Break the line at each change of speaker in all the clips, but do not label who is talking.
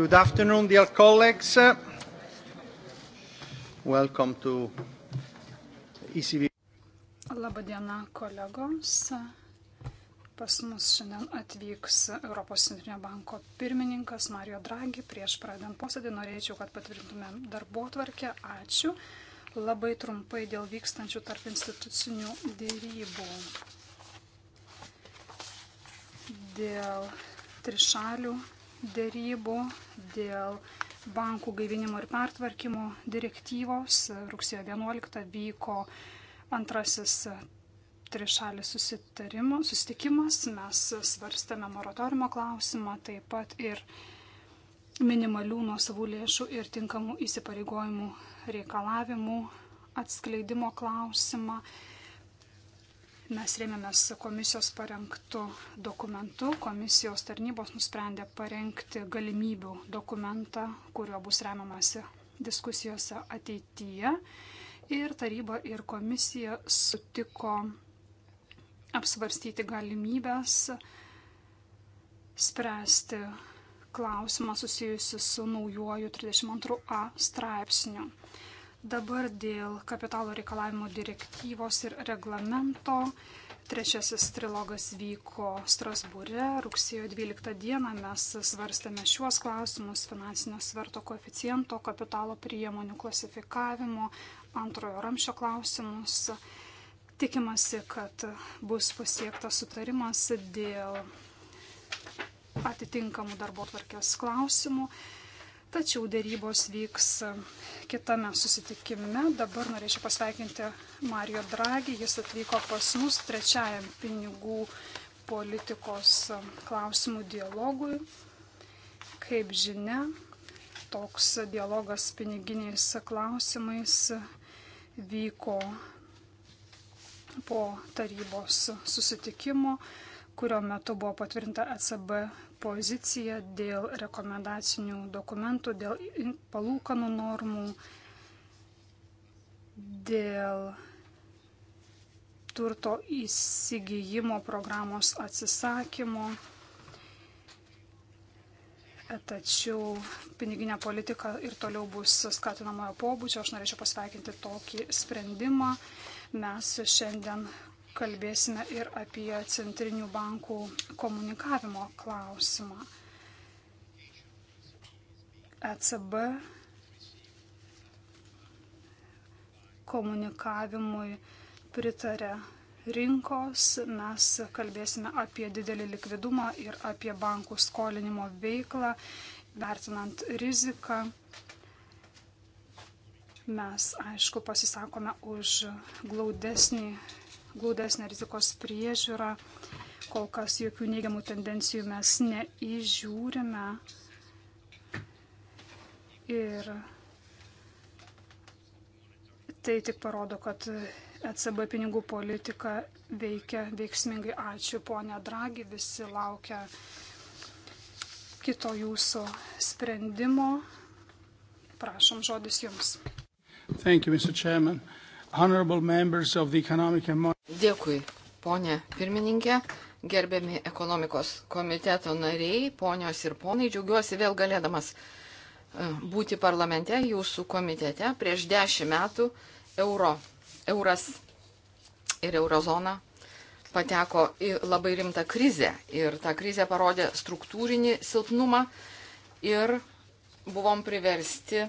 Good afternoon, dear colleagues.
Welcome to ECB.
Labadiena, kolegos. Pas mus šiandien atvyks Europos Centrinio banko pirmininkas Mario Draghi. Prieš pradedant posėdį norėčiau, kad patvirtintumėm darbo tvarkę. Ačiū. Labai trumpai dėl vykstančių tarp institucinių dėrybų. Dėl trišalių dėrybų dėl bankų gaivinimo ir pertvarkymo direktyvos. Rugsėjo 11 vyko antrasis trišalis susitikimas. Mes svarstame moratoriumo klausimą, taip pat ir minimalių nuosavų lėšų ir tinkamų įsipareigojimų reikalavimų atskleidimo klausimą. Mes rėmėmės komisijos parengtų dokumentų. Komisijos tarnybos nusprendė parengti galimybių dokumentą, kuriuo bus remiamasi diskusijose ateityje. Ir taryba ir komisija sutiko apsvarstyti galimybės spręsti klausimą susijusi su naujoju 32a straipsniu. Dabar dėl kapitalo reikalavimų direktyvos ir reglamento. Trečiasis trilogas vyko Strasbūre. Rugsėjo 12 dieną mes svarstėme šiuos klausimus - finansinio sverto koeficiento, kapitalo priemonių klasifikavimo, antrojo ramšio klausimus. Tikimasi, kad bus pasiektas sutarimas dėl atitinkamų darbo tvarkės klausimų. Tačiau dėrybos vyks kitame susitikime. Dabar norėčiau pasveikinti Mario Draghi. Jis atvyko pas mus trečiajam pinigų politikos klausimų dialogui. Kaip žinia, toks dialogas piniginiais klausimais vyko po tarybos susitikimo, kurio metu buvo patvirtinta ECB poziciją dėl rekomendacinių dokumentų, dėl palūkanų normų, dėl turto įsigijimo programos atsisakymo. E, tačiau piniginė politika ir toliau bus skatinamojo pobūdžio. Aš norėčiau pasveikinti tokį sprendimą. Mes šiandien kalbėsime ir apie centrinių bankų komunikavimo klausimą. ECB komunikavimui pritarė rinkos, mes kalbėsime apie didelį likvidumą ir apie bankų skolinimo veiklą, vertinant riziką. Mes, aišku, pasisakome už glaudesnį glaudesnę rizikos priežiūrą. Kol kas jokių neigiamų tendencijų mes neižiūrime. Ir tai tik parodo, kad ECB pinigų politika veikia veiksmingai. Ačiū, ponė Dragi, visi laukia kito jūsų sprendimo. Prašom, žodis jums. Thank you, Mr. Chairman. Honorable members of the Economic and Monetary
Dėkui, ponė pirmininkė, gerbiami ekonomikos komiteto nariai, ponios ir ponai, džiaugiuosi vėl galėdamas e, būti parlamente, jūsų komitete. Prieš dešimt metų euro, euras ir eurozona pateko į labai rimtą krizę. Ir ta krizė parodė struktūrinį silpnumą ir buvom priversti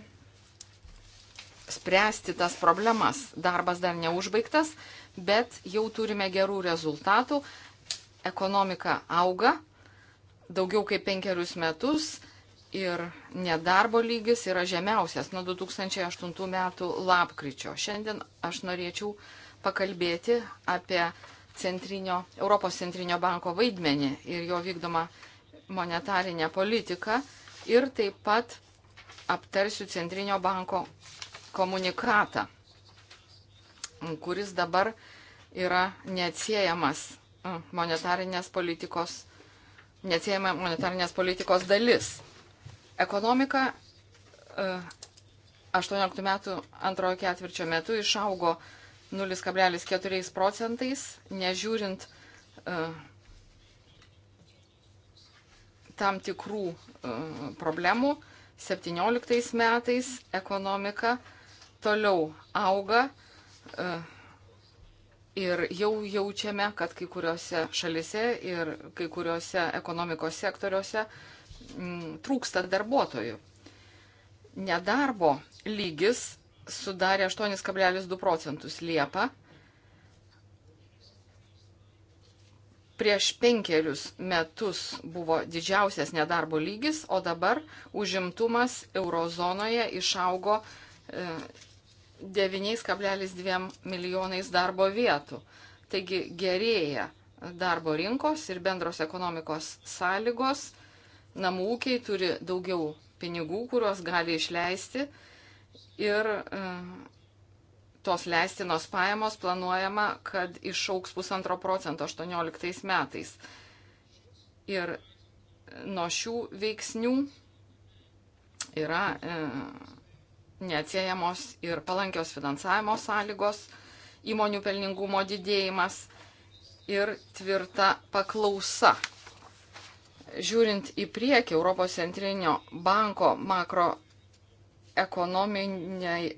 spręsti tas problemas. Darbas dar neužbaigtas bet jau turime gerų rezultatų. Ekonomika auga daugiau kaip penkerius metus ir nedarbo lygis yra žemiausias nuo 2008 metų lapkričio. Šiandien aš norėčiau pakalbėti apie centrinio, Europos centrinio banko vaidmenį ir jo vykdomą monetarinę politiką ir taip pat aptarsiu centrinio banko komunikatą kuris dabar yra neatsiejamas monetarinės politikos, neatsiejama monetarinės politikos dalis. Ekonomika 18 e, metų antrojo ketvirčio metu išaugo 0,4 procentais, nežiūrint e, tam tikrų e, problemų. 17 metais ekonomika toliau auga E, ir jau jaučiame, kad kai kuriuose šalise ir kai kuriuose ekonomikos sektoriuose m, mm, trūksta darbuotojų. Nedarbo lygis sudarė 8,2 procentus Liepą. Prieš penkerius metus buvo didžiausias nedarbo lygis, o dabar užimtumas eurozonoje išaugo e, 9,2 milijonais darbo vietų. Taigi gerėja darbo rinkos ir bendros ekonomikos sąlygos, namų ūkiai turi daugiau pinigų, kuriuos gali išleisti ir e, tos leistinos pajamos planuojama, kad išauks pusantro procento 18 metais. Ir nuo šių veiksnių yra e, neatsiejamos ir palankios finansavimo sąlygos, įmonių pelningumo didėjimas ir tvirta paklausa. Žiūrint į priekį Europos centrinio banko makroekonominiai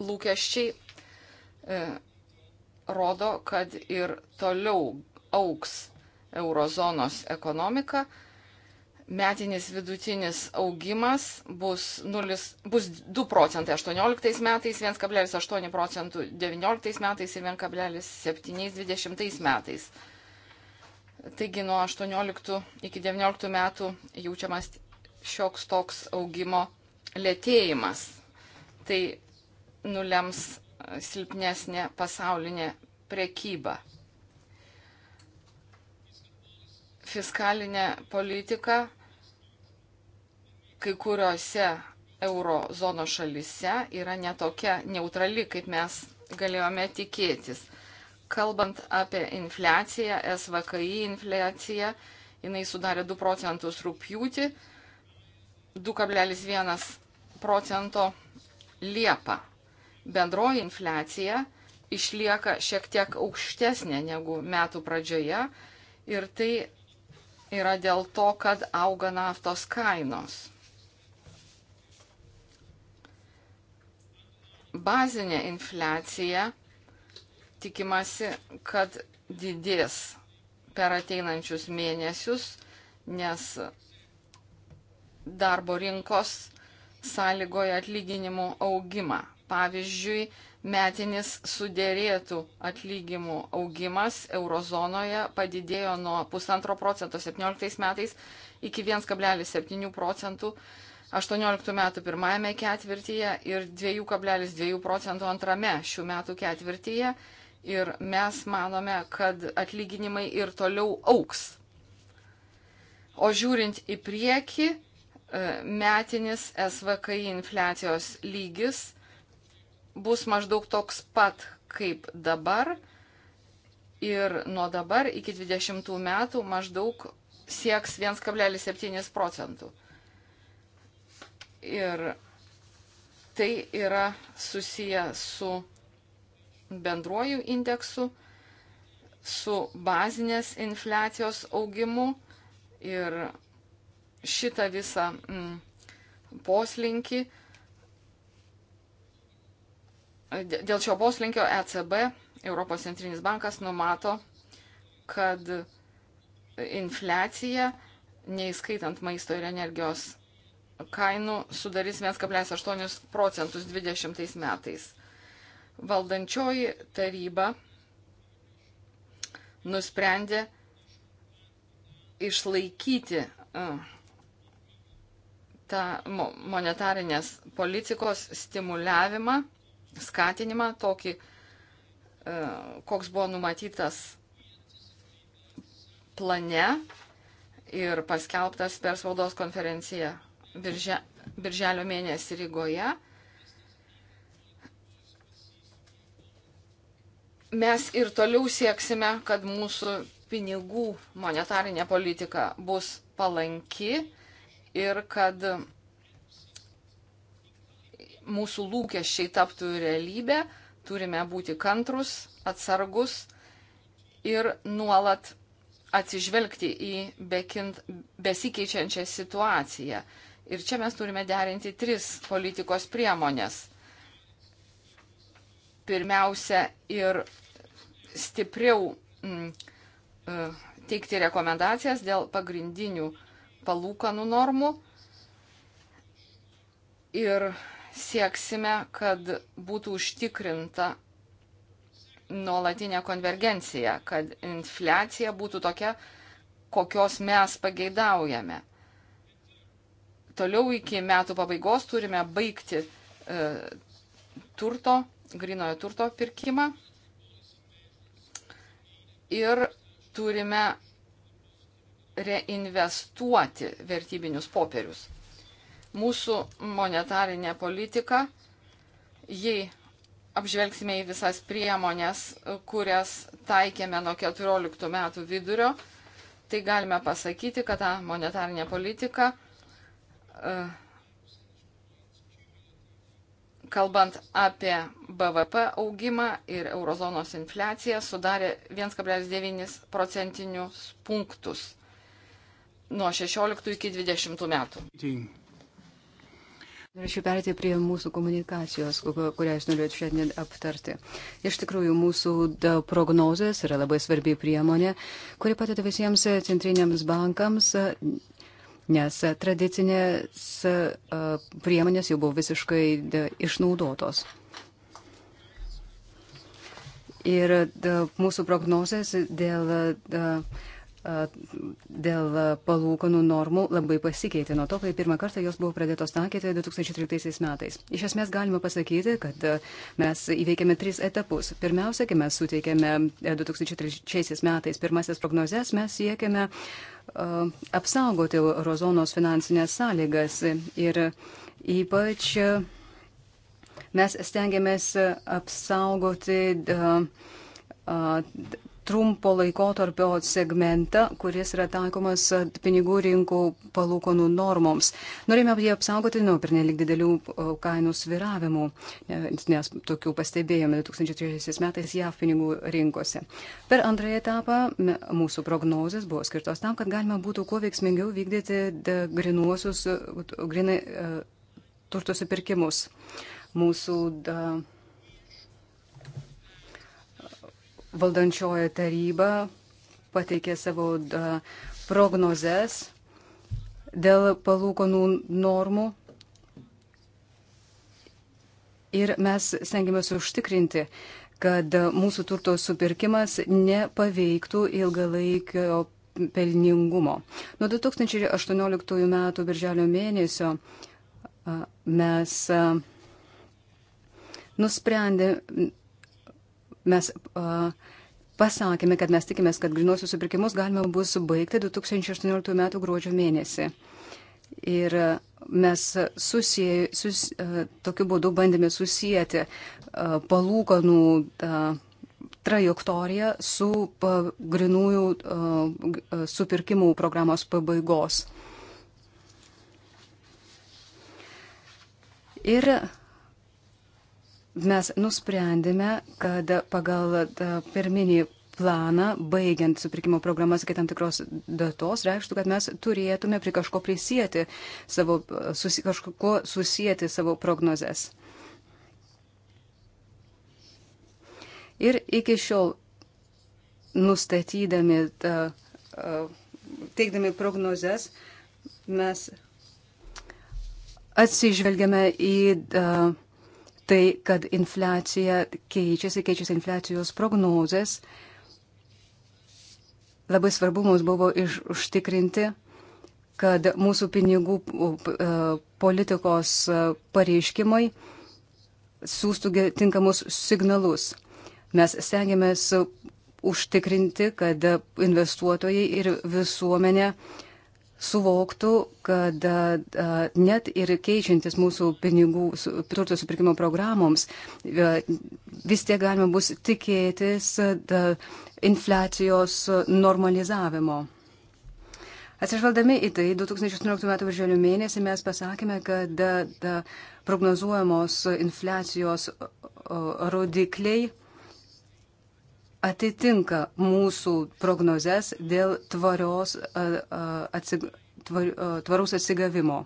lūkesčiai e, rodo, kad ir toliau auks eurozonos ekonomika, metinis vidutinis augimas bus, 0, bus 2 procentai 18 metais, 1,8 procentų 19 metais ir 1,720 metais. Taigi nuo 18 iki 19 metų jaučiamas šioks toks augimo lėtėjimas. Tai nulems silpnesnė pasaulinė prekyba. Fiskalinė politika kai kuriuose eurozono šalise yra netokia neutrali, kaip mes galėjome tikėtis. Kalbant apie infliaciją, SVKI infliacija, jinai sudarė 2 procentus rūpjūti, 2,1 procento liepą. Bendroji infliacija išlieka šiek tiek aukštesnė negu metų pradžioje ir tai yra dėl to, kad auga naftos kainos. bazinė infliacija tikimasi, kad didės per ateinančius mėnesius, nes darbo rinkos sąlygoja atlyginimų augimą. Pavyzdžiui, metinis sudėrėtų atlyginimų augimas eurozonoje padidėjo nuo 1,5 procento 17 metais iki 1,7 procentų 2017 18 metų pirmajame ketvirtyje ir 2,2 procentų antrame šių metų ketvirtyje. Ir mes manome, kad atlyginimai ir toliau auks. O žiūrint į priekį, e, metinis SVKI infliacijos lygis bus maždaug toks pat kaip dabar. Ir nuo dabar iki 20 metų maždaug sieks 1,7 procentų. Ir tai yra susiję su bendruoju indeksu, su bazinės infliacijos augimu ir šitą visą mm, poslinkį. Dėl šio poslinkio ECB, Europos centrinis bankas, numato, kad infliacija, neįskaitant maisto ir energijos kainų sudarys 1,8 procentus 20 metais. Valdančioji taryba nusprendė išlaikyti tą monetarinės politikos stimuliavimą, skatinimą, tokį, koks buvo numatytas plane ir paskelbtas per spaudos konferenciją birže, birželio mėnesį Rygoje. Mes ir toliau sieksime, kad mūsų pinigų monetarinė politika bus palanki ir kad mūsų lūkesčiai taptų realybę, turime būti kantrus, atsargus ir nuolat atsižvelgti į bekint, besikeičiančią situaciją. Ir čia mes turime derinti tris politikos priemonės. Pirmiausia ir stipriau m, mm, e, teikti rekomendacijas dėl pagrindinių palūkanų normų ir sieksime, kad būtų užtikrinta nuolatinė konvergencija, kad infliacija būtų tokia, kokios mes pageidaujame toliau iki metų pabaigos turime baigti e, turto, grinojo turto pirkimą ir turime reinvestuoti vertybinius popierius. Mūsų monetarinė politika, jei apžvelgsime į visas priemonės, kurias taikėme nuo 14 metų vidurio, tai galime pasakyti, kad ta monetarinė politika Uh, kalbant apie BVP augimą ir eurozonos infliaciją, sudarė 1,9 procentinius punktus nuo 16 iki 20 metų.
Norėčiau perėti prie mūsų komunikacijos, kurią jūs norėjote šiandien aptarti. Iš tikrųjų, mūsų prognozijas yra labai svarbi priemonė, kuri padeda visiems centriniams bankams nes tradicinės e, priemonės jau buvo visiškai e, išnaudotos. Ir e, mūsų prognozijas dėl, dėl palūkanų normų labai pasikeitė nuo to, kai pirmą kartą jos buvo pradėtos taikyti 2013 metais. Iš esmės galima pasakyti, kad mes įveikėme tris etapus. Pirmiausia, kai mes suteikėme 2003 metais pirmasis prognozes, mes siekėme uh, Uh, apsaugoti eurozonos finansinės sąlygas ir ypač uh, mes stengiamės apsaugoti uh, trumpo laikotarpio segmentą, kuris yra taikomas pinigų rinkų palūkonų normoms. Norime jį apsaugoti nuo pernelik didelių kainų sviravimų, nes tokių pastebėjome 2003 metais JAV pinigų rinkose. Per antrąją etapą mūsų prognozijas buvo skirtos tam, kad galima būtų kuo veiksmingiau vykdyti grinuosius, grinai e, turtus įpirkimus. Mūsų da, valdančioji taryba pateikė savo prognozes dėl palūkonų normų. Ir mes stengiamės užtikrinti, kad mūsų turto supirkimas nepaveiktų ilgalaikio pelningumo. Nuo 2018 m. birželio mėnesio mes nusprendė, Mes uh, pasakėme, kad mes tikimės, kad grinosius supirkimus galima bus baigti 2018 m. gruodžio mėnesį. Ir mes susie, sus, tokiu būdu bandėme susijęti palūkanų trajektoriją su grinųjų supirkimų programos pabaigos. Ir mes nusprendėme, kad pagal e, pirminį planą, baigiant supirkimo programas iki tam tikros datos, reikštų, kad mes turėtume prie kažko prisėti savo, e, susi, kažko susijęti savo prognozes. Ir iki šiol nustatydami, ta, e, teikdami prognozes, mes atsižvelgiame į uh, tai, kad infliacija keičiasi, keičiasi infliacijos prognozės. Labai svarbu mums buvo iš, užtikrinti, kad mūsų pinigų e, politikos e, pareiškimai siūstų tinkamus signalus. Mes stengiamės užtikrinti, kad investuotojai ir visuomenė uh, suvoktų, kad net ir keičiantis mūsų pinigų turto supirkimo programoms, vis tiek galima bus tikėtis infliacijos normalizavimo. Atsižvaldami į tai, 2018 m. virželio mėnesį mes pasakėme, kad da, da, prognozuojamos infliacijos rodikliai atitinka mūsų prognozes dėl tvarios, atsig, tvar, tvarus atsigavimo.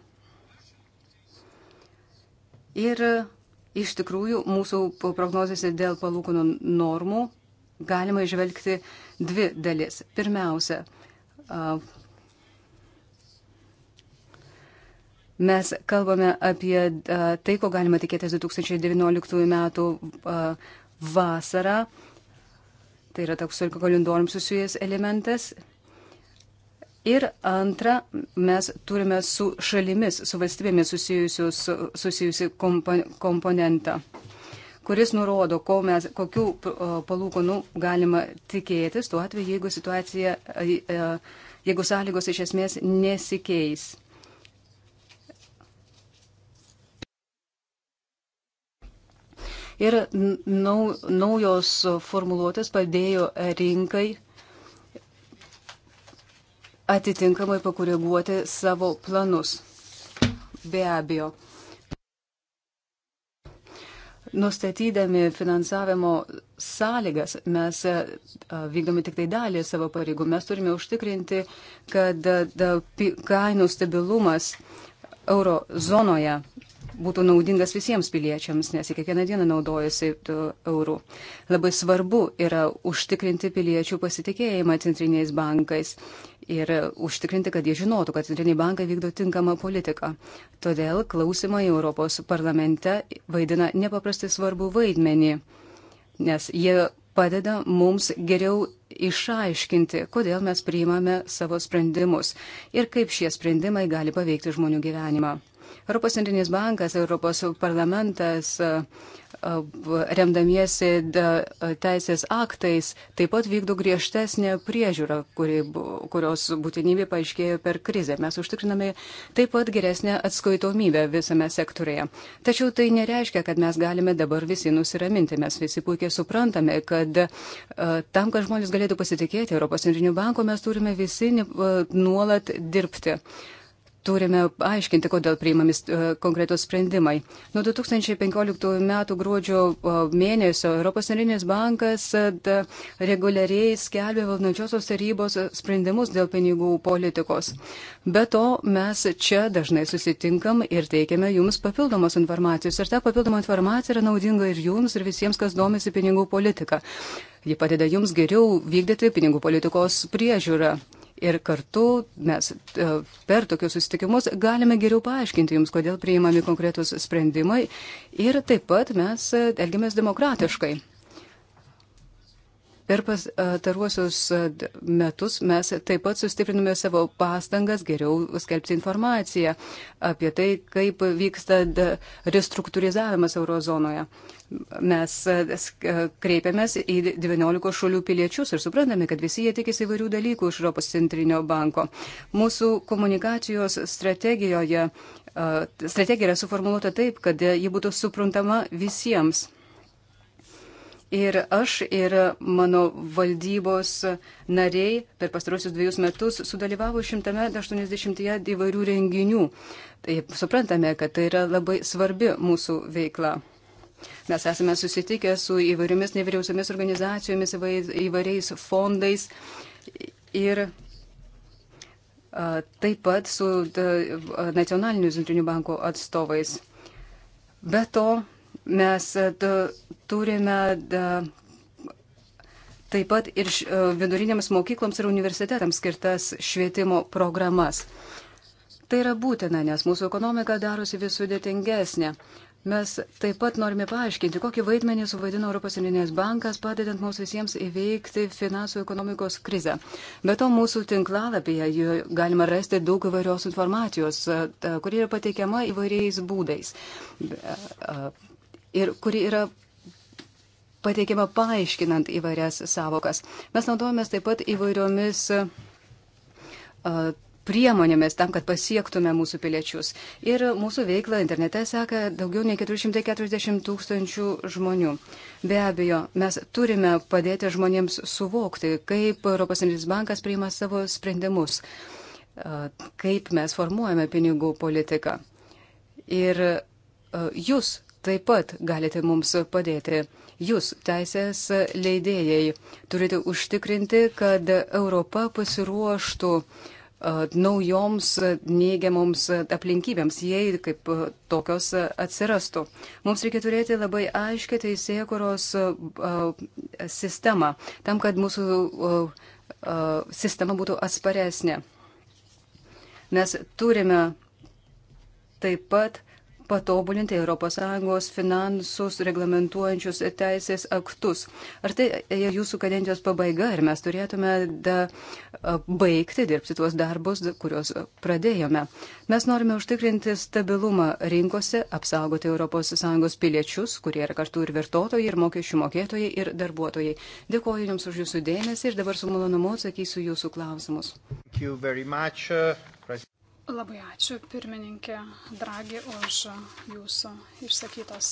Ir iš tikrųjų mūsų prognozėse dėl palūkanų normų galima išvelgti dvi dalis. Pirmiausia, mes kalbame apie tai, ko galima tikėtis 2019 metų vasarą tai yra toks su alkoholindorium susijęs elementas. Ir antra, mes turime su šalimis, su valstybėmis susijusi komponentą, kuris nurodo, ko mes, kokių palūkonų galima tikėtis tuo atveju, jeigu situacija, jeigu sąlygos iš esmės nesikeis. ir naujos formuluotės padėjo rinkai atitinkamai pakoreguoti savo planus. Be abejo, nustatydami finansavimo sąlygas, mes e, vykdome tik tai dalį savo pareigų. Mes turime užtikrinti, kad e, kainų stabilumas eurozonoje būtų naudingas visiems piliečiams, nes jie kiekvieną dieną naudojasi eurų. Labai svarbu yra užtikrinti piliečių pasitikėjimą centriniais bankais ir užtikrinti, kad jie žinotų, kad centriniai bankai vykdo tinkamą politiką. Todėl klausimai Europos parlamente vaidina nepaprastai svarbu vaidmenį, nes jie padeda mums geriau išaiškinti, kodėl mes priimame savo sprendimus ir kaip šie sprendimai gali paveikti žmonių gyvenimą. Europos centrinis bankas, Europos parlamentas, remdamiesi teisės aktais, taip pat vykdo griežtesnę priežiūrą, kuri, kurios būtinybė paaiškėjo per krizę. Mes užtikriname taip pat geresnę atskaitomybę visame sektorėje. Tačiau tai nereiškia, kad mes galime dabar visi nusiraminti. Mes visi puikiai suprantame, kad tam, kad žmonės galėtų pasitikėti Europos centriniu banku, mes turime visi nuolat dirbti turime aiškinti, kodėl priimami e, konkretos sprendimai. Nuo 2015 metų gruodžio e, mėnesio Europos Centrinis bankas e, reguliariai skelbė valdančiosios tarybos sprendimus dėl pinigų politikos. Be to, mes čia dažnai susitinkam ir teikiame jums papildomos informacijos. Ir ta papildoma informacija yra naudinga ir jums, ir visiems, kas domisi pinigų politika. Ji padeda jums geriau vykdyti pinigų politikos priežiūrą. Ir kartu mes e, per tokius susitikimus galime geriau paaiškinti jums, kodėl priimami konkretus sprendimai. Ir taip pat mes e, elgiamės demokratiškai. Per pastaruosius e, metus mes taip pat sustiprinome savo pastangas geriau skelbti informaciją apie tai, kaip vyksta restruktūrizavimas eurozonoje mes e, kreipiamės į 19 šalių piliečius ir suprantame, kad visi jie tikisi įvairių dalykų iš Europos centrinio banko. Mūsų komunikacijos strategijoje, e, strategija yra suformuoluota taip, kad ji būtų suprantama visiems. Ir aš ir mano valdybos nariai per pastarosius dviejus metus sudalyvavo 180 įvairių renginių. Tai suprantame, kad tai yra labai svarbi mūsų veikla. Mes esame susitikę su įvairiomis nevyriausiamis organizacijomis, įvairiais fondais ir taip pat su nacionaliniu centriniu banku atstovais. Be to, mes turime taip pat ir vidurinėms mokykloms ir universitetams skirtas švietimo programas. Tai yra būtina, nes mūsų ekonomika darosi vis sudėtingesnė. Mes taip pat norime paaiškinti, kokį vaidmenį suvaidino Europos Centrinės bankas, padedant mums visiems įveikti finansų ekonomikos krizę. Be to, mūsų tinklalapyje galima rasti daug įvairios informacijos, e, e, kuri yra pateikiama įvairiais būdais e, ir kuri yra pateikiama paaiškinant įvairias savokas. Mes naudojame taip pat įvairiomis priemonėmis tam, kad pasiektume mūsų piliečius. Ir mūsų veiklą internete seka daugiau nei 440 tūkstančių žmonių. Be abejo, mes turime padėti žmonėms suvokti, kaip Europos Centrinis bankas priima savo sprendimus, kaip mes formuojame pinigų politiką. Ir jūs taip pat galite mums padėti. Jūs, teisės leidėjai, turite užtikrinti, kad Europa pasiruoštų uh, naujoms neigiamoms aplinkybėms, jei kaip tokios atsirastų. Mums reikia turėti labai aiškę teisėkuros sistemą, tam, kad mūsų sistema būtų atsparesnė. Mes turime taip pat uh, patobulinti ES finansus reglamentuojančius teisės aktus. Ar tai jūsų kadencijos pabaiga, ar mes turėtume da, baigti dirbti tuos darbus, kuriuos pradėjome? Mes norime užtikrinti stabilumą rinkose, apsaugoti ES piliečius, kurie yra kartu ir vartotojai, ir mokesčių mokėtojai, ir darbuotojai. Dėkuoju Jums už Jūsų dėmesį ir dabar su malonumu atsakysiu Jūsų klausimus.
Labai ačiū pirmininkė Dragi už jūsų išsakytas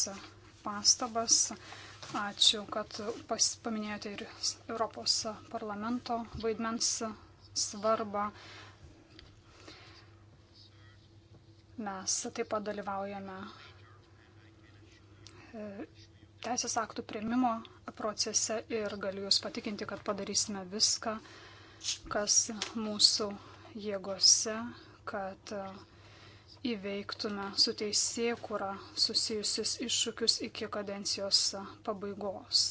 pastabas. Ačiū, kad pas, paminėjote ir Europos parlamento vaidmens svarbą. Mes taip pat dalyvaujame e, teisės aktų prieimimo procese ir galiu Jūs patikinti, kad padarysime viską, kas mūsų jėgose, kad e, įveiktume su teisėkura susijusius iššūkius iki kadencijos pabaigos.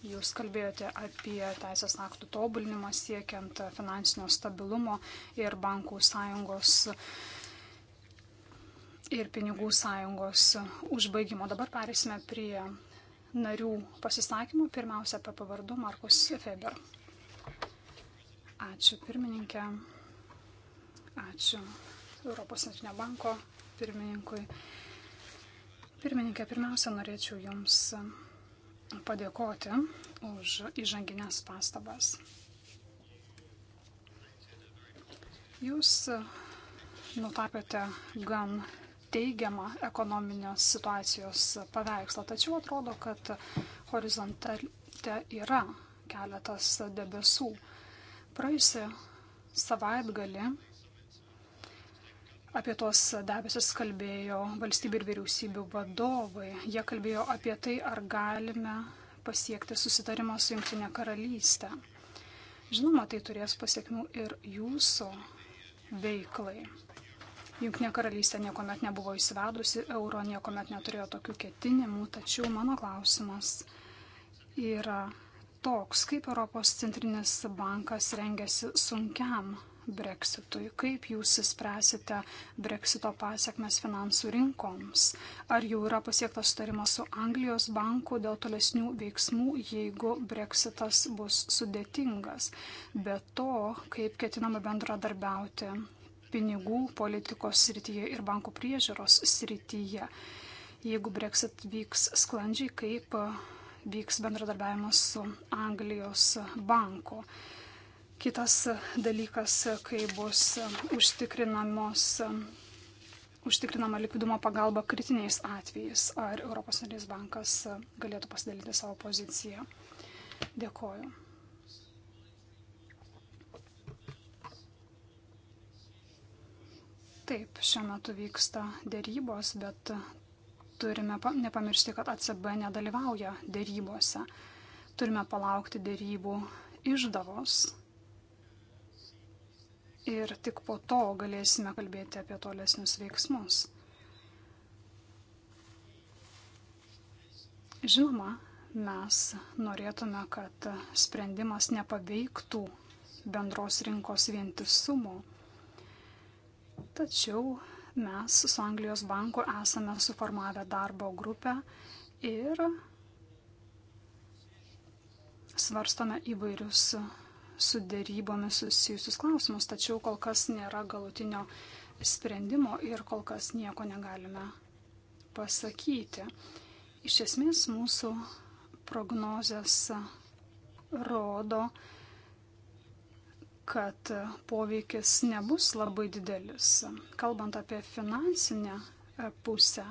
Jūs kalbėjote apie teisės aktų tobulinimą siekiant finansinio stabilumo ir bankų sąjungos ir pinigų sąjungos užbaigimo. Dabar perėsime prie narių pasisakymų. Pirmiausia, apie pavardų Markus Feber. Ačiū pirmininkė. Ačiū Europos Centrinio banko pirmininkui. Pirmininkė, pirmiausia, norėčiau Jums padėkoti už įžanginės pastabas. Jūs nutapėte gan teigiamą ekonominės situacijos paveikslą, tačiau atrodo, kad horizonte yra keletas debesų. Praėjusią savaitgalį Apie tos debesis kalbėjo valstybių ir vyriausybių vadovai. Jie kalbėjo apie tai, ar galime pasiekti susitarimą su Junktinė karalystė. Žinoma, tai turės pasiekmių ir jūsų veiklai. Junktinė karalystė niekuomet nebuvo įsivedusi, euro niekuomet neturėjo tokių ketinimų, tačiau mano klausimas yra toks, kaip Europos centrinis bankas rengiasi sunkiam breksitui. Kaip jūs spręsite breksito pasiekmes finansų rinkoms? Ar jau yra pasiektas sutarimas su Anglijos banku dėl tolesnių veiksmų, jeigu breksitas bus sudėtingas? Be to, kaip ketinama bendradarbiauti pinigų politikos srityje ir bankų priežiūros srityje? Jeigu breksit vyks sklandžiai, kaip vyks bendradarbiavimas su Anglijos banku? Kitas dalykas, kai bus užtikrinamos, užtikrinama likvidumo pagalba kritiniais atvejais, ar Europos Sąjungos bankas galėtų pasidalyti savo poziciją. Dėkoju. Taip, šiuo metu vyksta dėrybos, bet turime nepamiršti, kad ACB nedalyvauja dėrybose. Turime palaukti dėrybų išdavos ir tik po to galėsime kalbėti apie tolesnius veiksmus. Žinoma, mes norėtume, kad sprendimas nepaveiktų bendros rinkos vientisumo. Tačiau mes su Anglijos banku esame suformavę darbo grupę ir svarstome įvairius su dėrybomis susijusius klausimus, tačiau kol kas nėra galutinio sprendimo ir kol kas nieko negalime pasakyti. Iš esmės mūsų prognozės rodo, kad poveikis nebus labai didelis. Kalbant apie finansinę pusę,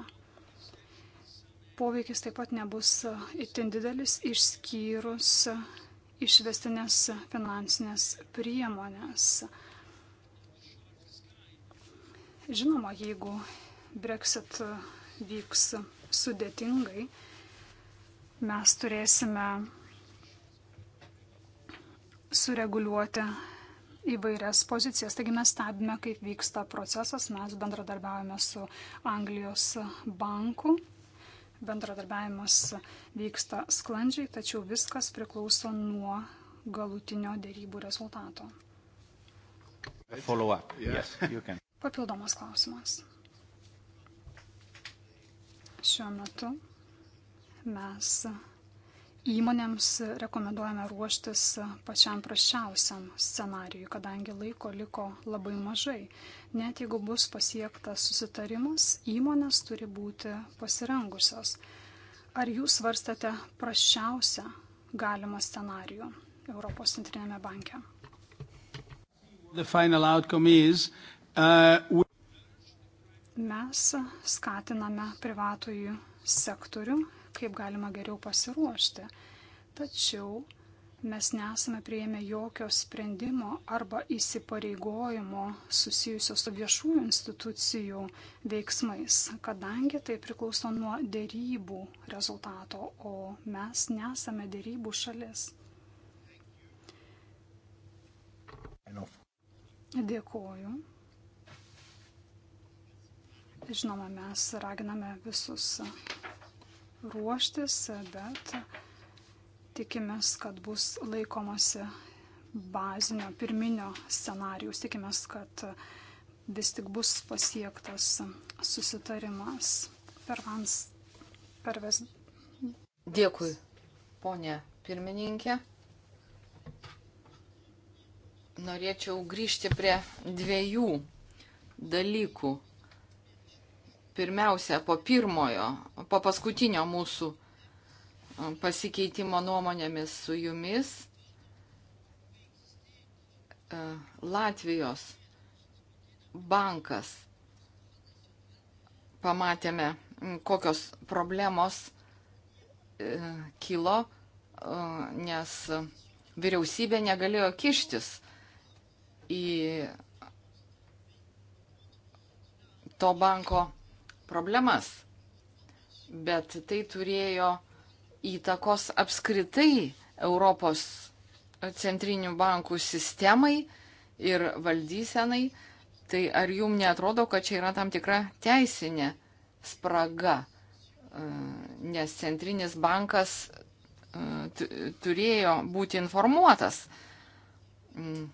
poveikis taip pat nebus itin didelis išskyrus išvestinės finansinės priemonės. Žinoma, jeigu Brexit vyks sudėtingai, mes turėsime sureguliuoti įvairias pozicijas. Taigi mes stebime, kaip vyksta procesas, mes bendradarbiavame su Anglijos banku bendradarbiavimas vyksta sklandžiai, tačiau viskas priklauso nuo galutinio dėrybų rezultato. Yes, Papildomas klausimas. Šiuo metu mes Įmonėms rekomenduojame ruoštis pačiam praščiausiam scenarijui, kadangi laiko liko labai mažai. Net jeigu bus pasiektas susitarimas, įmonės turi būti pasirengusios. Ar jūs svarstate praščiausią galimą scenarijų Europos centrinėme banke? Is, uh, we... Mes skatiname privatojų sektorių kaip galima geriau pasiruošti. Tačiau mes nesame prieėmę jokio sprendimo arba įsipareigojimo susijusio su viešųjų institucijų veiksmais, kadangi tai priklauso nuo dėrybų rezultato, o mes nesame dėrybų šalis. Dėkoju. Žinoma, mes raginame visus ruoštis, bet tikimės, kad bus laikomasi bazinio, pirminio scenarijaus. Tikimės, kad vis tik bus pasiektas susitarimas per vans,
per ves. Dėkui, ponė pirmininkė. Norėčiau grįžti prie dviejų dalykų pirmiausia po pirmojo, po paskutinio mūsų e, pasikeitimo nuomonėmis su jumis e, Latvijos bankas pamatėme, kokios problemos e, kilo, nes vyriausybė negalėjo kištis į to banko problemas. Bet tai turėjo įtakos apskritai Europos centrinių bankų sistemai ir valdysenai. Tai ar jums netrodo, kad čia yra tam tikra teisinė spraga? E, nes centrinis bankas e, turėjo būti informuotas mm,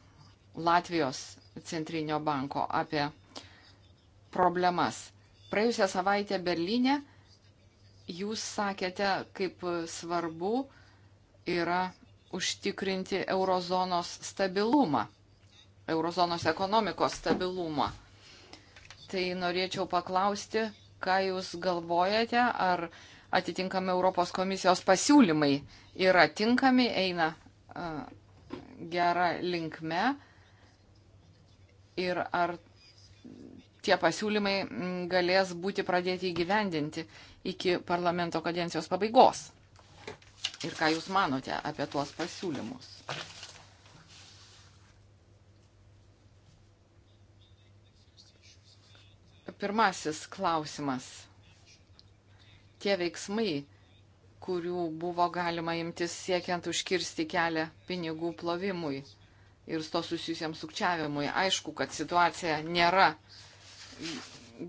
Latvijos centrinio banko apie problemas. Praėjusią savaitę Berlyne jūs sakėte, kaip svarbu yra užtikrinti eurozonos stabilumą, eurozonos ekonomikos stabilumą. Tai norėčiau paklausti, ką jūs galvojate, ar atitinkami Europos komisijos pasiūlymai yra tinkami, eina uh, gera linkme ir ar tie pasiūlymai mm, galės būti pradėti įgyvendinti iki parlamento kadencijos pabaigos. Ir ką Jūs manote apie tuos pasiūlymus? Pirmasis klausimas. Tie veiksmai, kurių buvo galima imtis siekiant užkirsti kelią pinigų plovimui ir su to susijusiems sukčiavimui. Aišku, kad situacija nėra uh,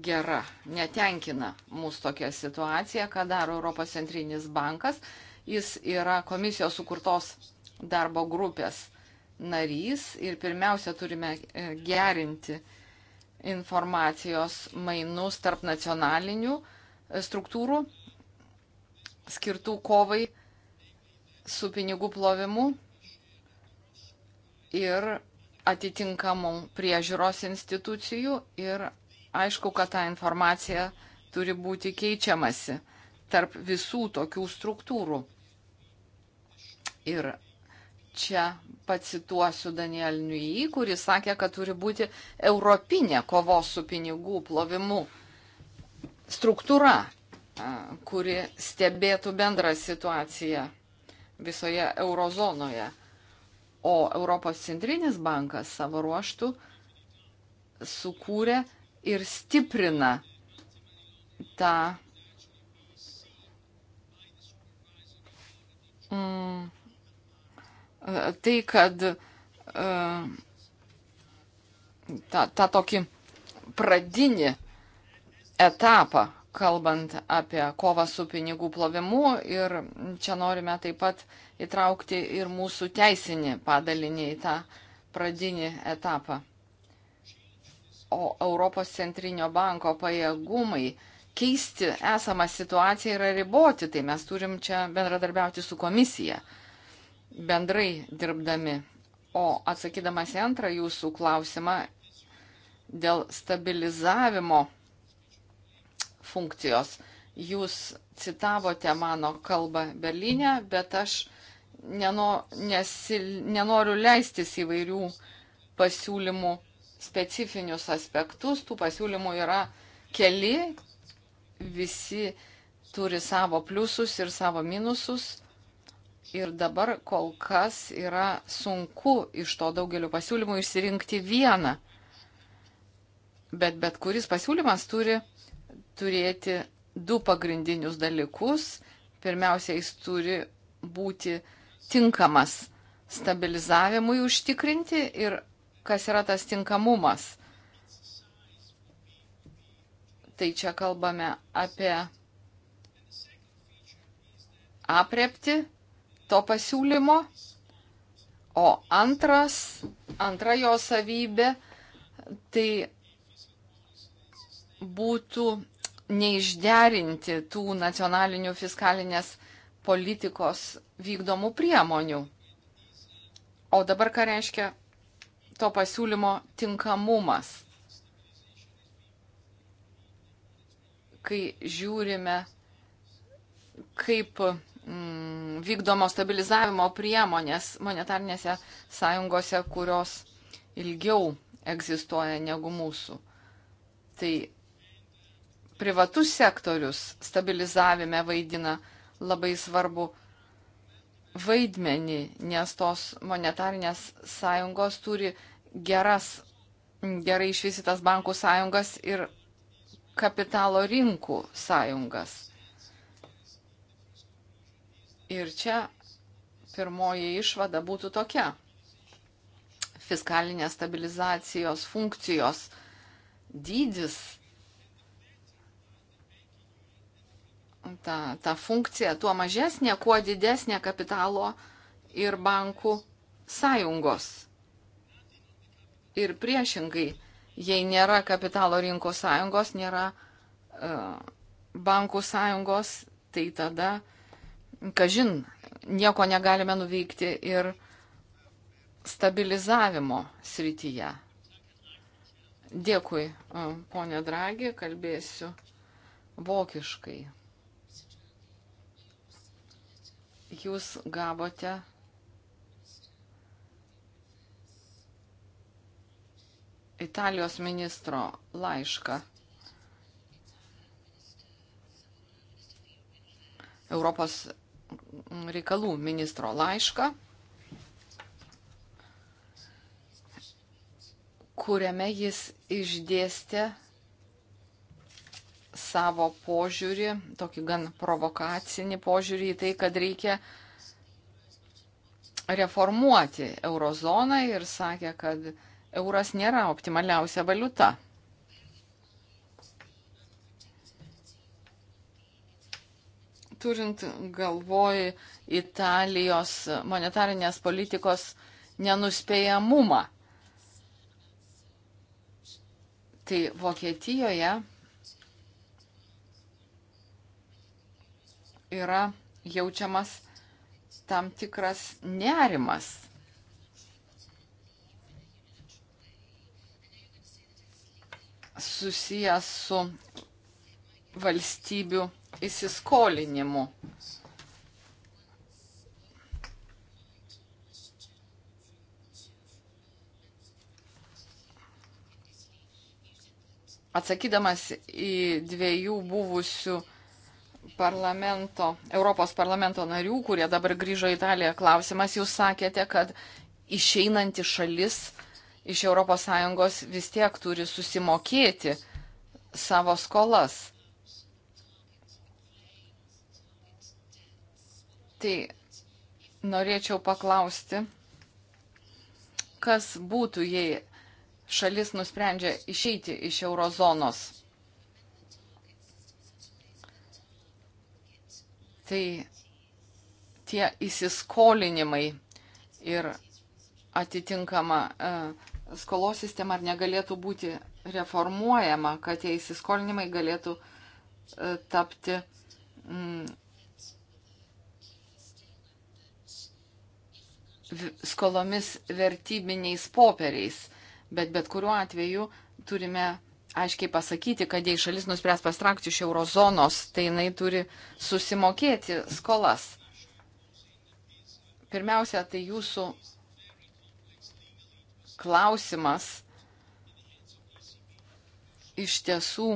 gera, netenkina mūsų tokia situacija, ką daro Europos centrinis bankas. Jis yra komisijos sukurtos darbo grupės narys ir pirmiausia turime e, gerinti informacijos mainus tarp nacionalinių e, struktūrų skirtų kovai su pinigų plovimu ir atitinkamų priežiūros institucijų ir aišku, kad tą informaciją turi būti keičiamasi tarp visų tokių struktūrų. Ir čia pacituosiu Daniel Nui, kuris sakė, kad turi būti europinė kovos su pinigų plovimu struktūra, kuri stebėtų bendrą situaciją visoje eurozonoje. O Europos centrinis bankas savo ruoštų sukūrė ir stiprina tą mm, tai, kad uh, tą, tą tokį pradinį etapą, kalbant apie kovą su pinigų plovimu ir čia norime taip pat įtraukti ir mūsų teisinį padalinį į tą pradinį etapą o Europos centrinio banko pajėgumai keisti esamą situaciją yra riboti, tai mes turim čia bendradarbiauti su komisija, bendrai dirbdami. O atsakydamas į antrą jūsų klausimą dėl stabilizavimo funkcijos, jūs citavote mano kalbą Berlyne, bet aš neno, nesil, nenoriu leistis įvairių pasiūlymų specifinius aspektus. Tų pasiūlymų yra keli, visi turi savo pliusus ir savo minususus. Ir dabar kol kas yra sunku iš to daugelio pasiūlymų išsirinkti vieną. Bet bet kuris pasiūlymas turi turėti du pagrindinius dalykus. Pirmiausia, jis turi būti tinkamas stabilizavimui užtikrinti ir kas yra tas tinkamumas. Tai čia kalbame apie aprepti to pasiūlymo. O antras, antra jo savybė, tai būtų neišderinti tų nacionalinių fiskalinės politikos vykdomų priemonių. O dabar ką reiškia to pasiūlymo tinkamumas. Kai žiūrime, kaip mm, vykdomos stabilizavimo priemonės monetarnėse sąjungose, kurios ilgiau egzistuoja negu mūsų. Tai privatus sektorius stabilizavime vaidina labai svarbu vaidmenį vaidmenį, nes tos monetarinės sąjungos turi geras, gerai išvystytas bankų sąjungas ir kapitalo rinkų sąjungas. Ir čia pirmoji išvada būtų tokia. Fiskalinės stabilizacijos funkcijos dydis ta, ta funkcija, tuo mažesnė, kuo didesnė kapitalo ir bankų sąjungos. Ir priešingai, jei nėra kapitalo rinkos sąjungos, nėra uh, bankų sąjungos, tai tada, kažin, nieko negalime nuveikti ir stabilizavimo srityje. Dėkui, e, ponė Dragi, kalbėsiu vokiškai jūs gavote Italijos ministro laišką. Europos reikalų ministro laišką, kuriame jis išdėstė savo požiūrį, tokį gan provokacinį požiūrį į tai, kad reikia reformuoti eurozoną ir sakė, kad euras nėra optimaliausia valiuta. Turint galvoj Italijos monetarinės politikos nenuspėjamumą, tai Vokietijoje yra jaučiamas tam tikras nerimas. susijęs su valstybių įsiskolinimu. Atsakydamas į dviejų buvusių parlamento, Europos parlamento narių, kurie dabar grįžo į Italiją, klausimas, jūs sakėte, kad išeinanti šalis iš ES vis tiek turi susimokėti savo skolas. Tai norėčiau paklausti, kas būtų, jei šalis nusprendžia išeiti iš eurozonos tai tie įsiskolinimai ir atitinkama e, skolos sistema ar negalėtų būti reformuojama, kad tie įsiskolinimai galėtų e, tapti mm, skolomis vertybiniais popieriais. Bet bet kuriuo atveju turime aiškiai pasakyti, kad jei šalis nuspręs pastraukti iš eurozonos, tai jinai turi susimokėti skolas. Pirmiausia, tai jūsų klausimas iš tiesų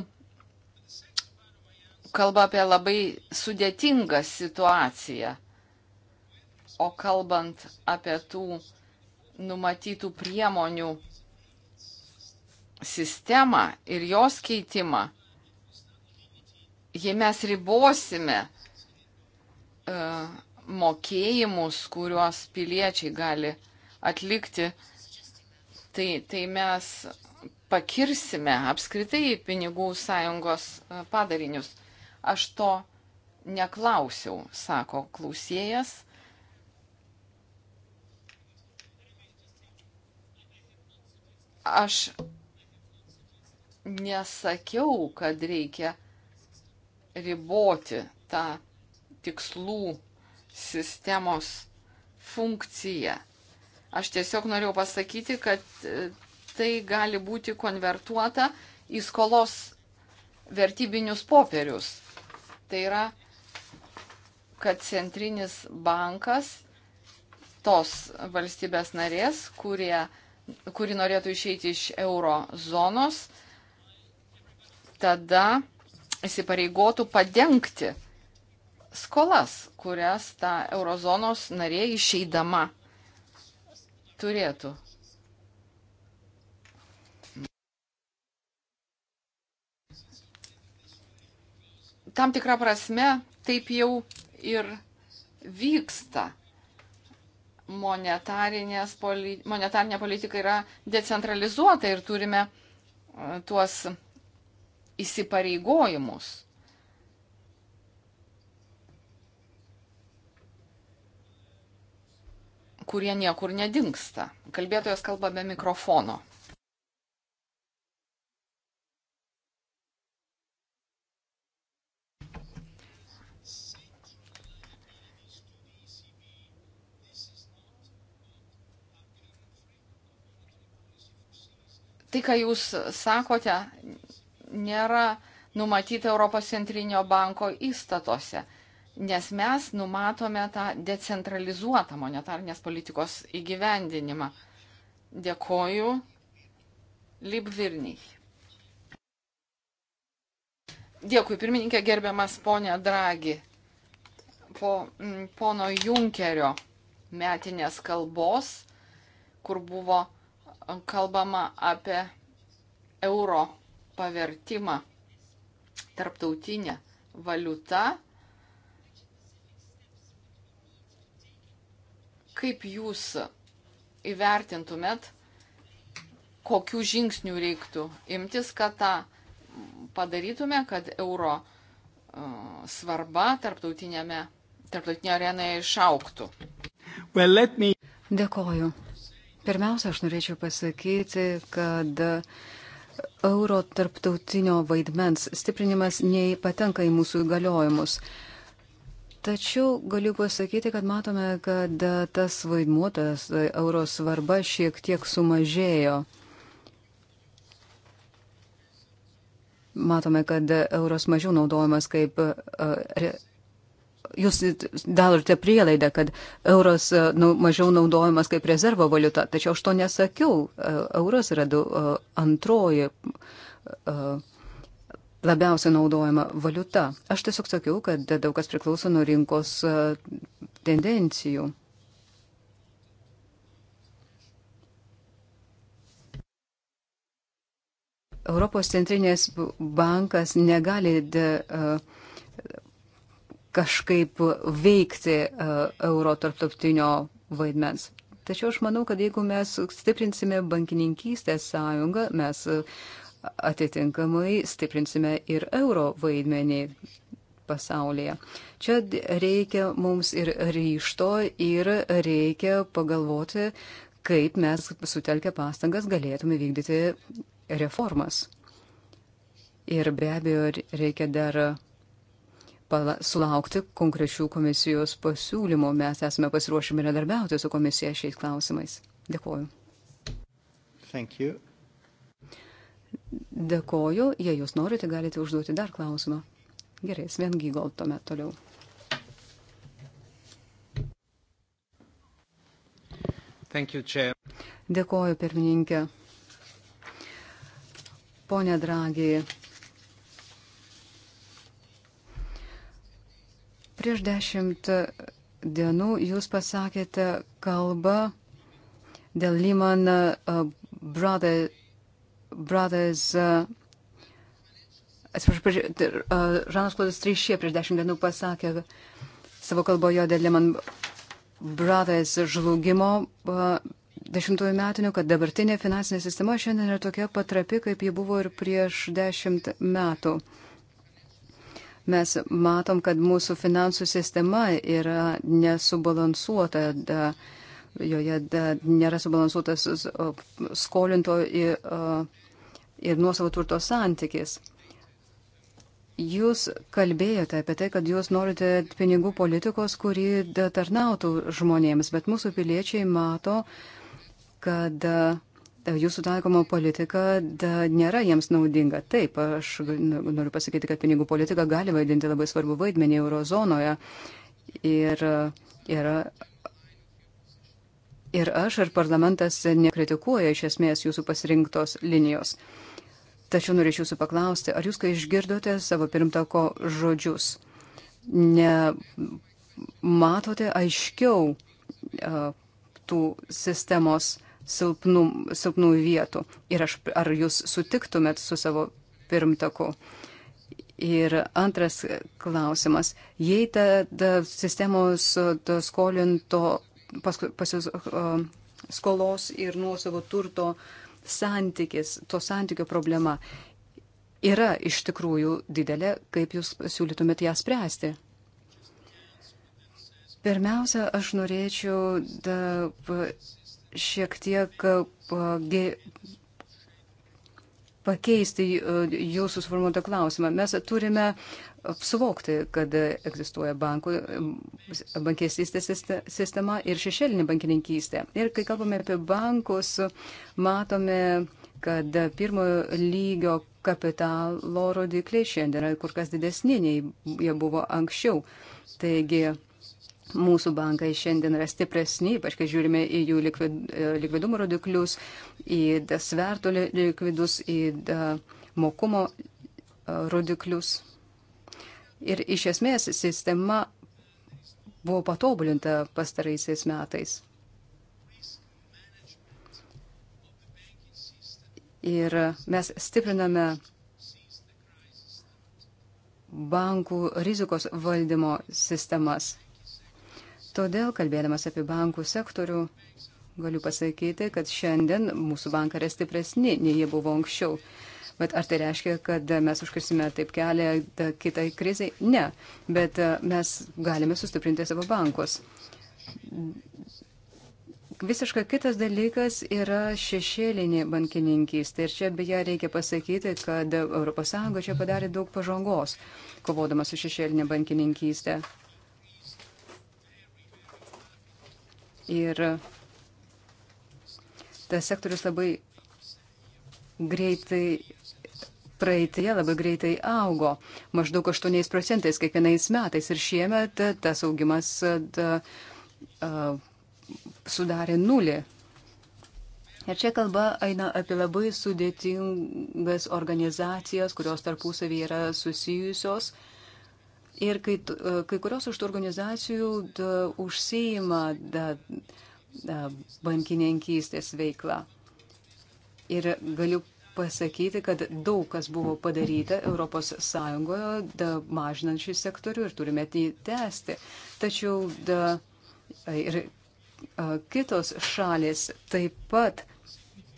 kalba apie labai sudėtingą situaciją. O kalbant apie tų numatytų priemonių sistemą ir jos keitimą, jei mes ribosime uh, mokėjimus, kuriuos piliečiai gali atlikti, tai, tai mes pakirsime apskritai pinigų sąjungos e, padarinius. Aš to neklausiau, sako klausėjas. Aš nesakiau, kad reikia riboti tą tikslų sistemos funkciją. Aš tiesiog norėjau pasakyti, kad e, tai gali būti konvertuota į skolos vertybinius popierius. Tai yra, kad centrinis bankas tos valstybės narės, kurie, kuri norėtų išeiti iš euro zonos, tada įsipareigotų padengti skolas, kurias ta eurozonos narė išeidama turėtų. Tam tikrą prasme taip jau ir vyksta. Politi monetarinė politika yra decentralizuota ir turime e, tuos įsipareigojimus. kurie niekur nedingsta. Kalbėtojas kalba be mikrofono. tai, ką jūs sakote, nėra numatyta Europos centrinio banko įstatuose, nes mes numatome tą decentralizuotą monetarnės politikos įgyvendinimą. Dėkoju. Libvirniai. Dėkui, pirmininkė, gerbiamas ponė Dragi. Po m, pono Junkerio metinės kalbos, kur buvo kalbama apie euro pavertimą tarptautinę valiutą, kaip jūs įvertintumėt, kokių žingsnių reiktų imtis, kad tą padarytume, kad euro e, svarba tarptautinėme, tarptautinėje arenoje išauktų.
Well, me... Dėkoju. Pirmiausia, aš norėčiau pasakyti, kad uh, euro tarptautinio vaidmens stiprinimas neįpatenka į mūsų įgaliojimus. Tačiau galiu pasakyti, kad matome, kad tas vaidmuotas euro svarba šiek tiek sumažėjo. Matome, kad euros mažiau naudojamas kaip e, Jūs darote prielaidą, kad euras e, nu, mažiau naudojamas kaip rezervo valiuta, tačiau aš to nesakiau. E, euras yra du, e, antroji labiausiai naudojama valiuta. Aš tiesiog sakiau, kad daug kas priklauso nuo rinkos tendencijų. Europos centrinės bankas negali de, uh, kažkaip veikti e, euro tarptautinio vaidmens. Tačiau aš manau, kad jeigu mes stiprinsime bankininkystės sąjungą, mes e, atitinkamai stiprinsime ir euro vaidmenį pasaulyje. Čia reikia mums ir ryšto, ir reikia pagalvoti, kaip mes sutelkę pastangas galėtume vykdyti reformas. Ir be abejo reikia dar sulaukti konkrečių komisijos pasiūlymų. Mes esame pasiruošę bendradarbiauti su komisija šiais klausimais. Dėkuoju. Dėkuoju. Jei jūs norite, galite užduoti dar klausimą. Gerai, Sven Gygold tuomet toliau. You, Dėkuoju, pirmininkė. Pone Dragiai. Prieš dešimt e, dienų jūs pasakėte kalbą dėl Lehman e, Brothers, brothers e, atsiprašau, Žanas Klodas Trišė prieš dešimt dienų pasakė savo kalboje dėl Lehman Brothers žlugimo dešimtųjų metinių, kad dabartinė finansinė sistema šiandien yra tokia patrapi, kaip ji buvo ir prieš dešimt metų. Uh, Mes matom, kad mūsų finansų sistema yra nesubalansuota, da, joje da, nėra subalansuotas skolinto ir, ir nuosavo turto santykis. Jūs kalbėjote apie tai, kad jūs norite pinigų politikos, kuri tarnautų žmonėms, bet mūsų piliečiai mato, kad jūsų taikoma politika nėra jiems naudinga. Taip, aš nu, noriu pasakyti, kad pinigų politika gali vaidinti labai svarbu vaidmenį eurozonoje. Ir, ir, ir aš, ir parlamentas nekritikuoja iš esmės jūsų pasirinktos linijos. Tačiau norėčiau jūsų paklausti, ar jūs, kai išgirdote savo pirmtako žodžius, nematote aiškiau uh, tų sistemos uh, silpnų, silpnų vietų. Ir aš, ar jūs sutiktumėt su savo pirmtaku? Ir antras klausimas. Jei ta, ta sistemos ta skolinto pas, pasis, uh, skolos ir nuosavo turto santykis, to santykio problema yra iš tikrųjų didelė, kaip jūs siūlytumėt ją spręsti? Pirmiausia, aš norėčiau da, šiek tiek e, pakeisti e, jūsų suformuotą klausimą. Mes turime suvokti, kad egzistuoja bankų, e, bankėsystės sistema ir šešėlinė bankininkystė. Ir kai kalbame apie bankus, matome, kad pirmojo lygio kapitalo rodikliai šiandien yra kur kas didesni nei jie buvo anksčiau. Taigi Mūsų bankai šiandien yra stipresni, ypač kai žiūrime į jų likvid, likvidumo rodiklius, į svertų likvidus, į mokumo rodiklius. Ir iš esmės sistema buvo patobulinta pastaraisiais metais. Ir mes stipriname bankų rizikos valdymo sistemas. Todėl, kalbėdamas apie bankų sektorių, galiu pasakyti, kad šiandien mūsų bankai yra stipresni, nei jie buvo anksčiau. Bet ar tai reiškia, kad mes užkirsime taip kelią kitai krizai? Ne, bet e, mes galime sustiprinti savo bankus. Visiškai kitas dalykas yra šešėlinė bankininkystė. Ir čia beje reikia pasakyti, kad ES čia padarė daug pažangos, kovodama su šešėlinė bankininkystė. Ir e, tas sektorius labai greitai praeitėje labai greitai augo, maždaug 8 procentais kiekvienais metais. Ir šiemet e, tas augimas e, da, a, sudarė nulį. Ir čia kalba eina apie labai sudėtingas organizacijas, kurios tarpusavį yra susijusios. A, Ir kai, e, kai kurios iš tų organizacijų da, užsieima da, da, bankininkystės veiklą. Ir galiu pasakyti, kad daug kas buvo padaryta ES da, mažinant šį sektorių ir turime tai tęsti. Tačiau da, ir a, e, kitos šalis taip pat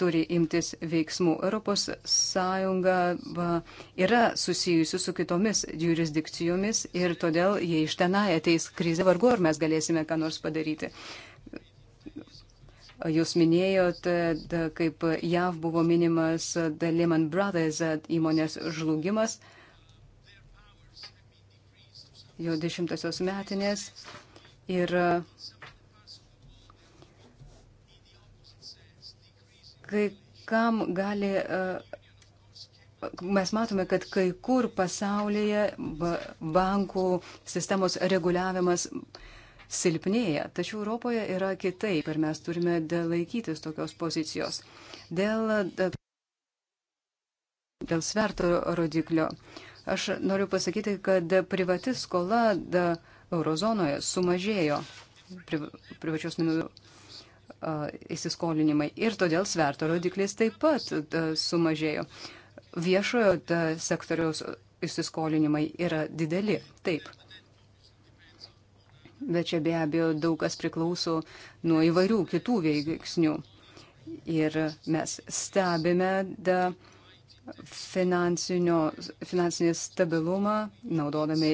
turi imtis veiksmų. Europos Sąjunga va, yra susijusi su kitomis jurisdikcijomis ir todėl, jei iš tenai ateis krizė, vargu ar mes galėsime ką nors padaryti. Jūs minėjote, kaip JAV buvo minimas Lehman Brothers įmonės žlugimas, jo dešimtosios metinės. Ir kai kam gali. E, mes matome, kad kai kur pasaulyje bankų sistemos reguliavimas silpnėja, tačiau Europoje yra kitaip ir mes turime laikytis tokios pozicijos. Dėl, e, dėl sverto rodiklio. Aš noriu pasakyti, kad privati skola da, eurozonoje sumažėjo privačios minų E, įsiskolinimai ir todėl sverto rodiklis taip pat e, sumažėjo. Viešojo e, sektoriaus įsiskolinimai yra dideli, taip. Bet čia be abejo daug kas priklauso nuo įvairių kitų veiksnių. Ir mes stebime da, finansinį stabilumą, naudodami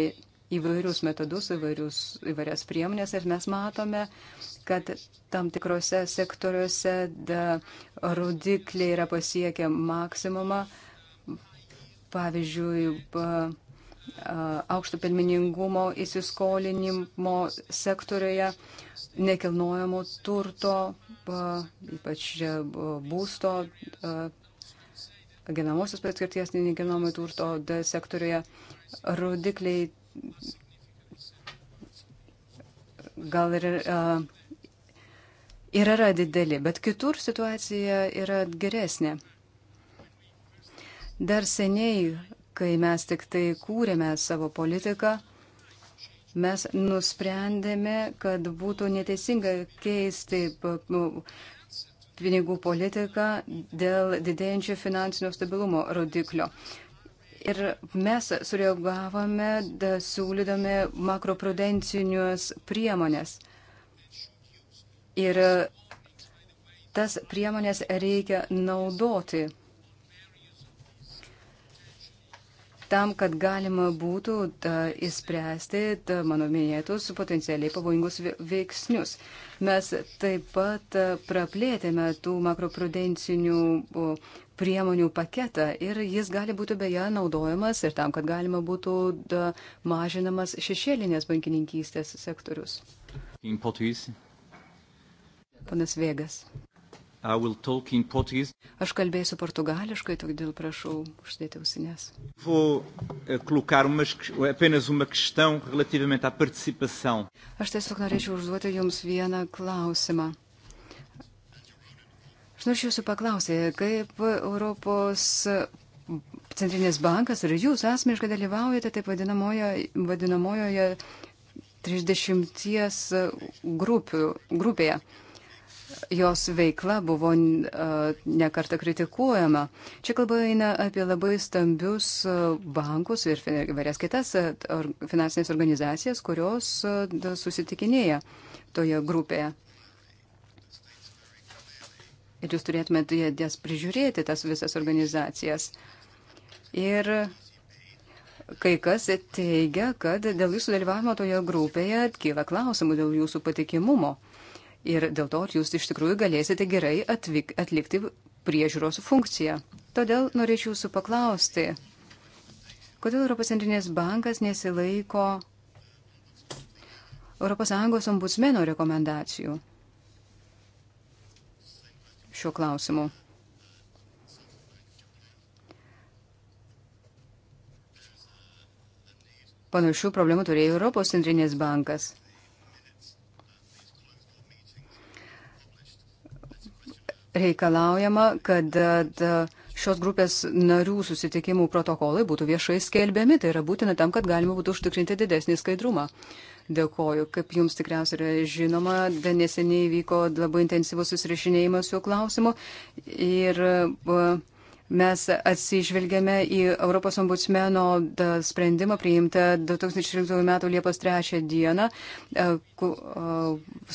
įvairius metodus, įvairius, įvairias priemonės ir mes matome, kad tam tikrose sektoriuose rodikliai yra pasiekę maksimumą. Pavyzdžiui, aukšto pelmeningumo įsiskolinimo sektorioje, nekilnojamo turto, ypač būsto, genamosios paskirties nekilnojamo turto sektorioje rodikliai gal ir uh, ir yra dideli, bet kitur situacija yra geresnė. Dar seniai, kai mes tik tai kūrėme savo politiką, mes nusprendėme, kad būtų neteisinga keisti nu, pinigų politiką dėl didėjančio finansinio stabilumo rodiklio. Ir mes sureagavome, siūlydami makroprudencinius priemonės. Ir e, tas priemonės reikia naudoti tam, kad galima būtų ta, e, įspręsti ta, e, mano minėtus potencialiai pavojingus veiksnius. Mes taip pat praplėtėme tų makroprudencinių priemonių paketą ir jis gali būti beje naudojamas ir tam, kad galima būtų da, mažinamas šešėlinės bankininkystės sektorius. Importuisi. Panas Vėgas.
Aš
kalbėsiu portugališkai, todėl prašau uždėti ausinės. Eh, Aš tiesiog norėčiau užduoti Jums vieną klausimą. Aš noriu Jūsų paklausyti, kaip Europos Centrinės bankas ir Jūs asmeniškai dalyvaujate taip vadinamojoje, vadinamojoje 30 grupių, grupėje jos veikla buvo e, nekarta kritikuojama. Čia kalba eina apie labai stambius e, bankus ir varias kitas e, finansinės organizacijas, kurios susitikinėja toje grupėje. Ir jūs turėtumėte jas prižiūrėti, tas visas organizacijas. Ir kai kas teigia, kad dėl jūsų dalyvavimo toje grupėje kyla klausimų dėl jūsų patikimumo ir dėl to jūs iš tikrųjų galėsite gerai atvyk, atlikti priežiūros funkciją. Todėl norėčiau jūsų paklausti, kodėl Europos centrinės bankas nesilaiko ES ombudsmeno rekomendacijų šiuo klausimu. Panašių problemų turėjo Europos centrinės bankas. reikalaujama, kad e, šios grupės narių susitikimų protokolai būtų viešai skelbiami. Tai yra būtina tam, kad galima būtų užtikrinti didesnį skaidrumą. Dėkoju. Kaip jums tikriausiai yra žinoma, neseniai vyko labai intensyvus susirašinėjimas šiuo klausimu. Ir uh, Mes atsižvelgiame į Europos ombudsmeno sprendimą priimtą 2013 m. Liepos 3 d. E, e,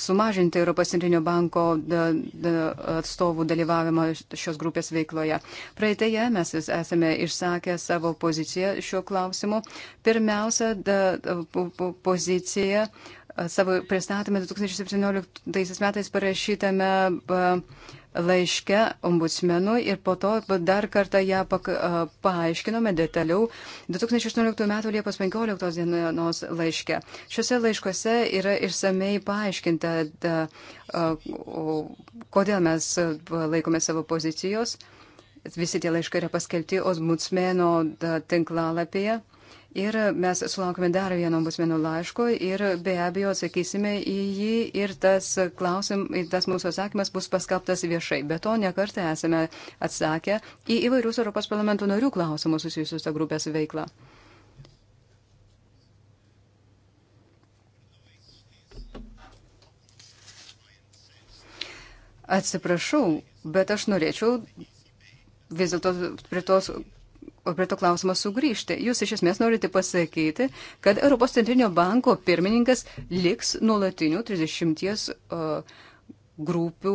sumažinti Europos centrinio banko atstovų dalyvavimą šios grupės veikloje. Praeitėje mes esame išsakę savo poziciją šiuo klausimu. Pirmiausia, da, pozicija e, savo pristatymę 2017 metais parašytame laiške ombudsmenui ir po to dar kartą ją pak, paaiškinome detaliau 2018 m. Liepos 15 dienos laiške. Šiuose laiškuose yra išsamei paaiškinta, da, kodėl mes laikome savo pozicijos. Visi tie laiškai yra paskelbti ombudsmeno tinklalapyje. Ir mes sulaukime dar vieno ombudsmeno laiško ir be abejo atsakysime į jį ir tas, klausim, tas mūsų atsakymas bus paskaptas viešai. Be to nekartą esame atsakę į įvairius Europos parlamento narių klausimus susijusius tą grupės veiklą. Atsiprašau, bet aš norėčiau vis dėlto prie tos prie to klausimo sugrįžti. Jūs iš esmės norite pasakyti, kad Europos centrinio banko pirmininkas liks nuolatiniu 30 uh, grupių,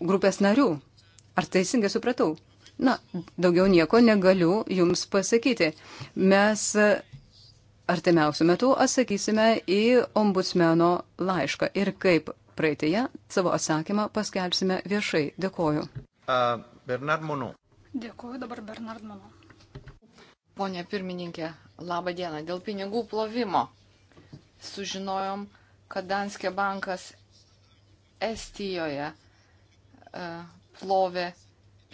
grupės narių. Ar teisingai supratau? Na, daugiau nieko negaliu jums pasakyti. Mes artimiausių metų atsakysime į ombudsmeno laišką ir kaip praeitėje savo atsakymą paskelbsime
viešai. Dėkoju. Uh, Bernard Mono.
Dėkoju dabar Bernard Mono.
Pone pirmininkė, laba diena. Dėl pinigų plovimo sužinojom, kad Danske bankas Estijoje e, plovė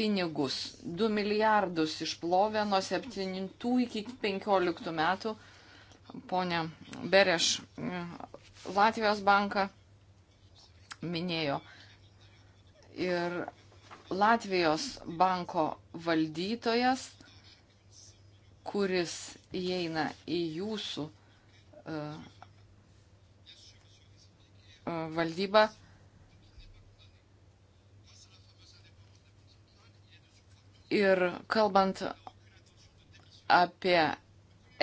pinigus. 2 milijardus išplovė nuo 7 iki 15 metų. Pone Bereš, e, Latvijos banką minėjo. Ir Latvijos banko valdytojas kuris įeina į jūsų e, e, valdybą. Ir kalbant apie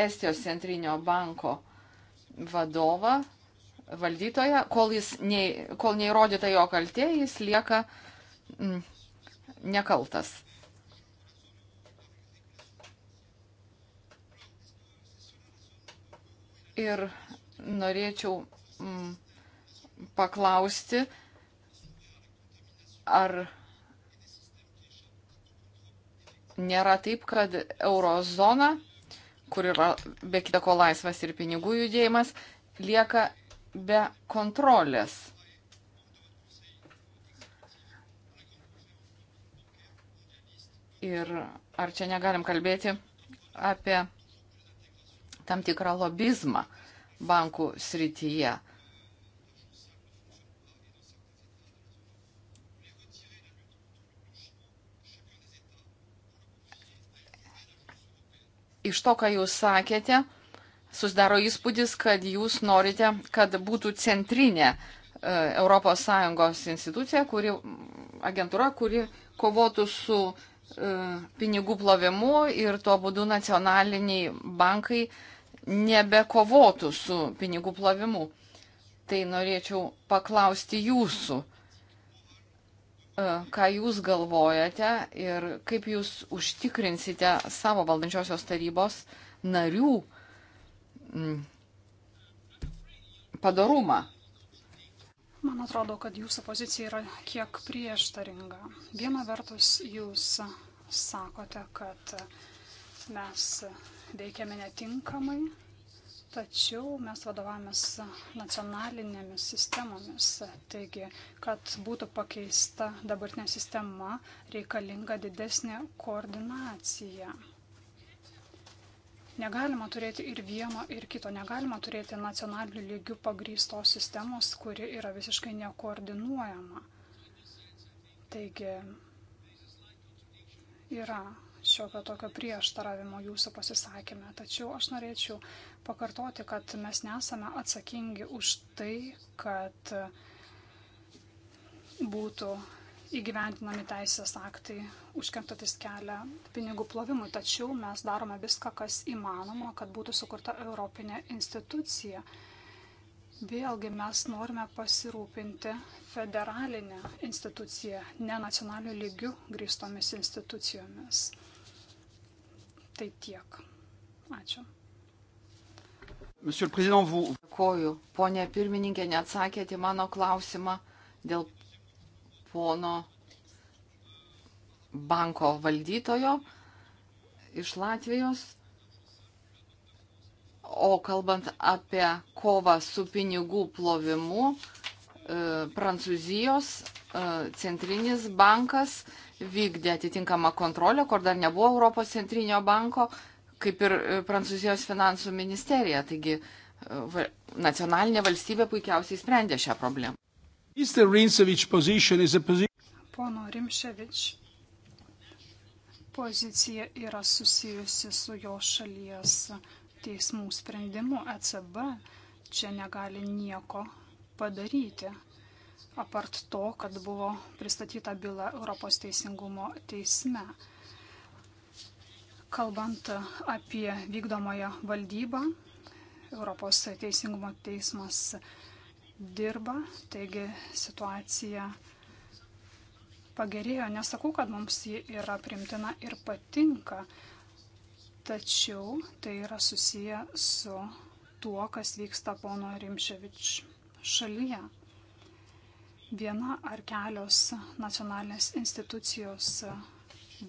Estijos centrinio banko vadovą, valdytoją, kol, jis nei, kol neįrodyta jo kaltė, jis lieka mm, nekaltas. ir norėčiau mm, paklausti, ar nėra taip, kad eurozona, kur yra be kita ko laisvas ir pinigų judėjimas, lieka be kontrolės. Ir ar čia negalim kalbėti apie tam tikrą lobizmą bankų srityje. Iš to, ką jūs sakėte, susidaro įspūdis, kad jūs norite, kad būtų centrinė ES institucija, kuri, agentūra, kuri kovotų su e, pinigų plovimu ir tuo būdu nacionaliniai bankai uh, nebekovotų su pinigų plovimu. Tai norėčiau paklausti jūsų, e, ką jūs galvojate ir kaip jūs užtikrinsite savo valdančiosios tarybos narių mm, padarumą.
Man atrodo, kad jūsų pozicija yra kiek prieštaringa. Viena vertus jūs sakote, kad mes veikiame netinkamai, tačiau mes vadovavomės nacionalinėmis sistemomis. Taigi, kad būtų pakeista dabartinė sistema, reikalinga didesnė koordinacija. Negalima turėti ir vieno, ir kito. Negalima turėti nacionalinių lygių pagrystos sistemos, kuri yra visiškai nekoordinuojama. Taigi, yra šiokio tokio prieštaravimo jūsų pasisakymę, tačiau aš norėčiau pakartoti, kad mes nesame atsakingi už tai, kad būtų įgyventinami teisės aktai užkertantis kelią pinigų plovimui, tačiau mes darome viską, kas įmanoma, kad būtų sukurta Europinė institucija. Vėlgi mes norime pasirūpinti federalinę instituciją, ne nacionalių lygių grįstomis institucijomis. Tai tiek. Ačiū.
Dėkoju. Pone pirmininkė, neatsakėte mano klausimą dėl pono banko valdytojo iš Latvijos. O kalbant apie kovą su pinigų plovimu, e, Prancūzijos e, centrinis bankas vykdė atitinkamą kontrolę, kur dar nebuvo Europos centrinio banko, kaip ir e, Prancūzijos finansų ministerija. Taigi e, nacionalinė valstybė puikiausiai sprendė šią problemą.
Pono Rimševič pozicija yra susijusi su jo šalies teismų sprendimu ECB. Čia negali nieko padaryti apart to, kad buvo pristatyta byla Europos teisingumo teisme. Kalbant apie vykdomąją valdybą, Europos teisingumo teismas dirba, taigi situacija pagerėjo. Nesakau, kad mums ji yra primtina ir patinka, tačiau tai yra susiję su tuo, kas vyksta pono Rimševič šalyje viena ar kelios nacionalinės institucijos e,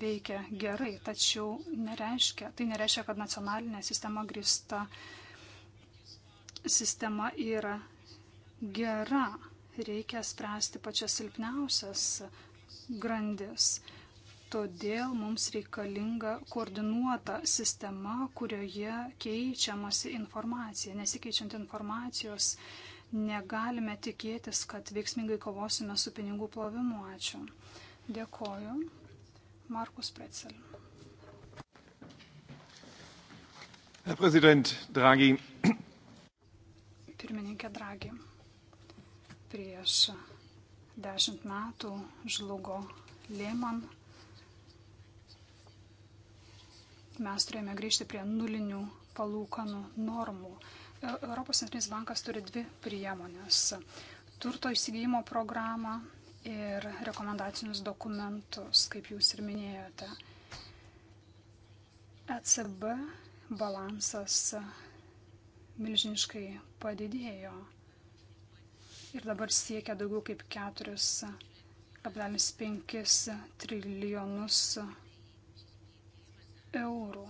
veikia gerai, tačiau nereiškia, tai nereiškia, kad nacionalinė sistema grįsta sistema yra gera. Reikia spręsti pačias silpniausias grandis. Todėl mums reikalinga koordinuota sistema, kurioje keičiamasi informacija. Nesikeičiant informacijos, uh, negalime tikėtis, kad veiksmingai kovosime su pinigų plovimu. Ačiū. Dėkoju. Markus Pretzel.
Herr Präsident Draghi.
Pirmininkė Draghi. Prieš dešimt metų žlugo Lehman. Mes turėjome grįžti prie nulinių palūkanų normų Europos centrinis bankas turi dvi priemonės - turto įsigijimo programą ir rekomendacinius dokumentus, kaip jūs ir minėjote. ECB balansas milžiniškai padidėjo ir dabar siekia daugiau kaip 4,5 trilijonus eurų.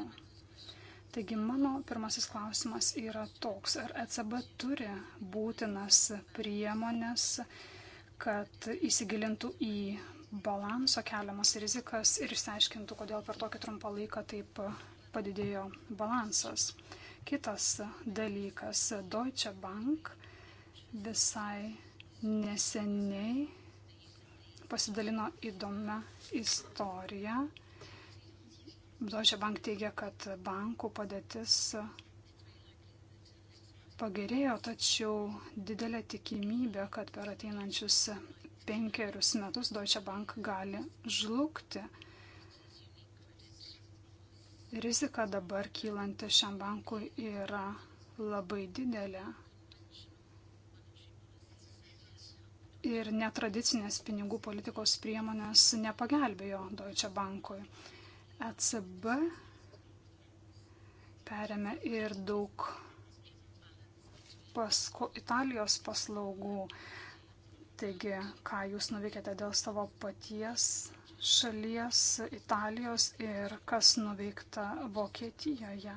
Taigi mano pirmasis klausimas yra toks, ar ECB turi būtinas priemonės, kad įsigilintų į balanso keliamas rizikas ir išsiaiškintų, kodėl per tokį trumpą laiką taip padidėjo balansas. Kitas dalykas, Deutsche Bank visai neseniai pasidalino įdomią istoriją Deutsche Bank teigia, kad bankų padėtis pagerėjo, tačiau didelė tikimybė, kad per ateinančius penkerius metus Deutsche Bank gali žlugti. Rizika dabar kylanti šiam bankui yra labai didelė. Ir netradicinės pinigų politikos priemonės nepagelbėjo Deutsche Bankui. ECB perėmė ir daug pasko, Italijos paslaugų. Taigi, ką jūs nuveikėte dėl savo paties šalies Italijos ir kas nuveikta Vokietijoje?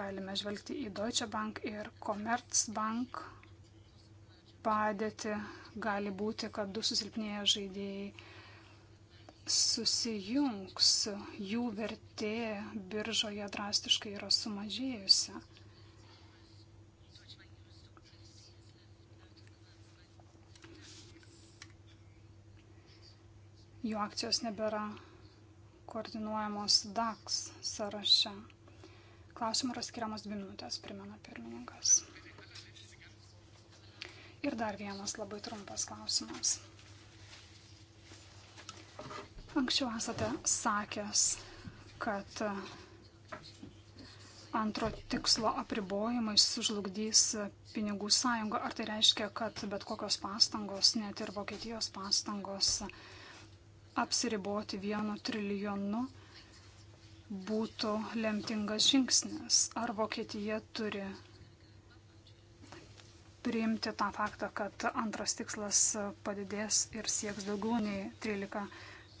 Galime žvelgti į Deutsche Bank ir Commerzbank padėtį. Gali būti, kad du susilpnėję žaidėjai susijungs, jų vertė biržoje drastiškai yra sumažėjusi. Jų akcijos nebėra koordinuojamos DAX sąraše. Klausimų yra skiriamas dvi minutės, primena pirmininkas. Ir dar vienas labai trumpas klausimas. Anksčiau esate sakęs, kad e, antro tikslo apribojimai sužlugdys pinigų sąjungą. Ar tai reiškia, kad bet kokios pastangos, net ir Vokietijos pastangos apsiriboti vienu trilijonu būtų lemtingas žingsnis? Ar Vokietija turi priimti tą faktą, kad antras tikslas padidės ir sieks daugiau nei 13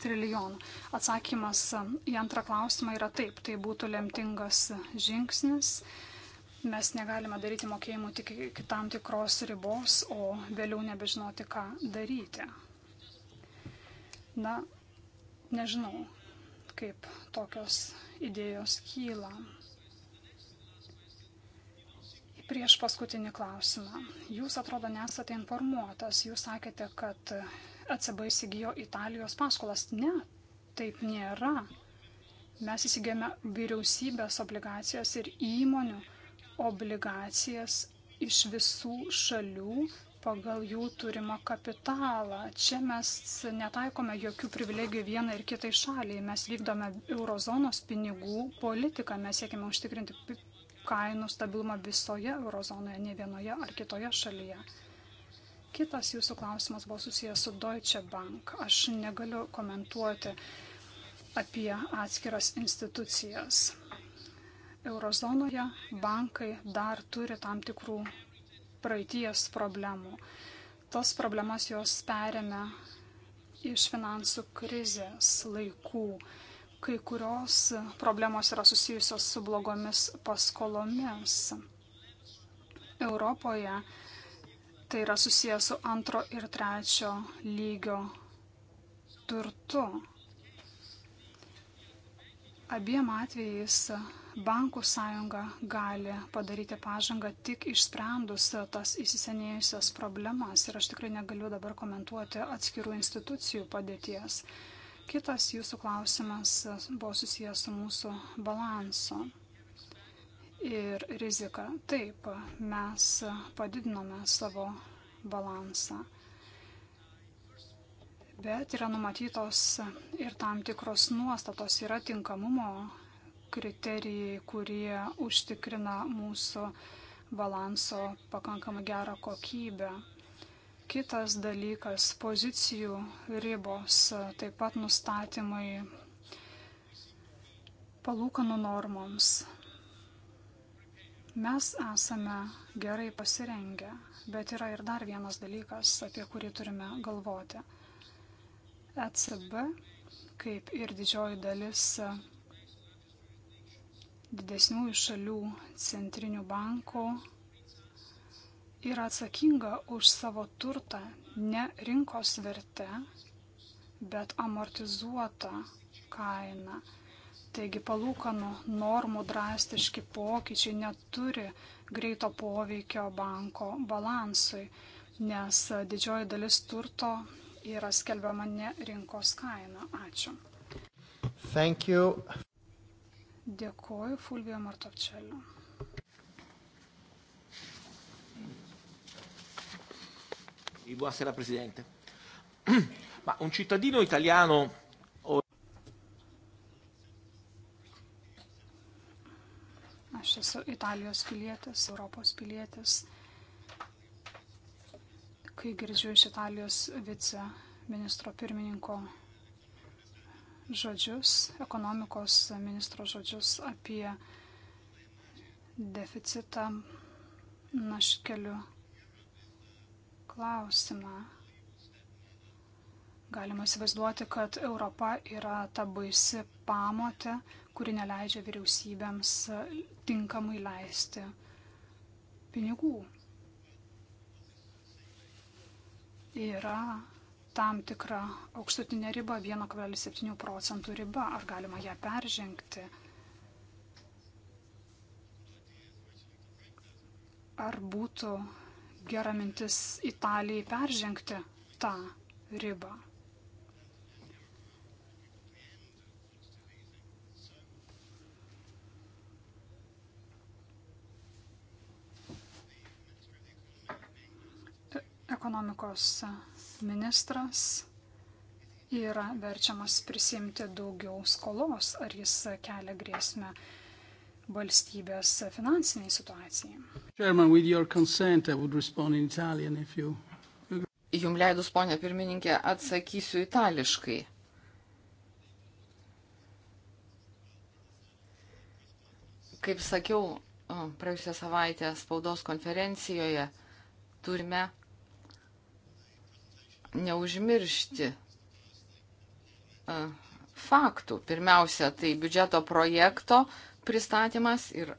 trilijonų. Atsakymas į antrą klausimą yra taip, tai būtų lemtingas žingsnis. Mes negalime daryti mokėjimų tik iki tam tikros ribos, o vėliau nebežinoti, ką daryti. Na, nežinau, kaip tokios idėjos kyla prieš paskutinį klausimą. Jūs atrodo nesate informuotas, jūs sakėte, kad ECB įsigijo Italijos paskolas. Ne, taip nėra. Mes įsigijome vyriausybės obligacijas ir įmonių obligacijas iš visų šalių pagal jų turimą kapitalą. Čia mes netaikome jokių privilegijų vienai ir kitai šaliai. Mes vykdome eurozonos pinigų politiką. Mes siekime užtikrinti kainų stabilumą visoje eurozonoje, ne vienoje ar kitoje šalyje. Kitas jūsų klausimas buvo susijęs su Deutsche Bank. Aš negaliu komentuoti apie atskiras institucijas. Eurozonoje bankai dar turi tam tikrų praeities problemų. Tas problemas jos perėmė iš finansų krizės laikų. Kai kurios problemos yra susijusios su blogomis paskolomis. Europoje Tai yra susijęs su antro ir trečio lygio turtu. Abiem atvejais bankų sąjunga gali padaryti pažangą tik išsprendus tas įsisenėjusias problemas ir aš tikrai negaliu dabar komentuoti atskirų institucijų padėties. Kitas jūsų klausimas buvo susijęs su mūsų balansu ir rizika. Taip, mes padidinome savo balansą. Bet yra numatytos ir tam tikros nuostatos, yra tinkamumo kriterijai, kurie užtikrina mūsų balanso pakankamai gerą kokybę. Kitas dalykas - pozicijų ribos, taip pat nustatymai palūkanų normoms. Mes esame gerai pasirengę, bet yra ir dar vienas dalykas, apie kurį turime galvoti. ECB, kaip ir didžioji dalis didesnių šalių centrinių bankų, yra atsakinga už savo turtą ne rinkos verte, bet amortizuotą kainą. Taigi palūkanų normų drastiški pokyčiai neturi greito poveikio banko balansui, nes didžioji dalis turto yra skelbiama ne rinkos kaina. Ačiū. Thank you. Dėkuoju Fulvio Martovčeliu.
Buonasera Presidente. Ma un cittadino italiano
Aš esu Italijos pilietis, Europos pilietis. Kai girdžiu iš Italijos vice ministro pirmininko žodžius, ekonomikos ministro žodžius apie deficitą naškelių klausimą. Galima įsivaizduoti, kad Europa yra ta baisi pamotė, kuri neleidžia vyriausybėms e, tinkamai leisti pinigų. Yra tam tikra aukštutinė riba, 1,7 procentų riba, ar galima ją peržengti. Ar būtų gera mintis Italijai peržengti tą ribą? ekonomikos ministras yra verčiamas prisimti daugiau skolos, ar jis kelia grėsmę valstybės finansiniai situacijai.
German, you... Jums leidus, ponė pirmininkė, atsakysiu itališkai. Kaip sakiau, praėjusią savaitę spaudos konferencijoje turime neužmiršti faktų. Pirmiausia, tai biudžeto projekto pristatymas ir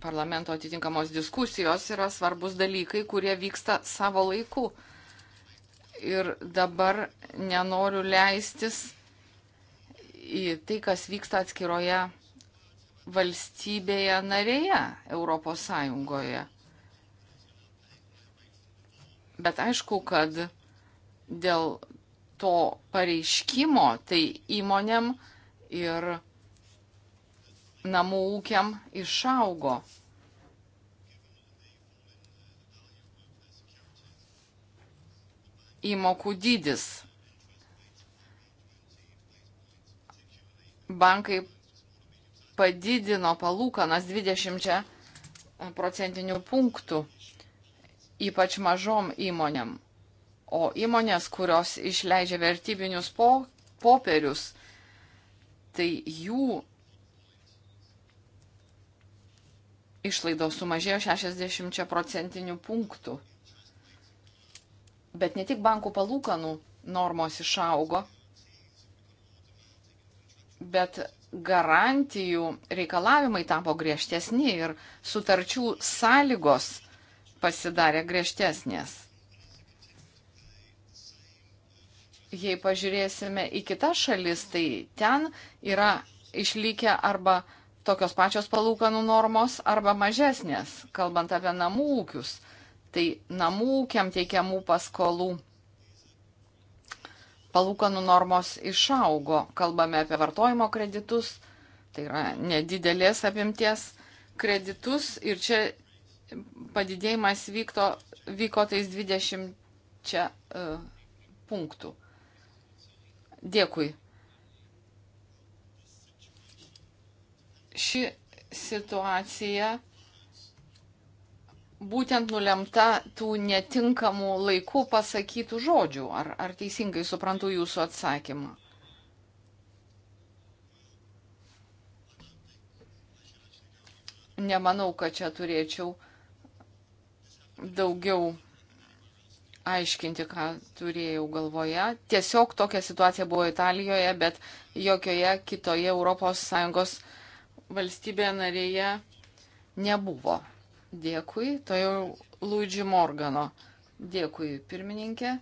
parlamento atitinkamos diskusijos yra svarbus dalykai, kurie vyksta savo laiku. Ir dabar nenoriu leistis į tai, kas vyksta atskiroje valstybėje narėje Europos Sąjungoje. Bet aišku, kad dėl to pareiškimo, tai įmonėm ir namų ūkiam išaugo. Įmokų dydis. Bankai padidino palūkanas 20 procentinių punktų, ypač mažom įmonėm. O įmonės, kurios išleidžia vertybinius po, popierius, tai jų išlaidos sumažėjo 60 procentinių punktų. Bet ne tik bankų palūkanų normos išaugo, bet garantijų reikalavimai tapo griežtesni ir sutarčių sąlygos pasidarė griežtesnės. Jei pažiūrėsime į kitas šalis, tai ten yra išlikę arba tokios pačios palūkanų normos arba mažesnės, kalbant apie namų ūkius. Tai namų ūkiam teikiamų paskolų palūkanų normos išaugo. Kalbame apie vartojimo kreditus, tai yra nedidelės apimties kreditus ir čia padidėjimas vykto, vyko tais 20 čia, uh, punktų. Dėkui. Ši situacija būtent nulemta tų netinkamų laikų pasakytų žodžių. Ar, ar teisingai suprantu jūsų atsakymą? Nemanau, kad čia turėčiau daugiau aiškinti, ką turėjau galvoje. Tiesiog tokia situacija buvo Italijoje, bet jokioje kitoje ES valstybėje narėje nebuvo. Dėkui, to jau Luigi Morgano. Dėkui, pirmininkė.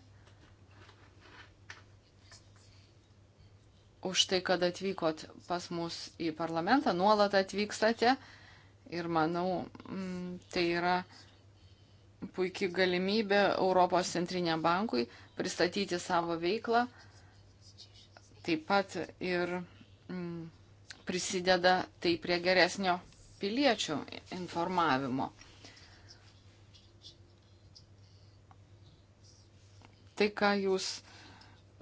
Už tai, kad atvykot pas mus į parlamentą, nuolat atvykstate ir manau, mm, tai yra puikiai galimybė Europos centriniam bankui pristatyti savo veiklą, taip pat ir mm, prisideda tai prie geresnio piliečių informavimo. Tai, ką jūs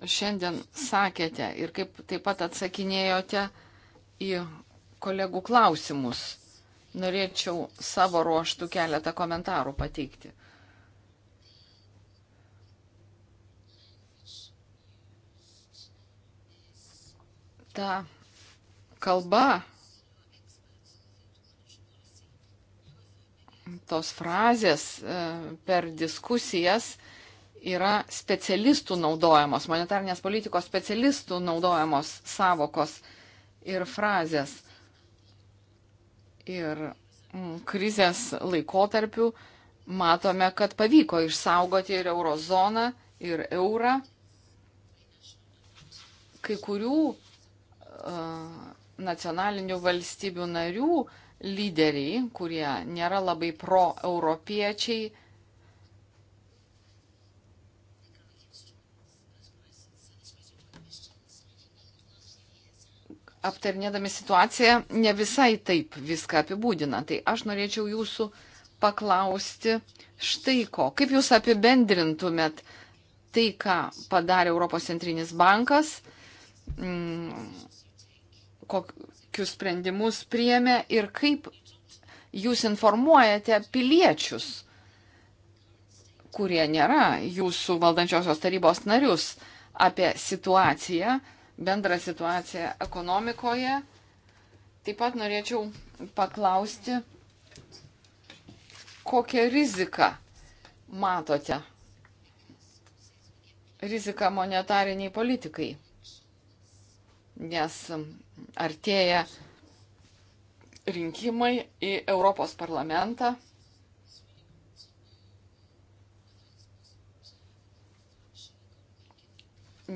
šiandien sakėte ir kaip taip pat atsakinėjote į kolegų klausimus, norėčiau savo ruoštų keletą komentarų pateikti. ta kalba, tos frazės e, per diskusijas yra specialistų naudojamos, monetarnės politikos specialistų naudojamos savokos ir frazės. Ir krizės laikotarpiu matome, kad pavyko išsaugoti ir eurozoną, ir eurą. Kai kurių E, nacionalinių valstybių narių lyderiai, kurie nėra labai pro-europiečiai, aptarnėdami situaciją ne visai taip viską apibūdina. Tai aš norėčiau jūsų paklausti štai ko. Kaip jūs apibendrintumėt tai, ką padarė Europos centrinis bankas? Mm, kokius sprendimus priemė ir kaip jūs informuojate piliečius, kurie nėra jūsų valdančiosios tarybos narius, apie situaciją, bendrą situaciją ekonomikoje. Taip pat norėčiau paklausti, kokią riziką matote? Rizika monetariniai politikai. Nes artėja rinkimai į Europos parlamentą.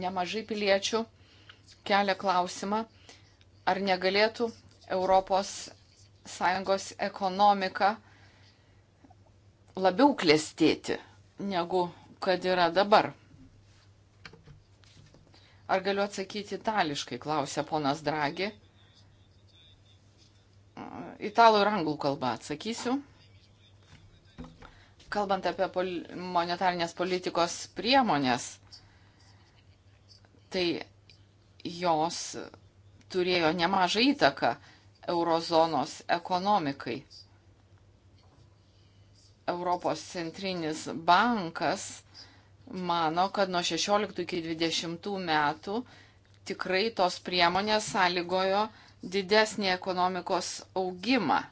Nemažai piliečių kelia klausimą, ar negalėtų Europos Sąjungos ekonomika labiau klestėti, negu kad yra dabar. Ar galiu atsakyti itališkai, klausė ponas Dragi. Italų ir anglų kalbą atsakysiu. Kalbant apie pol monetarinės politikos priemonės, tai jos turėjo nemažą įtaką eurozonos ekonomikai. Europos centrinis bankas mano, kad nuo 16 iki 20 metų tikrai tos priemonės sąlygojo didesnį ekonomikos augimą.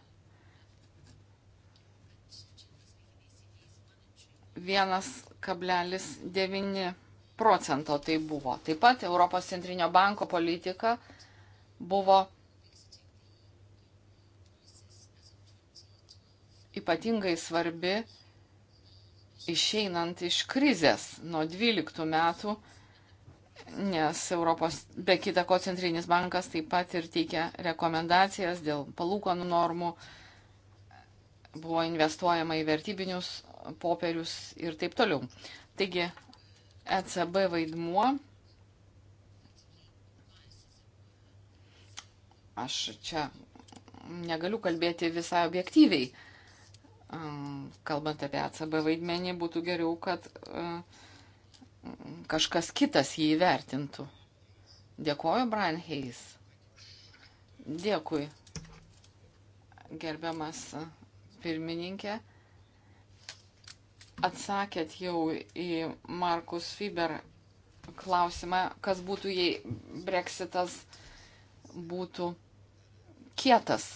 Vienas kablelis 9 procento tai buvo. Taip pat Europos centrinio banko politika buvo ypatingai svarbi išeinant iš krizės nuo 12 metų, nes Europos be kita ko centrinis bankas taip pat ir teikia rekomendacijas dėl palūkanų normų, buvo investuojama į vertybinius popierius ir taip toliau. Taigi ECB vaidmuo. Aš čia negaliu kalbėti visai objektyviai kalbant apie ECB vaidmenį, būtų geriau, kad e, kažkas kitas jį įvertintų. Dėkoju, Brian Hayes. Dėkui, gerbiamas e, pirmininkė. Atsakėt jau į Markus Fiber klausimą, kas būtų, jei Brexitas būtų kietas.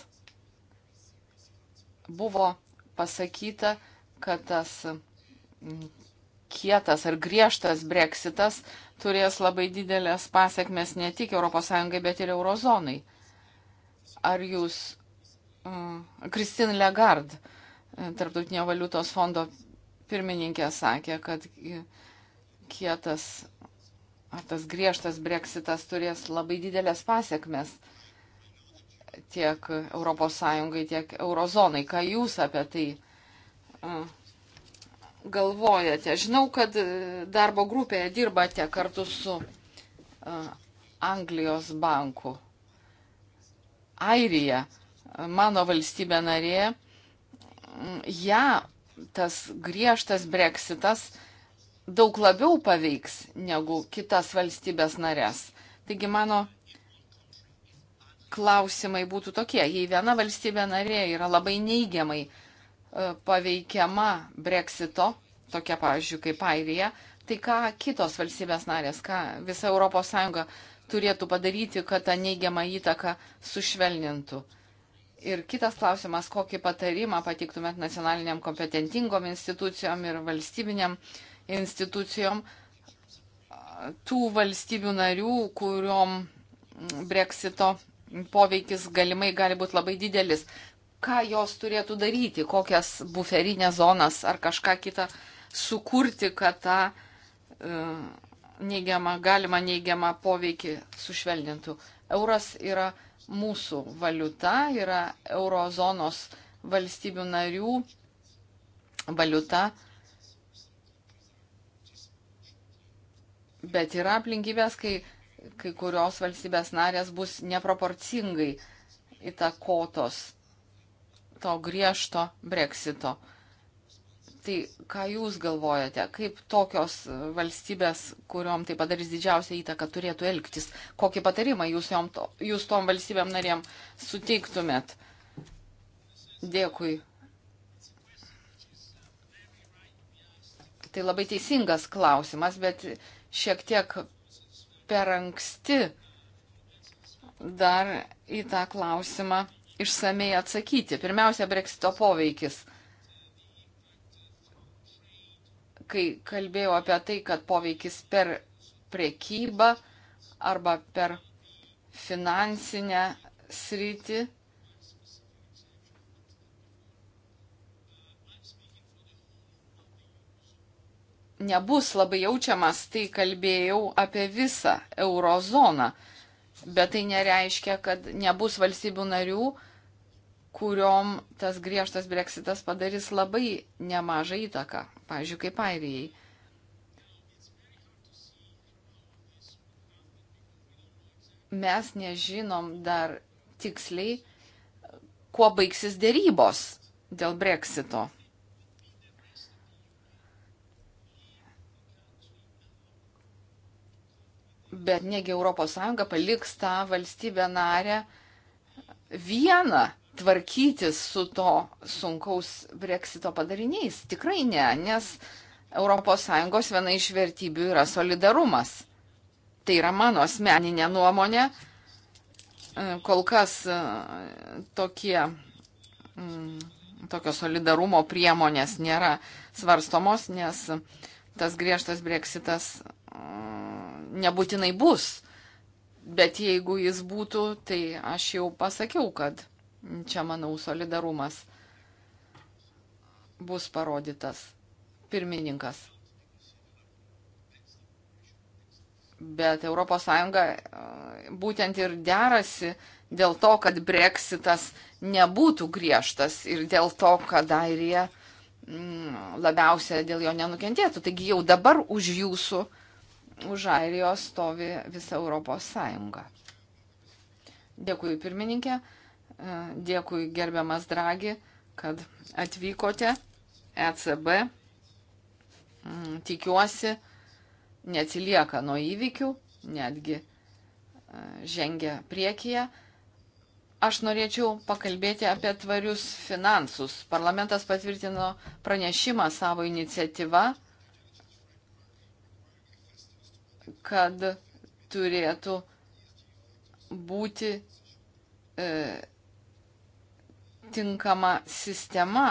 Buvo pasakyta, kad tas mm, kietas ar griežtas breksitas turės labai didelės pasiekmes ne tik ES, bet ir eurozonai. Ar jūs, Kristin mm, um, Legard, e, Tarptautinio valiutos fondo pirmininkė, sakė, kad kietas ar tas griežtas breksitas turės labai didelės pasiekmes tiek ES, tiek eurozonai. Ką jūs apie tai galvojate? Žinau, kad e, darbo grupėje dirbate kartu su Anglijos banku. Airija, mano valstybė narė, ją tas griežtas breksitas daug labiau paveiks negu kitas valstybės narės. Taigi mano klausimai būtų tokie. Jei viena valstybė narė yra labai neigiamai e, paveikiama breksito, tokia pavyzdžiui kaip Airija, tai ką kitos valstybės narės, ką visa ES turėtų padaryti, kad tą neigiamą įtaką sušvelnintų. Ir kitas klausimas, kokį patarimą patiktumėt nacionaliniam kompetentingom institucijom ir valstybiniam institucijom tų valstybių narių, kuriuom breksito poveikis galimai gali būti labai didelis. Ką jos turėtų daryti, kokias buferinės zonas ar kažką kitą sukurti, kad tą e, neigiamą, galimą neigiamą poveikį sušvelnintų. Euras yra mūsų valiuta, yra eurozonos valstybių narių valiuta, bet yra aplinkybės, kai kai kurios valstybės narės bus neproporcingai įtakotos to griežto breksito. Tai ką Jūs galvojate, kaip tokios valstybės, kuriuom tai padarys didžiausią įtaką, turėtų elgtis? Kokį patarimą Jūs, jom, to, jūs tom valstybėm narėm suteiktumėt? Dėkui. Tai labai teisingas klausimas, bet šiek tiek per anksti dar į tą klausimą išsamei atsakyti. Pirmiausia, breksito poveikis. Kai kalbėjau apie tai, kad poveikis per priekybą arba per finansinę sritį nebus labai jaučiamas, tai kalbėjau apie visą eurozoną. Bet tai nereiškia, kad nebus valstybių narių, kuriuom tas griežtas breksitas padarys labai nemažą įtaką, pavyzdžiui, kaip Airijai. Mes nežinom dar tiksliai, kuo baigsis dėrybos dėl breksito. Bet negi ES paliks tą valstybę narę vieną tvarkytis su to sunkaus breksito padariniais. Tikrai ne, nes ES viena iš vertybių yra solidarumas. Tai yra mano asmeninė nuomonė. Kol kas e, tokie, mm, tokio solidarumo priemonės nėra svarstomos, nes tas griežtas breksitas Mm, nebūtinai bus. Bet jeigu jis būtų, tai aš jau pasakiau, kad čia, manau, solidarumas bus parodytas pirmininkas. Bet ES e, būtent ir derasi dėl to, kad breksitas nebūtų griežtas ir dėl to, kad airija mm, labiausia dėl jo nenukentėtų. Taigi jau dabar už jūsų uh, už Airijos stovi visa Europos Sąjunga. Dėkui pirmininkė, e, dėkui gerbiamas Dragi, kad atvykote. ECB, mm, tikiuosi, neatsilieka nuo įvykių, netgi e, žengia priekyje. Aš norėčiau pakalbėti apie tvarius finansus. Parlamentas patvirtino pranešimą savo iniciatyvą kad turėtų būti e, tinkama sistema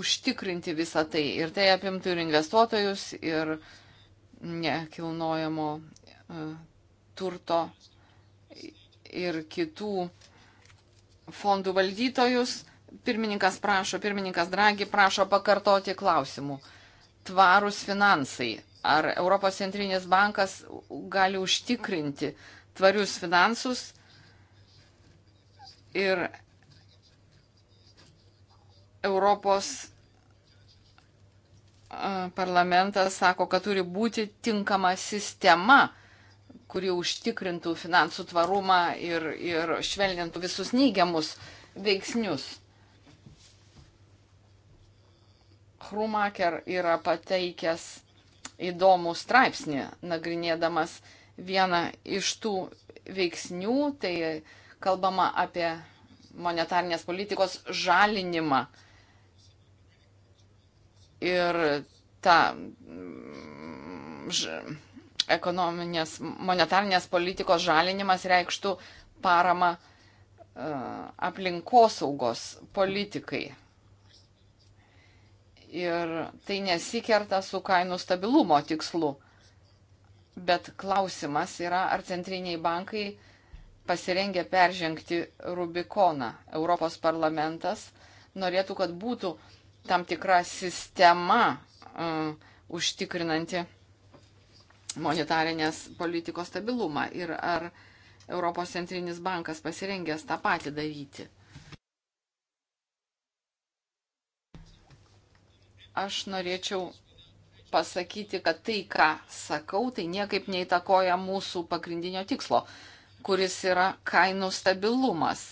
užtikrinti visą tai. Ir tai apimtų ir investuotojus, ir nekilnojamo e, turto ir kitų fondų valdytojus. Pirmininkas prašo, pirmininkas Dragi prašo pakartoti klausimų tvarūs finansai. Ar Europos centrinės bankas gali užtikrinti tvarius finansus ir Europos parlamentas sako, kad turi būti tinkama sistema, kuri užtikrintų finansų tvarumą ir, ir švelnintų visus neigiamus veiksnius. Hrumaker yra pateikęs įdomų straipsnį, nagrinėdamas vieną iš tų veiksnių, tai kalbama apie monetarnės politikos žalinimą. Ir ta mm, ž, ekonominės, monetarnės politikos žalinimas reikštų paramą uh, aplinkosaugos politikai ir tai nesikerta su kainų stabilumo tikslu. Bet klausimas yra, ar centriniai bankai pasirengę peržengti Rubikoną. Europos parlamentas norėtų, kad būtų tam tikra sistema um, užtikrinanti monetarinės politikos stabilumą ir ar Europos centrinis bankas pasirengęs tą patį daryti. aš norėčiau pasakyti, kad tai, ką sakau, tai niekaip neįtakoja mūsų pagrindinio tikslo, kuris yra kainų stabilumas.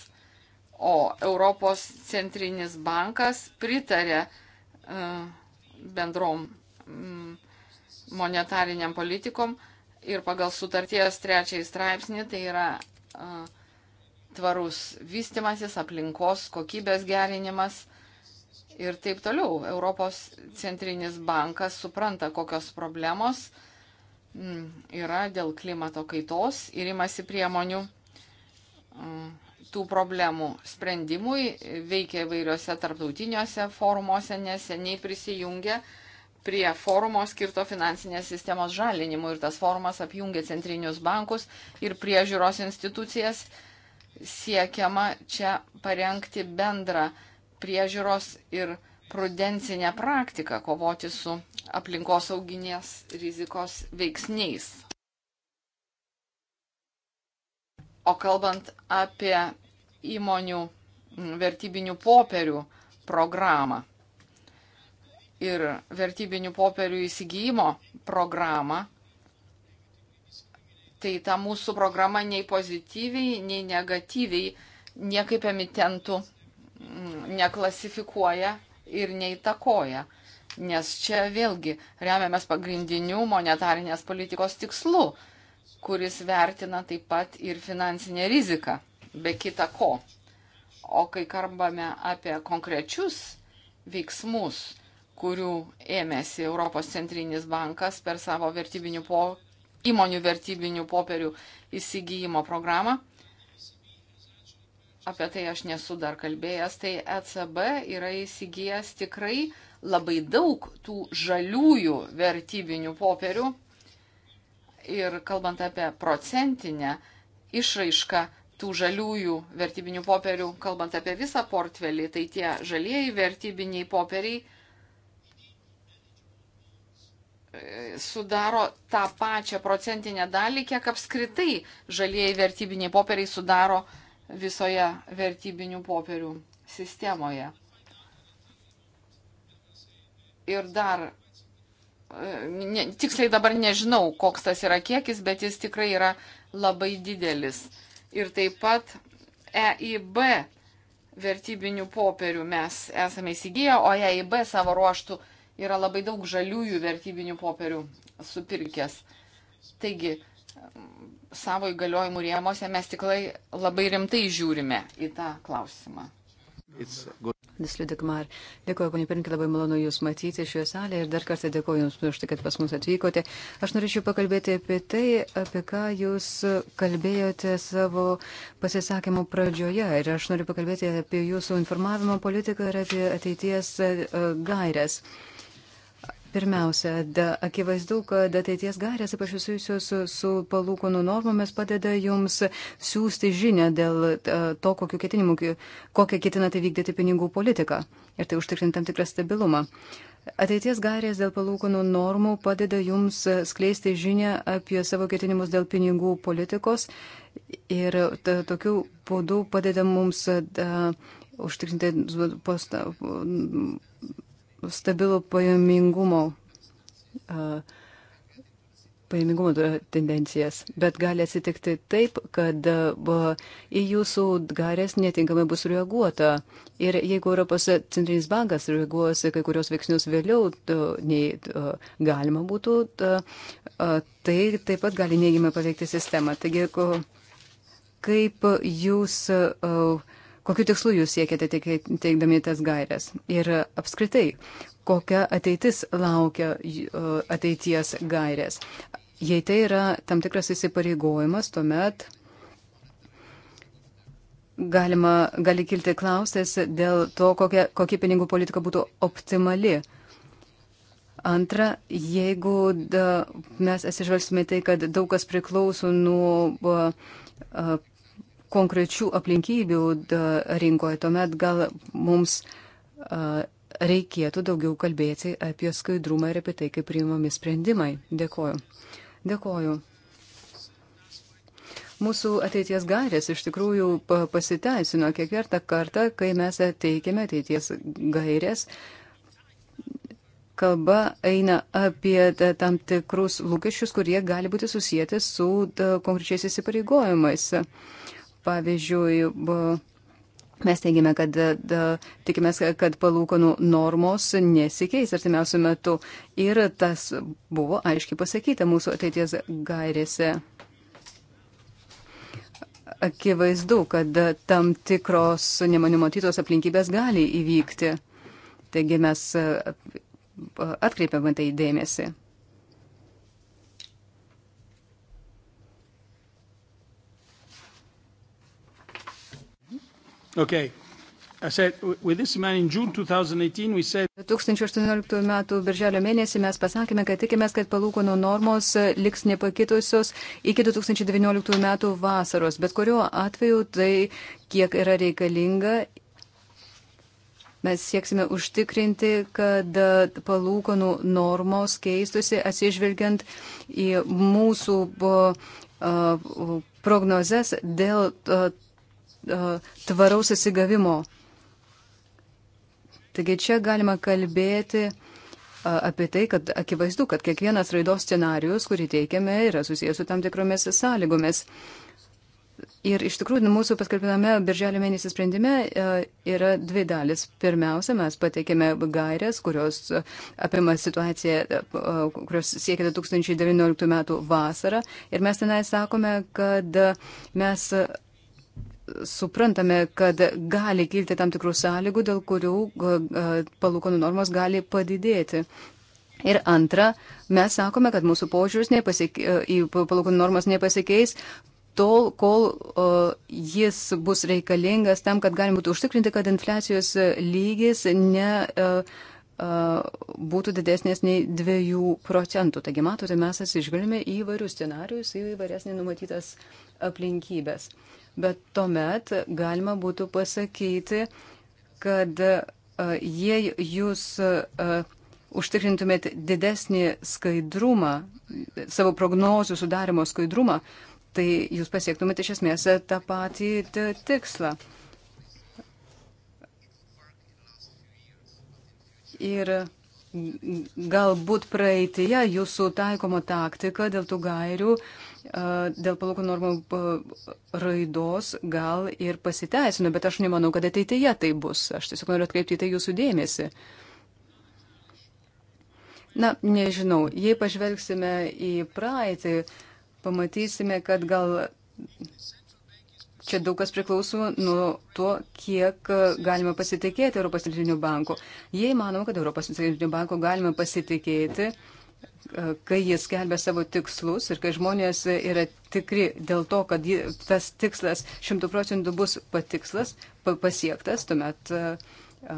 O Europos centrinis bankas pritarė e, bendrom mm, monetariniam politikom ir pagal sutarties trečiai straipsnį tai yra e, tvarus vystimasis, aplinkos kokybės gerinimas ir taip toliau. Europos centrinis bankas supranta, kokios problemos mm, yra dėl klimato kaitos ir imasi priemonių mm, tų problemų sprendimui, veikia įvairiuose tarptautiniuose forumuose, neseniai prisijungia prie forumo skirto finansinės sistemos žalinimui ir tas forumas apjungia centrinius bankus ir priežiūros institucijas. Siekiama čia parengti bendrą uh, priežiūros ir prudencinę praktiką kovoti su aplinkosauginės rizikos veiksniais. O kalbant apie įmonių vertybinių popierių programą ir vertybinių popierių įsigijimo programą, tai ta mūsų programa nei pozityviai, nei negatyviai niekaip emitentų Mm, neklasifikuoja ir neįtakoja. Nes čia vėlgi remiamės pagrindinių monetarinės politikos tikslų, kuris vertina taip pat ir finansinę riziką, be kita ko. O kai kalbame apie konkrečius veiksmus, kurių ėmėsi Europos centrinis bankas per savo vertybinių po, įmonių vertybinių popierių įsigijimo programą, apie tai aš nesu dar kalbėjęs, tai ECB yra įsigijęs tikrai labai daug tų žaliųjų vertybinių popierių. Ir kalbant apie procentinę išraišką tų žaliųjų vertybinių popierių, kalbant apie visą portfelį, tai tie žalieji vertybiniai popieriai e, sudaro tą pačią procentinę dalį, kiek apskritai žalieji vertybiniai popieriai sudaro uh, visoje vertybinių popierių sistemoje. Ir dar, e, ne, tiksliai dabar nežinau, koks tas yra kiekis, bet jis tikrai yra labai didelis. Ir taip pat EIB vertybinių popierių mes esame įsigiję, o EIB savo ruoštų yra labai daug žaliųjų vertybinių popierių supirkęs. Taigi, savo įgaliojimų rėmose mes tikrai labai rimtai žiūrime į tą klausimą.
Visliu Dikmar, dėkoju, ponė Pirinkė, labai malonu Jūs matyti šioje salėje ir dar kartą dėkoju Jums už tai, kad pas mus atvykote. Aš norėčiau pakalbėti apie tai, apie ką Jūs kalbėjote savo pasisakymų pradžioje ir aš noriu pakalbėti apie Jūsų informavimo politiką ir apie ateities e, gairias. Uh, Pirmiausia, da, akivaizdu, kad ateities gairės, ypač susijusios su, su palūkonų normomis, padeda jums siūsti žinę dėl to, kokiu ketinimu, kokią ketinate vykdyti pinigų politiką ir tai užtikrinti tam tikrą stabilumą. Ateities gairės dėl palūkanų normų padeda jums skleisti žinę apie savo ketinimus dėl pinigų politikos ir tokiu būdu padeda mums da, užtikrinti posta, stabilų pajamingumo, pajamingumo tendencijas, bet gali atsitikti taip, kad į jūsų garės netinkamai bus reaguota. Ir jeigu Europos centrinis bankas reaguos kai kurios veiksnius vėliau, nei galima būtų, tai taip pat gali neigiamai paveikti sistemą. Taigi, kaip jūs uh, Kokiu tikslu jūs siekiate teikdami tas gairias? Ir apskritai, kokia ateitis laukia ateities gairės? Jei tai yra tam tikras įsipareigojimas, tuomet galima, gali kilti klausės dėl to, kokia, kokia pinigų politika būtų optimali. Antra, jeigu da, mes atsižvelgsime tai, kad daug kas priklauso nuo a, a, konkrečių aplinkybių rinkoje, tuomet gal mums reikėtų daugiau kalbėti apie skaidrumą ir apie tai, kaip priimami sprendimai. Dėkoju. Dėkoju. Mūsų ateities gairės iš tikrųjų pasiteisino kiekvieną kartą, kai mes teikėme ateities gairės. Kalba eina apie tam tikrus lūkesčius, kurie gali būti susijęti su konkrečiais įsipareigojimais. Uh, Pavyzdžiui, Mes teigiame, kad da, tikimės, kad palūkanų normos nesikeis artimiausių metų ir tas buvo aiškiai pasakyta mūsų ateities gairėse. Akivaizdu, kad tam tikros nemanumatytos aplinkybės gali įvykti. Taigi mes atkreipiame tai dėmesį.
Okay. Said, 2018
m. birželio mėnesį mes pasakėme, kad tikimės, kad palūkonų normos e, liks nepakitusios iki 2019 m. vasaros, bet kuriuo atveju tai kiek yra reikalinga. Mes sieksime užtikrinti, kad e, palūkonų normos keistusi atsižvelgiant į mūsų e, prognozes dėl E, tvaraus įsigavimo. Taigi čia galima kalbėti e, apie tai, kad akivaizdu, kad kiekvienas raidos scenarius, kurį teikiame, yra susijęs su tam tikromis sąlygomis. Ir iš tikrųjų mūsų paskelbiname birželio mėnesį sprendime e, yra dvi dalis. Pirmiausia, mes pateikėme gairias, kurios apima situaciją, kurios siekia 2019 metų vasarą. Ir mes tenai sakome, kad mes suprantame, kad gali kilti tam tikrų sąlygų, dėl kurių palūkanų normos gali padidėti. Ir antra, mes sakome, kad mūsų požiūris nepasike, į palūkanų normas nepasikeis tol, kol o, jis bus reikalingas tam, kad galima būtų užtikrinti, kad infliacijos lygis ne. O, būtų didesnės nei 2 procentų. Taigi, matote, mes atsižvelgėme į įvairius scenarius, į įvairias nenumatytas aplinkybės. Uh, bet tuomet galima būtų pasakyti, kad jei jūs užtikrintumėt didesnį skaidrumą, savo prognozių sudarimo skaidrumą, tai jūs pasiektumėte iš esmės tą patį tikslą. Ir galbūt praeitie jūsų taikoma taktika dėl tų gairių uh, dėl palūkanų normų raidos gal ir pasiteisino, bet aš nemanau, kad ateityje tai bus. Aš tiesiog noriu atkreipti į tai jūsų dėmesį. Na, nežinau, jei pažvelgsime į praeitį, pamatysime, kad gal čia daug kas priklauso nuo to, kiek galima pasitikėti Europos centriniu banku. Jei manoma, kad Europos centriniu banku galima pasitikėti, uh, kai jie skelbia savo tikslus ir kai žmonės yra tikri dėl to, kad jie, tas tikslas šimtų procentų bus patikslas, pasiektas, tuomet, o,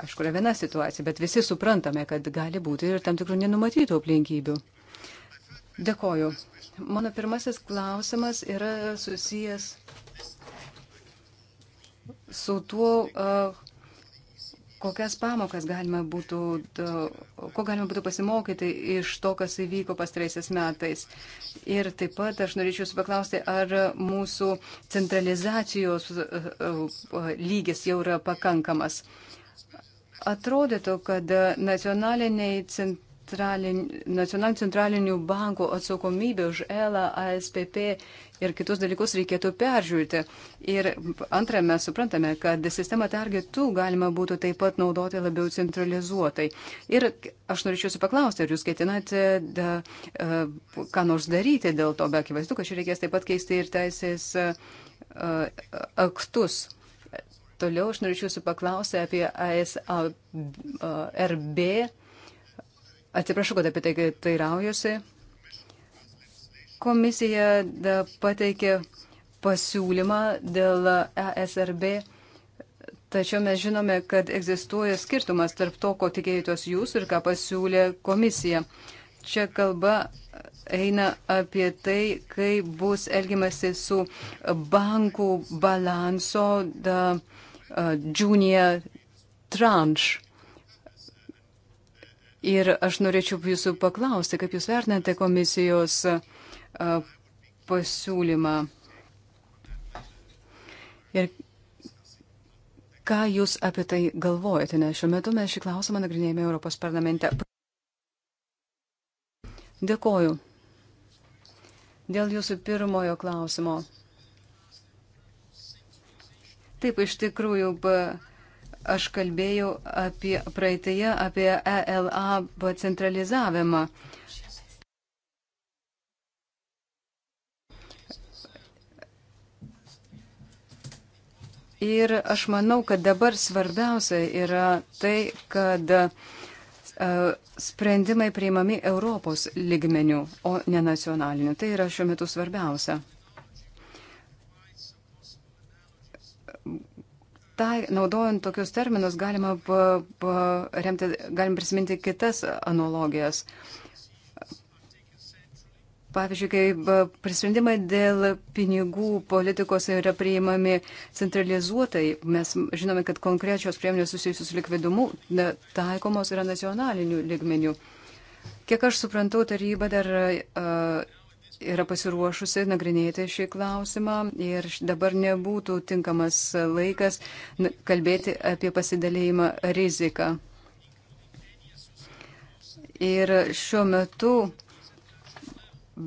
aišku, yra viena situacija, bet visi suprantame, kad gali būti ir tam tikrų nenumatytų aplinkybių. Dėkoju. Mano pirmasis klausimas yra susijęs su tuo, uh, kokias pamokas galima būtų, ko galima būtų pasimokyti iš to, kas įvyko pastaraisiais metais. Ir taip pat aš norėčiau jūsų paklausti, ar mūsų centralizacijos e, e, lygis jau yra pakankamas. Atrodytų, kad nacionaliniai cent centralin, nacionalinių centralinių bankų atsakomybę už ELA, ASPP ir kitus dalykus reikėtų peržiūrėti. Ir antra, mes suprantame, kad sistemą Target 2 galima būtų taip pat naudoti labiau centralizuotai. Ir aš norėčiau jūsų paklausti, ar jūs ketinate da, e, ką nors daryti dėl to, be akivaizdu, kad čia reikės taip pat keisti ir teisės e, e, aktus. Toliau aš norėčiau jūsų paklausti apie ASRB. Uh, Atsiprašau, kad apie tai tairaujuosi. Komisija pateikė pasiūlymą dėl ESRB, tačiau mes žinome, kad egzistuoja skirtumas tarp to, ko tikėjotės jūs ir ką pasiūlė komisija. Čia kalba eina apie tai, kaip bus elgiamasi su bankų balanso da, uh, junior tranche. Ir aš norėčiau jūsų paklausti, kaip jūs vertinate komisijos pasiūlymą. Ir ką jūs apie tai galvojate, nes šiuo metu mes šį klausimą nagrinėjame Europos parlamente. Dėkoju. Dėl jūsų pirmojo klausimo. Taip, iš tikrųjų, ba, aš kalbėjau apie praeitėje, apie ELA centralizavimą. Ir aš manau, kad dabar svarbiausia yra tai, kad e, sprendimai priimami Europos ligmenių, o ne nacionalinių. Tai yra šiuo metu svarbiausia. tai, naudojant tokius terminus, galima, remti, galima prisiminti kitas analogijas. Pavyzdžiui, kai prisprendimai dėl pinigų politikos yra priimami centralizuotai, mes žinome, kad konkrečios priemonės susijusios su likvidumu taikomos yra nacionaliniu ligmeniu. Kiek aš suprantu, taryba dar uh, yra pasiruošusi nagrinėti šį klausimą ir dabar nebūtų tinkamas laikas kalbėti apie pasidalėjimą riziką. Ir šiuo metu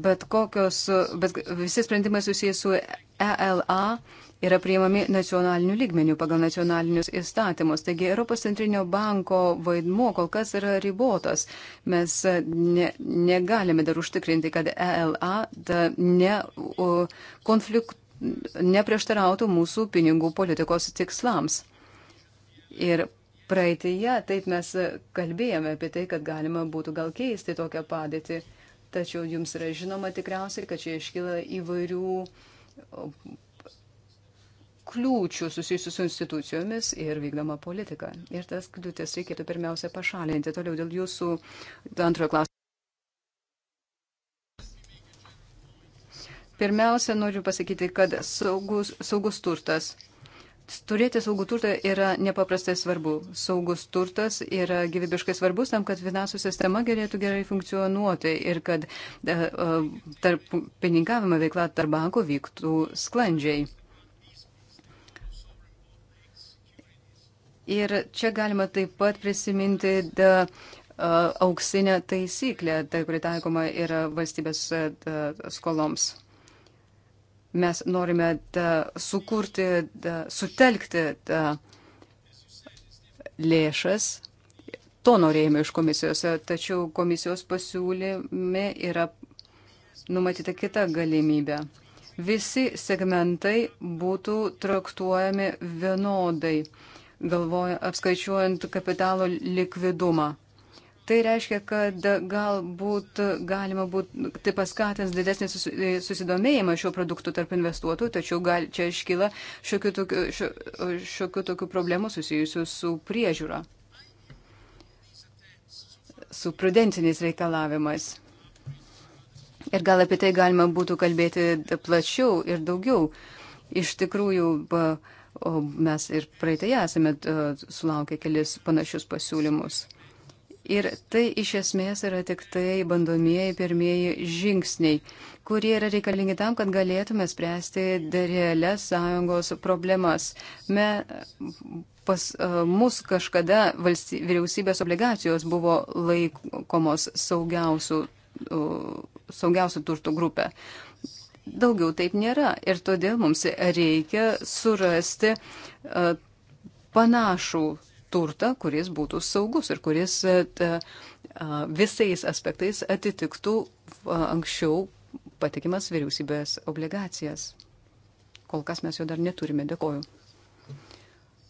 bet kokios, bet visi sprendimai susijęs su ELA yra priimami nacionaliniu lygmeniu pagal nacionalinius įstatymus. Taigi Europos centrinio banko vaidmuo kol kas yra ribotas. Mes e, ne, negalime dar užtikrinti, kad ELA ne, konflikt, neprieštarautų mūsų pinigų politikos tikslams. Ir praeitėje taip mes kalbėjome apie tai, kad galima būtų gal keisti tokią padėtį. Tačiau jums yra žinoma tikriausiai, kad čia iškyla įvairių kliūčių susijusių su institucijomis ir vykdoma politika. Ir tas kliūtis reikėtų pirmiausia pašalinti. Toliau dėl jūsų antrojo klausimo. Pirmiausia, noriu pasakyti, kad saugus, saugus turtas. Turėti saugų turtą yra nepaprastai svarbu. Saugus turtas yra gyvybiškai svarbus tam, kad finansų sistema galėtų gerai funkcionuoti ir kad e, e, tarp pininkavimo veikla tarp bankų vyktų sklandžiai. Ir čia galima taip pat prisiminti da, auksinę taisyklę, tai pritaikoma ir valstybės da, skoloms. Mes norime da, sukurti, da, sutelkti da, lėšas To norėjome iš komisijos, tačiau komisijos pasiūlyme yra numatyta kita galimybė. Visi segmentai būtų traktuojami vienodai galvoja, apskaičiuojant kapitalo likvidumą. Tai reiškia, kad galbūt galima būtų, tai paskatins didesnį susidomėjimą šiuo produktu tarp investuotojų, tačiau gal, čia iškyla šiokių tokių, šiokių tokių problemų susijusių su priežiūra, su prudentiniais reikalavimais. Ir gal apie tai galima būtų kalbėti plačiau ir daugiau. Iš tikrųjų, uh, O mes ir praeitėje esame sulaukę kelis panašius pasiūlymus. Ir tai iš esmės yra tik tai bandomieji pirmieji žingsniai, kurie yra reikalingi tam, kad galėtume spręsti realias sąjungos problemas. Me, pas mus kažkada valsty, vyriausybės obligacijos buvo laikomos saugiausių, saugiausių turtų grupę. Uh, daugiau taip nėra ir todėl mums reikia surasti uh, panašų turtą, kuris būtų saugus ir kuris uh, visais aspektais atitiktų anksčiau patikimas vyriausybės obligacijas. Kol kas mes jo dar neturime. Dėkoju.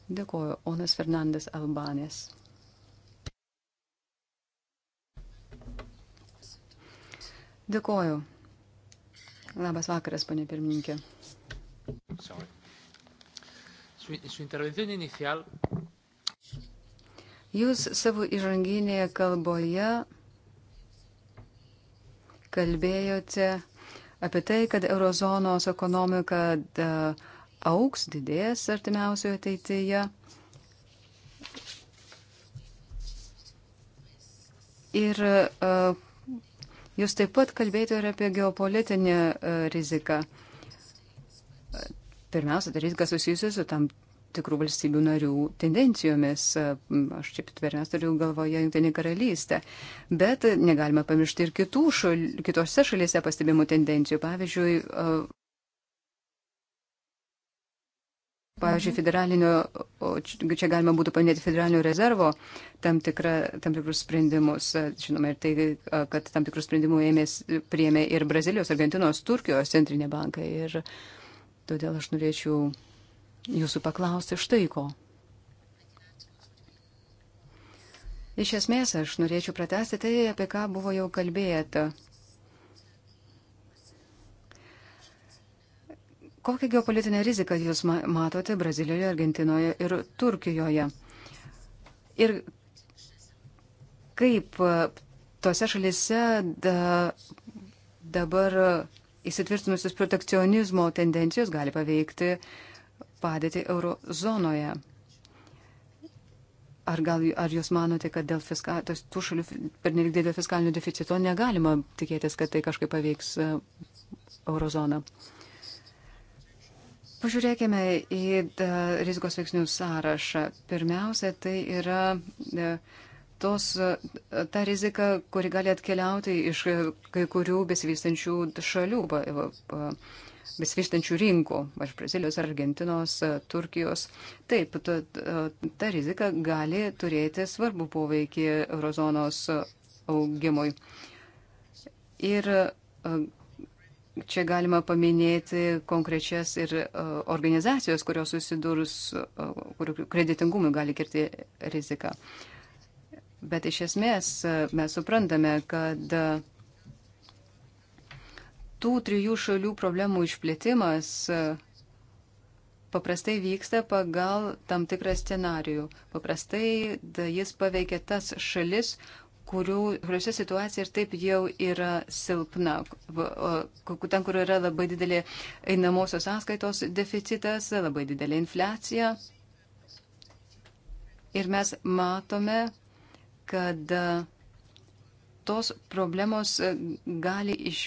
Dėkoju, Onas Fernandes Albanės. Dėkoju. Labas vakaras, ponė pirmininkė. Jūs savo įžanginėje kalboje kalbėjote apie tai, kad eurozonos ekonomika auks, didės artimiausioje ateityje. Ir uh, Jūs taip pat kalbėjote ir apie geopolitinę e, riziką. Pirmiausia, tai rizika susijusi su tam tikrų valstybių narių tendencijomis. E, aš čia pirmiausia turiu galvoje Junktinį karalystę. Bet negalime pamiršti ir kitų šal, kitose šalyse pastebimų tendencijų. Pavyzdžiui, e, Pavyzdžiui, federalinio, čia galima būtų paminėti federalinio rezervo tam, tikra, tam tikrus sprendimus. Žinoma, ir tai, kad tam tikrus sprendimus ėmės, priėmė ir Brazilijos, Argentinos, Turkijos centrinė banka. Ir todėl aš norėčiau jūsų paklausti štai ko. Iš esmės, aš norėčiau pratesti tai, apie ką buvo jau kalbėta. Kokią geopolitinę riziką jūs matote Brazilijoje, Argentinoje ir Turkijoje? Ir kaip e, tose šalise da, dabar įsitvirtinusios protekcionizmo tendencijos gali paveikti padėti eurozonoje? Ar, gal, ar jūs manote, kad dėl fiska, tos, tų šalių pernelik didelio fiskalinio deficito negalima tikėtis, kad tai kažkaip paveiks e, eurozoną? Uh, Pažiūrėkime į e, rizikos veiksnių sąrašą. Pirmiausia, tai yra e, tos, e, ta rizika, kuri gali atkeliauti iš kai kurių besivystančių šalių, besivystančių rinkų, iš Brazilijos, Argentinos, Turkijos. Taip, ta, ta rizika gali turėti svarbų poveikį eurozonos augimui. Ir Čia galima paminėti konkrečias ir e, organizacijos, kurios susidūrus, e, kurių kreditingumui gali kirti riziką. Bet iš esmės e, mes suprantame, kad tų trijų šalių problemų išplėtimas paprastai vyksta pagal tam tikrą scenarijų. Paprastai da, jis paveikia tas šalis, kurių, kuriuose situacija ir taip jau yra silpna, ten, kur yra labai didelė einamosios sąskaitos deficitas, labai didelė infliacija. Ir mes matome, kad e, tos problemos e, gali iš,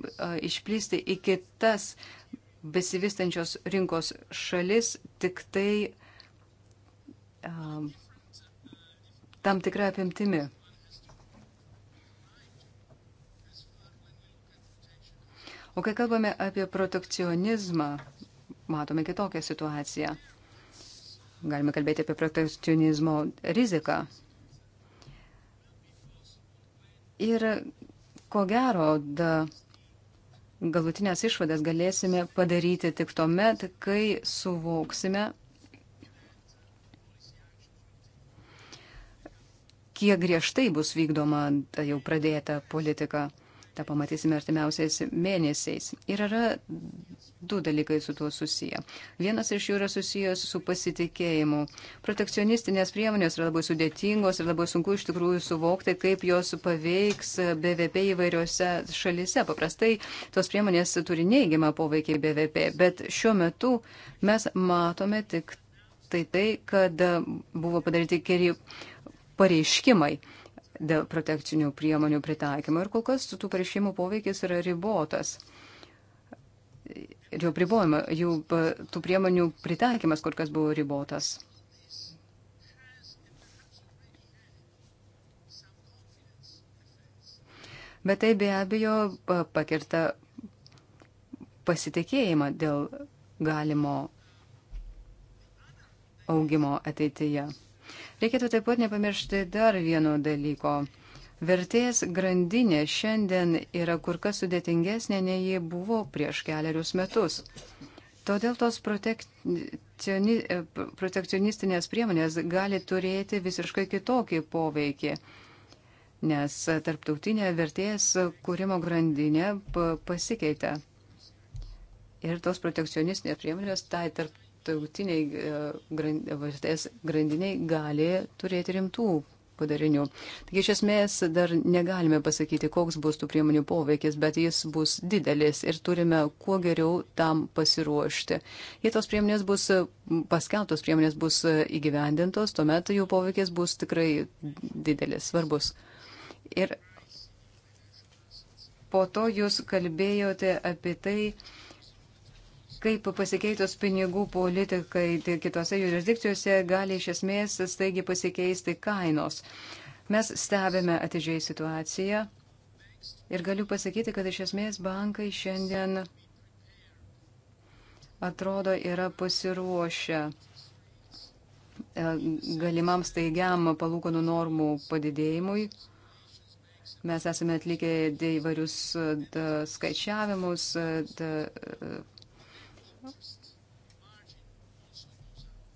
e, išplisti į kitas besivystančios rinkos šalis tik tai a, tam tikrą apimtimi. O kai kalbame apie protekcionizmą, matome kitokią situaciją. Galime kalbėti apie protekcionizmo riziką. Ir ko gero, da, galutinės išvadas galėsime padaryti tik tuomet, kai suvoksime, kiek griežtai bus vykdoma jau pradėta politika. Ta pamatysime artimiausiais mėnesiais. Ir yra du dalykai su tuo susiję. Vienas iš jų yra susijęs su pasitikėjimu. Protekcionistinės priemonės yra labai sudėtingos ir labai sunku iš tikrųjų suvokti, kaip jos paveiks BVP įvairiose šalise. Paprastai tos priemonės turi neigiamą poveikį BVP, bet šiuo metu mes matome tik tai tai, kad buvo padaryti keli pareiškimai dėl protekcinių priemonių pritaikymo. Ir kol kas tų pareiškimų poveikis yra ribotas. Ir jų pribojama, jų tų priemonių pritaikymas kur kas buvo ribotas. Bet tai be abejo pakirta pasitikėjimą dėl galimo augimo ateityje. Reikėtų taip pat nepamiršti dar vieno dalyko. Vertės grandinė šiandien yra kur kas sudėtingesnė, nei ji buvo prieš keliarius metus. Todėl tos protekcioni, protekcionistinės priemonės gali turėti visiškai kitokį poveikį, nes tarptautinė vertės kūrimo grandinė pasikeitė. Ir tos protekcionistinės priemonės tai tarp, tarptautiniai e, vertės grandiniai gali turėti rimtų padarinių. Taigi iš esmės dar negalime pasakyti, koks bus tų priemonių poveikis, bet jis bus didelis ir turime kuo geriau tam pasiruošti. Jei tos priemonės bus paskeltos, priemonės bus įgyvendintos, tuomet jų poveikis bus tikrai didelis, svarbus. Ir po to jūs kalbėjote apie tai, kaip pasikeitus pinigų politikai tai kitose jurisdikcijose gali iš esmės staigi pasikeisti kainos. Mes stebime atidžiai situaciją ir galiu pasakyti, kad iš esmės bankai šiandien atrodo yra pasiruošę e, galimam staigiam palūkanų normų padidėjimui. Mes esame atlikę įvairius e, skaičiavimus, e, da, Mhm.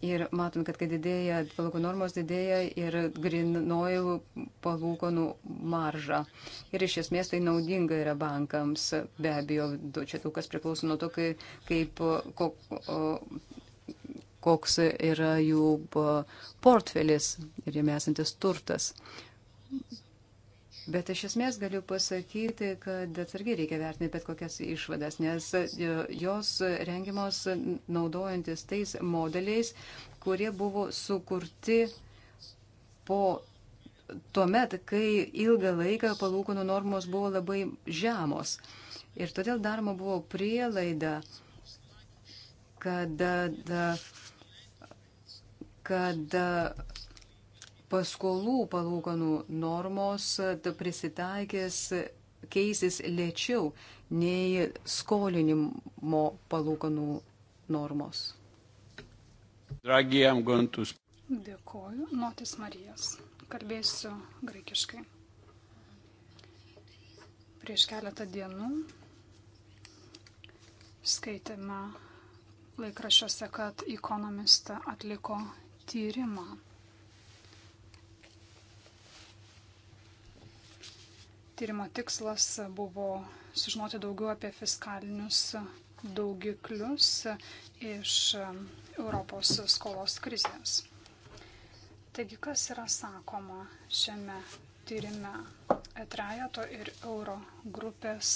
Ir matom, kad kai didėja palūkanų normos, didėja ir grinojų palūkanų marža. Ir iš esmės tai naudinga yra bankams. Be abejo, čia daug kas priklauso nuo to, kaip, kaip kok, koks yra jų portfelis ir jame esantis turtas. Bet iš esmės galiu pasakyti, kad atsargiai reikia vertinti bet kokias išvadas, nes e, jos rengimos naudojantis tais modeliais, kurie buvo sukurti po tuomet, kai ilgą laiką palūkanų normos buvo labai žemos. Ir todėl daroma buvo prielaida, kad, e, kad paskolų palūkanų normos e, prisitaikės keisis lėčiau nei skolinimo palūkanų normos.
Dragi, to... Dėkoju, Notis Marijas. Kalbėsiu graikiškai. Prieš keletą dienų skaitėme laikrašiuose, kad ekonomista atliko tyrimą Tyrimo tikslas buvo sužinoti daugiau apie fiskalinius daugiklius iš Europos skolos krizės. Taigi, kas yra sakoma šiame tyrime? Trejato ir euro grupės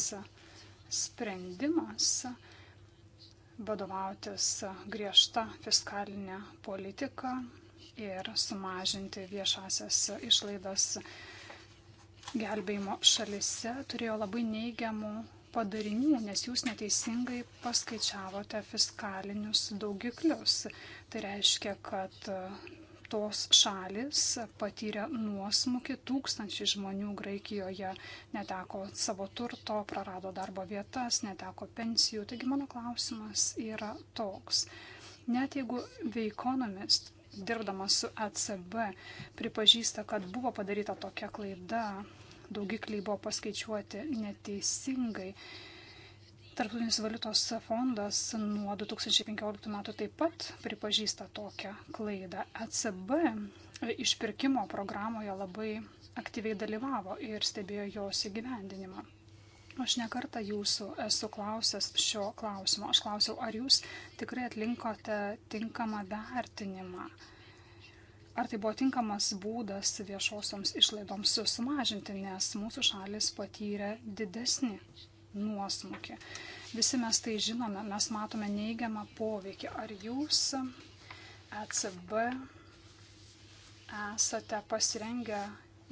sprendimas vadovautis griežta fiskalinė politika ir sumažinti viešasias išlaidas gelbėjimo šalise turėjo labai neigiamų padarinių, nes jūs neteisingai paskaičiavote fiskalinius daugiklius. Tai reiškia, kad e, tos šalis patyrė nuosmukį, tūkstančiai žmonių Graikijoje neteko savo turto, prarado darbo vietas, neteko pensijų. Taigi mano klausimas yra toks. Net jeigu veikonomist, dirbdamas su ECB, pripažįsta, kad buvo padaryta tokia klaida, daugikliai buvo paskaičiuoti neteisingai. Tarptautinis valiutos fondas nuo 2015 metų taip pat pripažįsta tokią klaidą. ECB išpirkimo programoje labai aktyviai dalyvavo ir stebėjo jos įgyvendinimą. Aš nekartą jūsų esu klausęs šio klausimo. Aš klausiau, ar jūs tikrai atlinkote tinkamą vertinimą ar tai buvo tinkamas būdas viešosioms išlaidoms sumažinti, nes mūsų šalis patyrė didesnį nuosmukį. Visi mes tai žinome, mes matome neigiamą poveikį. Ar jūs ECB esate pasirengę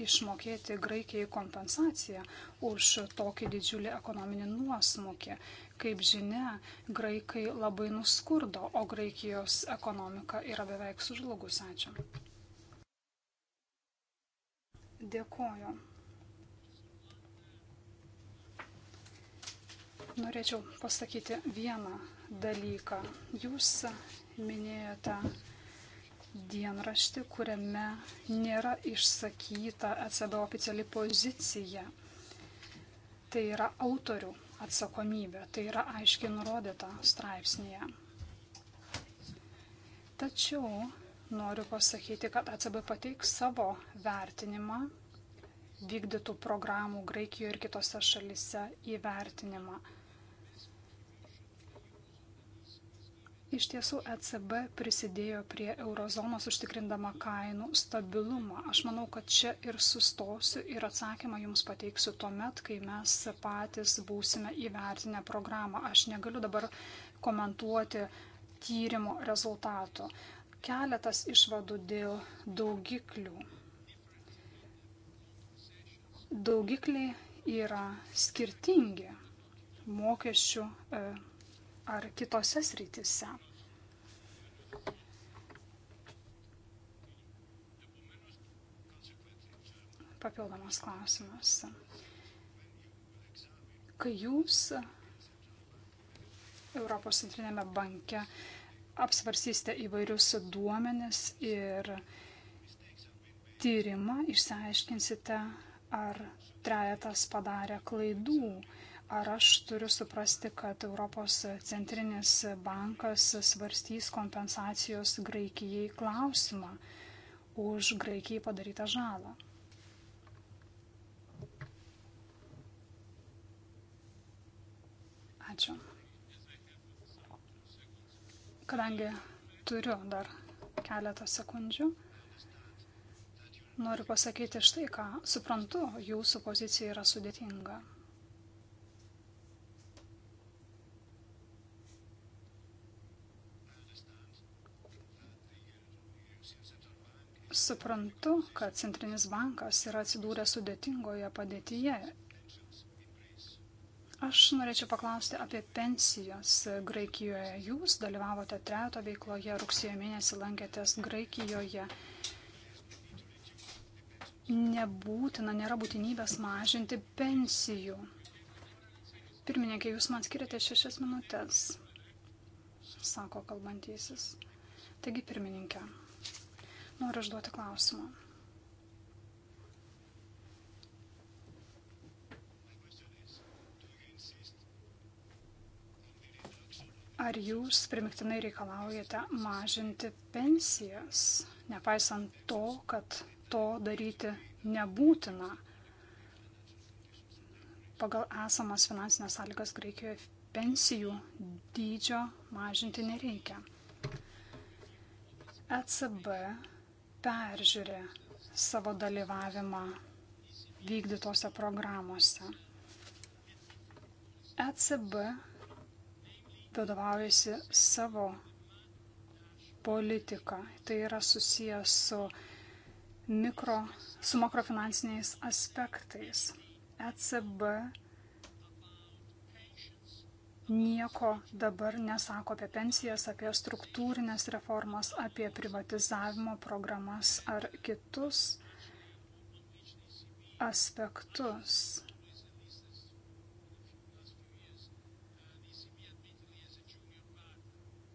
išmokėti Graikijai kompensaciją už tokį didžiulį ekonominį nuosmukį. Kaip žinia, graikai labai nuskurdo, o Graikijos ekonomika yra beveik sužlugus. Ačiū. Dėkoju. Norėčiau pasakyti vieną dalyką. Jūs minėjote dienraštį, kuriame nėra išsakyta ECB oficiali pozicija. Tai yra autorių atsakomybė, tai yra aiškiai nurodyta straipsnėje. Tačiau noriu pasakyti, kad ECB pateiks savo vertinimą, vykdytų programų Graikijoje ir kitose šalise įvertinimą. Iš tiesų, ECB prisidėjo prie eurozonos užtikrindama kainų stabilumą. Aš manau, kad čia ir sustosiu ir atsakymą jums pateiksiu tuo met, kai mes patys būsime įvertinę programą. Aš negaliu dabar komentuoti tyrimo rezultatų keletas išvadų dėl daugiklių. Daugikliai yra skirtingi mokesčių e, ar kitose srityse. Papildomas klausimas. Kai jūs Europos centrinėme banke apsvarsysite įvairius duomenis ir tyrimą išsiaiškinsite, ar trejetas padarė klaidų, ar aš turiu suprasti, kad Europos centrinis bankas svarstys kompensacijos Graikijai klausimą už Graikijai padarytą žalą. Ačiū. Kadangi turiu dar keletą sekundžių, noriu pasakyti štai ką. Suprantu, jūsų pozicija yra sudėtinga. Suprantu, kad Centrinis bankas yra atsidūrę sudėtingoje padėtyje Aš norėčiau paklausti apie pensijas Graikijoje. Jūs dalyvavote treto veikloje, rugsėjo mėnesį lankėtės Graikijoje. Nebūtina, nėra būtinybės mažinti pensijų. Pirmininkė, jūs man skiriate šešias minutės, sako kalbantysis. Taigi, pirmininkė, noriu užduoti klausimą. Ar jūs primiktinai reikalaujate mažinti pensijas, nepaisant to, kad to daryti nebūtina? Pagal esamas finansinės sąlygas Graikijoje pensijų dydžio mažinti nereikia. ECB peržiūrė savo dalyvavimą vykdytose programuose. ECB vadovaujasi savo politiką. Tai yra susijęs su, mikro, su makrofinansiniais aspektais. ECB nieko dabar nesako apie pensijas, apie struktūrinės reformas, apie privatizavimo programas ar kitus aspektus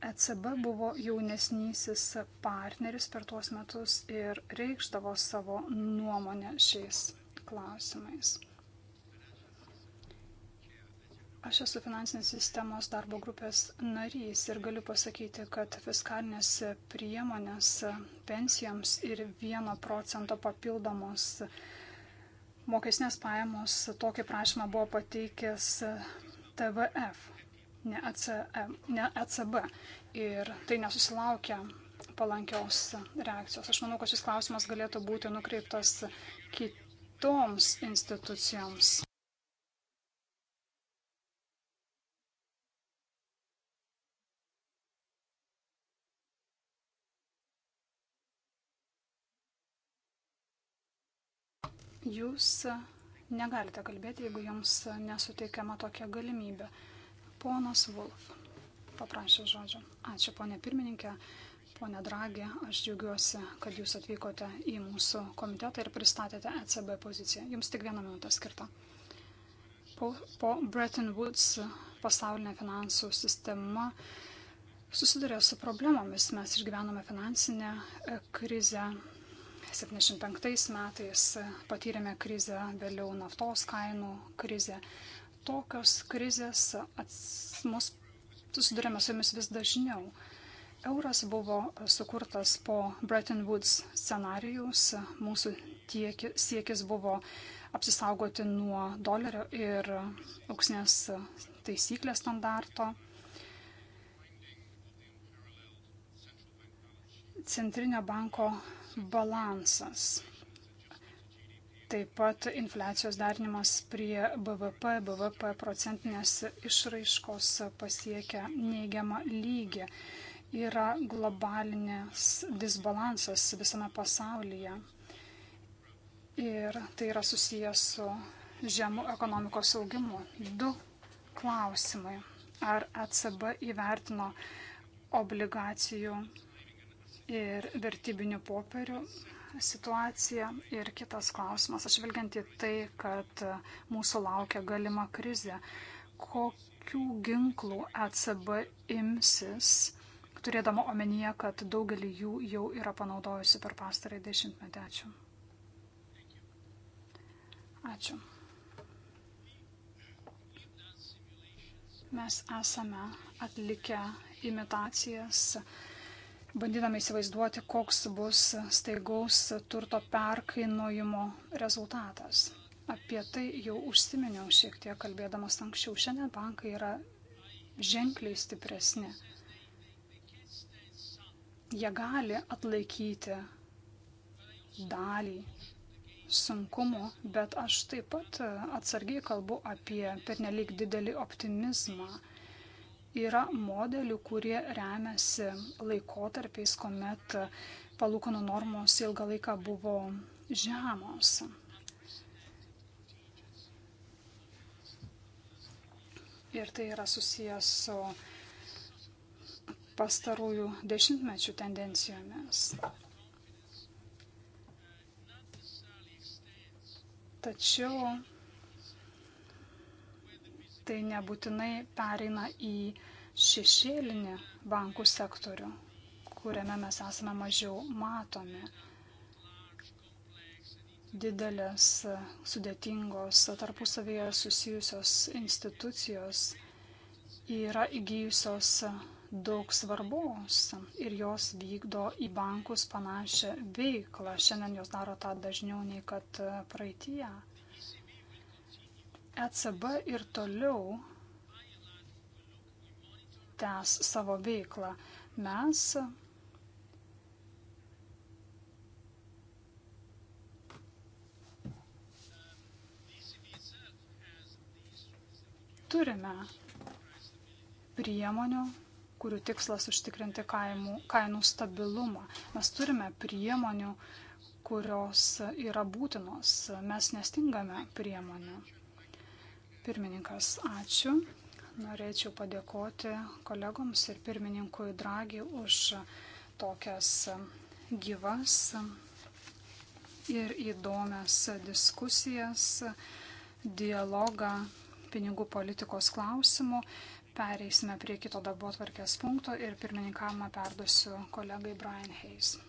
ECB buvo jaunesnysis partneris per tuos metus ir reikšdavo savo nuomonę šiais klausimais. Aš esu finansinės sistemos darbo grupės narys ir galiu pasakyti, kad fiskalinės priemonės pensijoms ir 1 procento papildomos mokesnės pajamos tokį prašymą buvo pateikęs TVF ne, ECM, ne ECB. Ir tai nesusilaukia palankios reakcijos. Aš manau, kad šis klausimas galėtų būti nukreiptas kitoms institucijoms. Jūs negalite kalbėti, jeigu jums nesuteikiama tokia galimybė. Ponas Wolf paprašė žodžio. Ačiū, ponė pirmininkė. Pone Dragi, aš džiaugiuosi, kad jūs atvykote į mūsų komitetą ir pristatėte ECB poziciją. Jums tik vieną minutę skirta. Po, po Bretton Woods pasaulinė finansų sistema susiduria su problemomis. Mes išgyvenome finansinę e, krizę. 75 metais patyrėme krizę, vėliau naftos kainų krizę tokios krizės mus susidurėme su jomis vis dažniau. Euras buvo sukurtas po Bretton Woods scenarijus, mūsų tieki, siekis buvo apsisaugoti nuo dolerio ir auksnės taisyklės standarto. Centrinio banko balansas Taip pat infliacijos darnimas prie BVP, BVP procentinės išraiškos pasiekia neigiamą lygį. Yra globalinės disbalansas visame pasaulyje. Ir tai yra susijęs su žemų ekonomikos augimu. Du klausimai. Ar ECB įvertino obligacijų ir vertybinių popierių situacija ir kitas klausimas, ašvelgiant į tai, kad mūsų laukia galima krizė. Kokių ginklų ECB imsis, turėdama omenyje, kad daugelį jų jau yra panaudojusi per pastarąjį dešimtmetį? Ačiū. Ačiū. Mes esame atlikę imitacijas bandydami įsivaizduoti, koks bus staigaus turto perkainojimo rezultatas. Apie tai jau užsiminiau šiek tiek kalbėdamas anksčiau. Šiandien bankai yra ženkliai stipresni. Jie gali atlaikyti dalį sunkumų, bet aš taip pat atsargiai kalbu apie pernelyg didelį optimizmą Yra modelių, kurie remiasi laikotarpiais, kuomet palūkanų normos ilgą laiką buvo žemos. Ir tai yra susijęs su pastarųjų dešimtmečių tendencijomis. Tačiau tai nebūtinai pereina į šešėlinį bankų sektorių, kuriame mes esame mažiau matomi. Didelės, sudėtingos, tarpusavėje susijusios institucijos yra įgyjusios daug svarbos ir jos vykdo į bankus panašią veiklą. Šiandien jos daro tą dažniau nei kad praeitie. ECB ir toliau tęs savo veiklą. Mes turime priemonių, kurių tikslas užtikrinti kaimų, kainų stabilumą. Mes turime priemonių, kurios yra būtinos. Mes nestingame priemonių. Pirmininkas, ačiū. Norėčiau padėkoti kolegoms ir pirmininkui Dragi už tokias gyvas ir įdomias diskusijas, dialogą pinigų politikos klausimų. Pereisime prie kito darbo atvarkės punkto ir pirmininkavimą perduosiu kolegai Brian Hayes.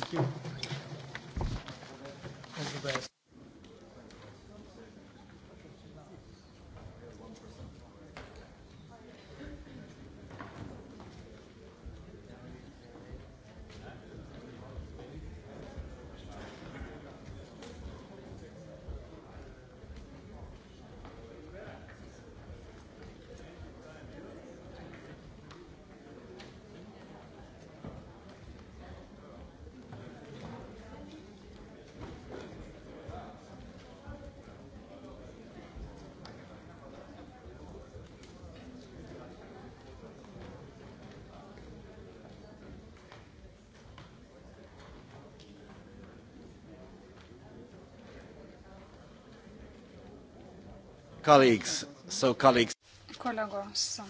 Thank you. Colleagues, so colleagues.
Kolegos,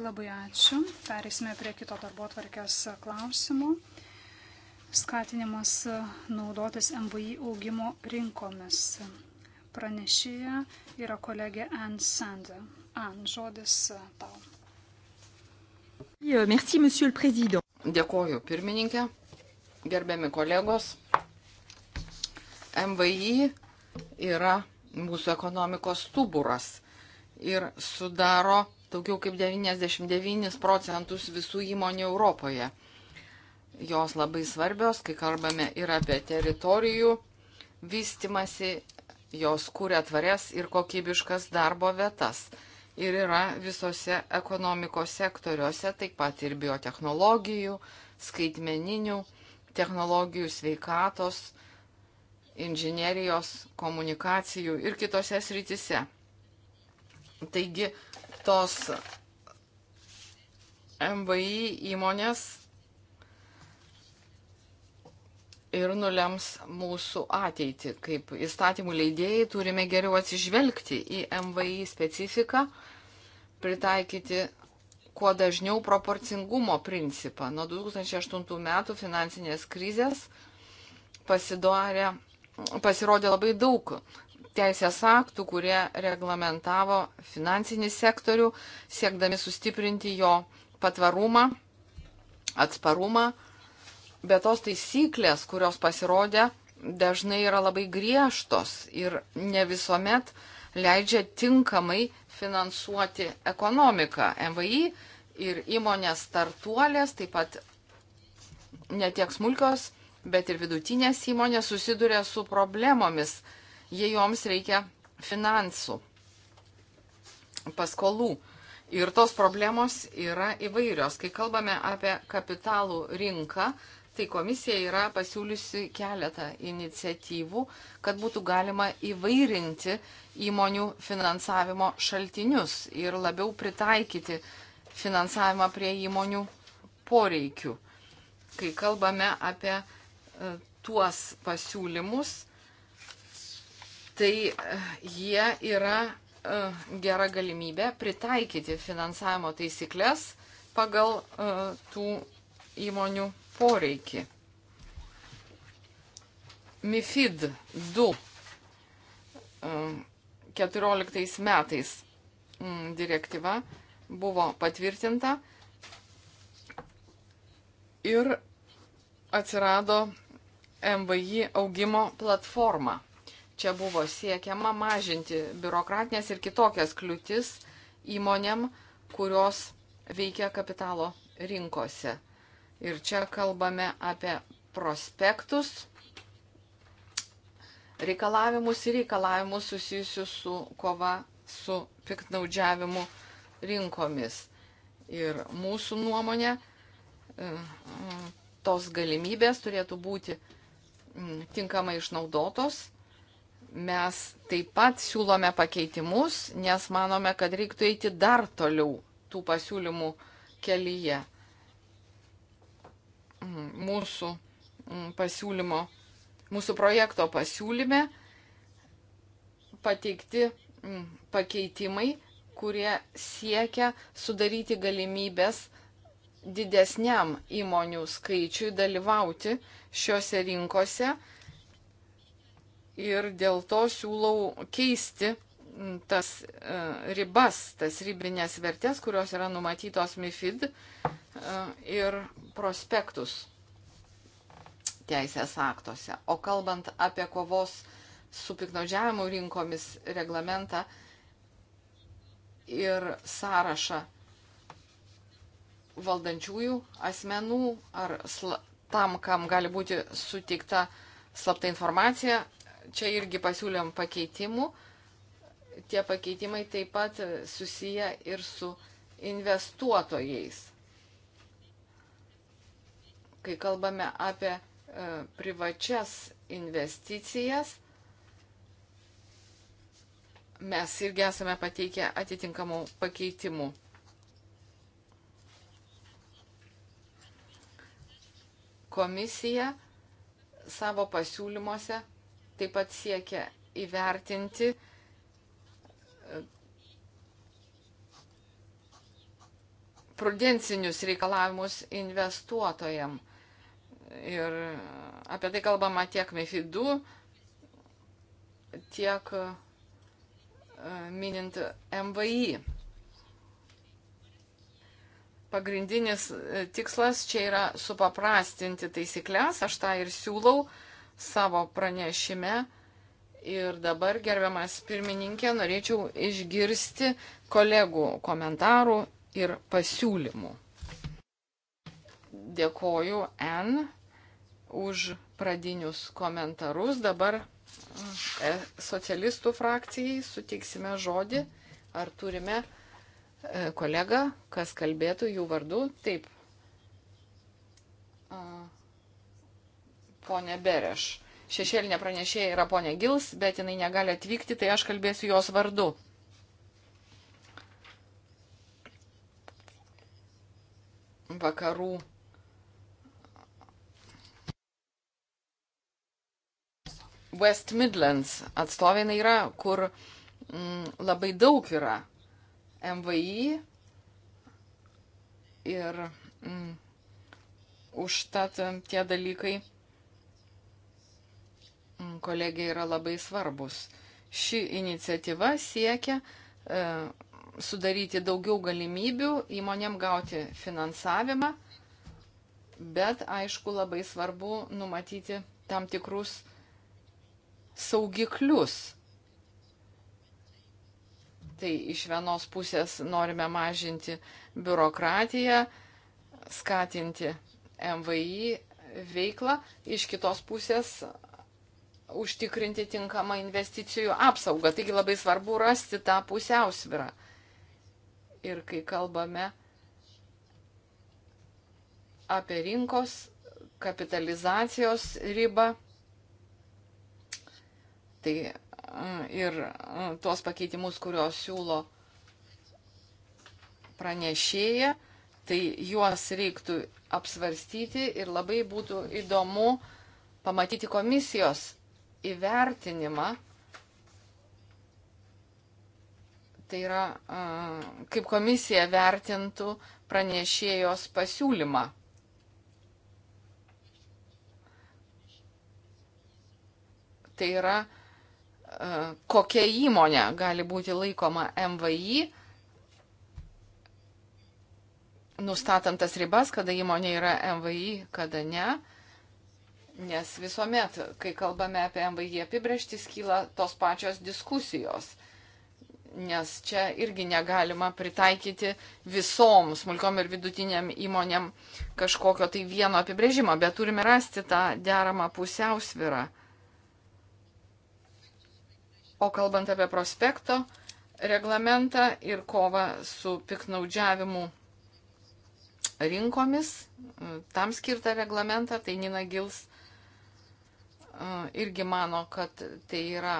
labai ačiū. Perėsime prie kito darbo tvarkės klausimų. Skatinimas naudotis MVI augimo rinkomis. Pranešėja yra kolegė Ann Sander. Ann, žodis tau.
Euh, merci, monsieur le président. Dėkoju, pirmininkė. Gerbiami kolegos, MVI yra mūsų ekonomikos stuburas ir sudaro daugiau kaip 99 procentus visų įmonių Europoje. Jos labai svarbios, kai kalbame ir apie teritorijų vystimasi, jos kūrė tvarias ir kokybiškas darbo vietas. Ir yra visose ekonomikos sektoriuose, taip pat ir biotehnologijų, skaitmeninių technologijų, sveikatos, inžinerijos, komunikacijų ir kitose srityse. Taigi tos MVI įmonės ir nulems mūsų ateitį. Kaip įstatymų leidėjai turime geriau atsižvelgti į MVI specifiką, pritaikyti kuo dažniau proporcingumo principą. Nuo 2008 metų finansinės krizės pasidarė pasirodė labai daug teisės aktų, kurie reglamentavo finansinį sektorių, siekdami sustiprinti jo patvarumą, atsparumą. Bet tos taisyklės, kurios pasirodė, dažnai yra labai griežtos ir ne visuomet leidžia tinkamai finansuoti ekonomiką. MVI ir įmonės startuolės, taip pat netiek smulkios bet ir vidutinės įmonės susiduria su problemomis, jei joms reikia finansų, paskolų. Ir tos problemos yra įvairios. Kai kalbame apie kapitalų rinką, tai komisija yra pasiūliusi keletą iniciatyvų, kad būtų galima įvairinti įmonių finansavimo šaltinius ir labiau pritaikyti finansavimą prie įmonių poreikių. Kai kalbame apie tuos pasiūlymus, tai e, jie yra e, gera galimybė pritaikyti finansavimo taisyklės pagal e, tų įmonių poreikį. MIFID 2 14 metais direktyva buvo patvirtinta ir atsirado MVI augimo platformą. Čia buvo siekiama mažinti biurokratinės ir kitokias kliūtis įmonėm, kurios veikia kapitalo rinkose. Ir čia kalbame apie prospektus, reikalavimus ir reikalavimus susijusius su kova su piktnaudžiavimu rinkomis. Ir mūsų nuomonė, e, tos galimybės turėtų būti Mm, tinkamai išnaudotos. Mes taip pat siūlome pakeitimus, nes manome, kad reiktų eiti dar toliau tų pasiūlymų kelyje. Mm, mūsų mm, pasiūlymo, mūsų projekto pasiūlyme pateikti pakeitimai, kurie siekia sudaryti galimybės didesniam įmonių skaičiui dalyvauti šiuose rinkose ir dėl to siūlau keisti tas e, ribas, tas ribinės vertės, kurios yra numatytos MIFID e, ir prospektus teisės aktuose. O kalbant apie kovos su piknaudžiavimu rinkomis reglamentą ir sąrašą valdančiųjų asmenų ar tam, kam gali būti suteikta slapta informacija. Čia irgi pasiūlėm pakeitimų. Tie pakeitimai taip pat susiję ir su investuotojais. Kai kalbame apie e, privačias investicijas, mes irgi esame pateikę atitinkamų pakeitimų. Komisija savo pasiūlymuose taip pat siekia įvertinti e, prudencinius reikalavimus investuotojam. Ir apie tai kalbama tiek MIFIDU, tiek e, minint MVI. Pagrindinis e, tikslas čia yra supaprastinti taisyklės, aš tą ir siūlau savo pranešime. Ir dabar, gerbiamas pirmininkė, norėčiau išgirsti kolegų komentarų ir pasiūlymų. Dėkoju N už pradinius komentarus. Dabar mm, e, socialistų frakcijai sutiksime žodį, ar turime E, kolegą, kas kalbėtų jų vardu. Taip. Pone Bereš. Šešėlinė pranešėja yra ponė Gils, bet jinai negali atvykti, tai aš kalbėsiu jos vardu. Vakarų West Midlands atstovė yra, kur m, mm, labai daug yra MVI ir mm, užtat e, tie dalykai mm, kolegija yra labai svarbus. Ši iniciatyva siekia e, sudaryti daugiau galimybių įmonėm gauti finansavimą, bet aišku labai svarbu numatyti tam tikrus saugiklius Tai iš vienos pusės norime mažinti biurokratiją, skatinti MVI veiklą, iš kitos pusės užtikrinti tinkamą investicijų apsaugą. Taigi labai svarbu rasti tą pusiausvyrą. Ir kai kalbame apie rinkos kapitalizacijos ribą, tai ir e, tuos pakeitimus, kuriuos siūlo pranešėja, tai juos reiktų apsvarstyti ir labai būtų įdomu pamatyti komisijos įvertinimą. Tai yra, e, kaip komisija vertintų pranešėjos pasiūlymą. Tai yra, kokia įmonė gali būti laikoma MVI, nustatant tas ribas, kada įmonė yra MVI, kada ne. Nes visuomet, kai kalbame apie MVI apibrėžtis, kyla tos pačios diskusijos. Nes čia irgi negalima pritaikyti visom smulkom ir vidutiniam įmonėm kažkokio tai vieno apibrėžimo, bet turime rasti tą deramą pusiausvyrą. O kalbant apie prospekto reglamentą ir kovą su piknaudžiavimu rinkomis, tam skirtą reglamentą, tai Nina Gils e, irgi mano, kad tai yra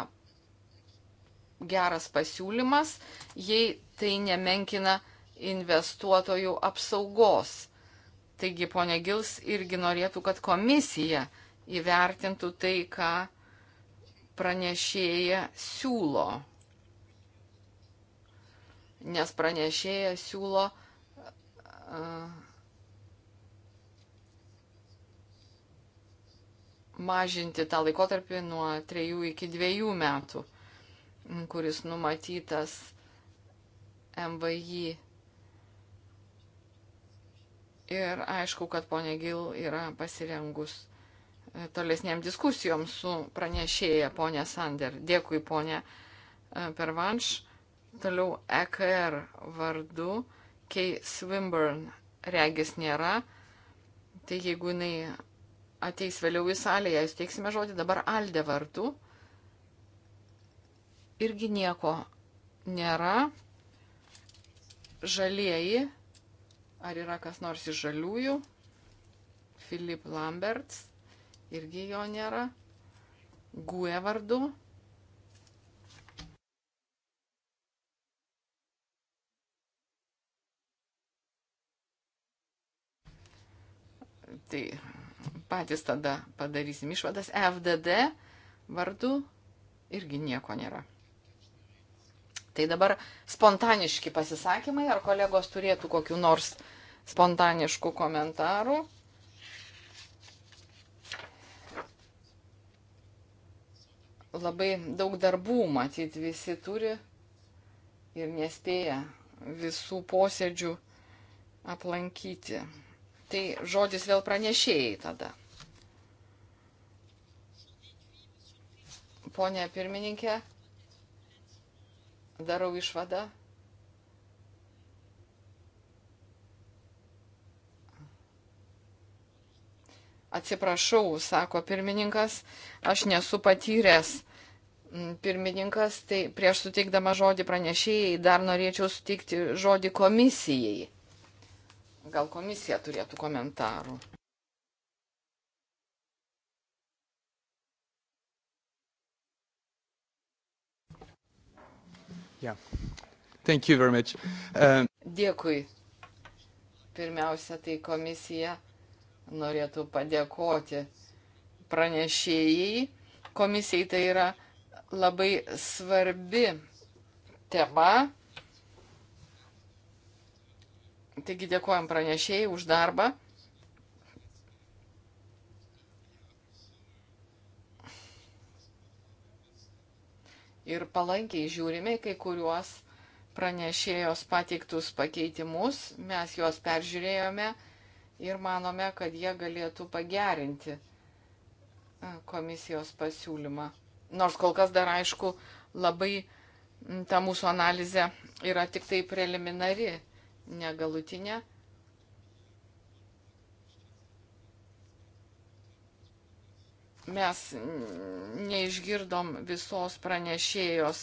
geras pasiūlymas, jei tai nemenkina investuotojų apsaugos. Taigi, ponia Gils irgi norėtų, kad komisija įvertintų tai, ką pranešėja siūlo. Nes pranešėja siūlo uh, mažinti tą laikotarpį nuo 3 iki 2 metų, kuris numatytas MVI. Ir aišku, kad ponė Gil yra pasirengus tolesniam diskusijom su pranešėja ponė Sander. Dėkui ponė e, Pervanš. Toliau EKR vardu Kei Swinburne regis nėra. Tai jeigu jinai ateis vėliau į salę, jai suteiksime žodį dabar Alde vardu. Irgi nieko nėra. Žalieji. Ar yra kas nors iš žaliųjų? Filip Lamberts irgi jo nėra. Gue vardu. Tai patys tada padarysim išvadas. FDD vardu irgi nieko nėra. Tai dabar spontaniški pasisakymai, ar kolegos turėtų kokiu nors spontaniškų komentarų. labai daug darbų, matyt, visi turi ir nespėja visų posėdžių aplankyti. Tai žodis vėl pranešėjai tada. Pone pirmininkė, darau išvadą, Atsiprašau, sako pirmininkas, aš nesu patyręs mm, pirmininkas, tai prieš suteikdama žodį pranešėjai dar norėčiau suteikti žodį komisijai. Gal komisija turėtų komentarų? Yeah. Thank you very much. Um... Dėkui. Pirmiausia, tai komisija norėtų padėkoti pranešėjai. Komisijai tai yra labai svarbi tema. Taigi dėkojom pranešėjai už darbą. Ir palankiai žiūrime kai kuriuos pranešėjos pateiktus pakeitimus. Mes juos peržiūrėjome ir manome, kad jie galėtų pagerinti komisijos pasiūlymą. Nors kol kas dar aišku, labai ta mūsų analizė yra tik tai preliminari, negalutinė. Mes neišgirdom visos pranešėjos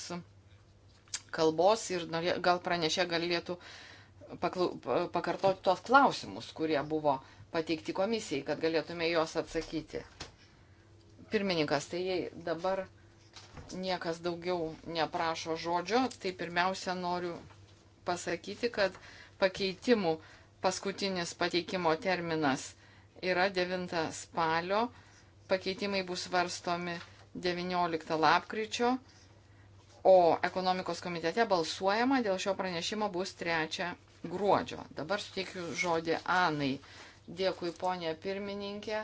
kalbos ir gal pranešė galėtų uh, paklu, pakartoti tuos klausimus, kurie buvo pateikti komisijai, kad galėtume juos atsakyti. Pirmininkas, tai jei dabar niekas daugiau neprašo žodžio, tai pirmiausia noriu pasakyti, kad pakeitimų paskutinis pateikimo terminas yra 9 spalio, pakeitimai bus varstomi 19 lapkričio, o ekonomikos komitete balsuojama dėl šio pranešimo bus 3 gruodžio. Dabar suteikiu žodį Anai. Dėkui, ponė pirmininkė.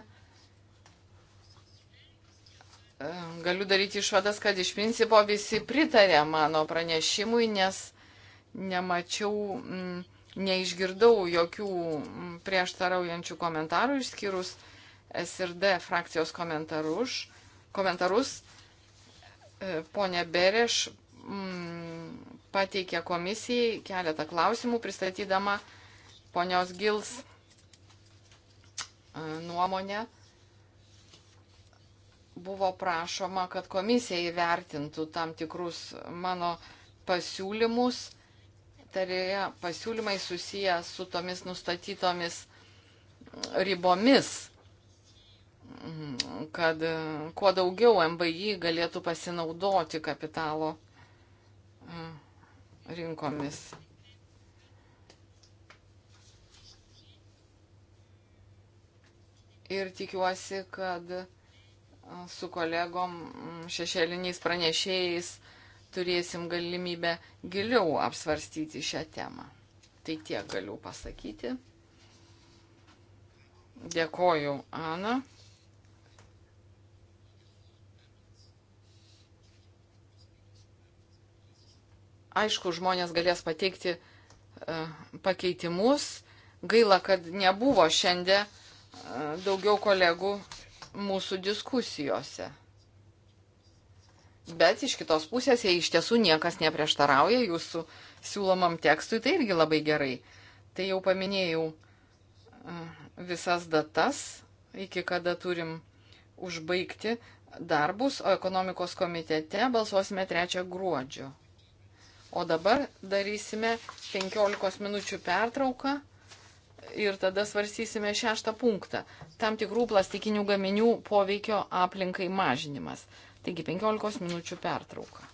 Galiu daryti išvadas, kad iš principo visi pritarė mano pranešimui, nes nemačiau, mm, neišgirdau jokių mm, prieštaraujančių komentarų išskyrus SRD frakcijos komentarus. komentarus. E, Pone Bereš mm, pateikė komisijai keletą klausimų, pristatydama ponios Gils e, nuomonę. Buvo prašoma, kad komisija įvertintų tam tikrus mano pasiūlymus. Tarėje pasiūlymai susiję su tomis nustatytomis ribomis, kad e, kuo daugiau MBI galėtų pasinaudoti kapitalo. Mm rinkomis. Ir tikiuosi, kad su kolegom šešėliniais pranešėjais turėsim galimybę giliau apsvarstyti šią temą. Tai tiek galiu pasakyti. Dėkoju, Ana. Aišku, žmonės galės pateikti e, pakeitimus. Gaila, kad nebuvo šiandien e, daugiau kolegų mūsų diskusijose. Bet iš kitos pusės, jei iš tiesų niekas neprieštarauja jūsų siūlomam tekstui, tai irgi labai gerai. Tai jau paminėjau e, visas datas, iki kada turim užbaigti darbus, o ekonomikos komitete balsuosime 3 gruodžio. O dabar darysime 15 minučių pertrauką ir tada svarsysime šeštą punktą. Tam tikrų plastikinių gaminių poveikio aplinkai mažinimas. Taigi 15 minučių pertrauka.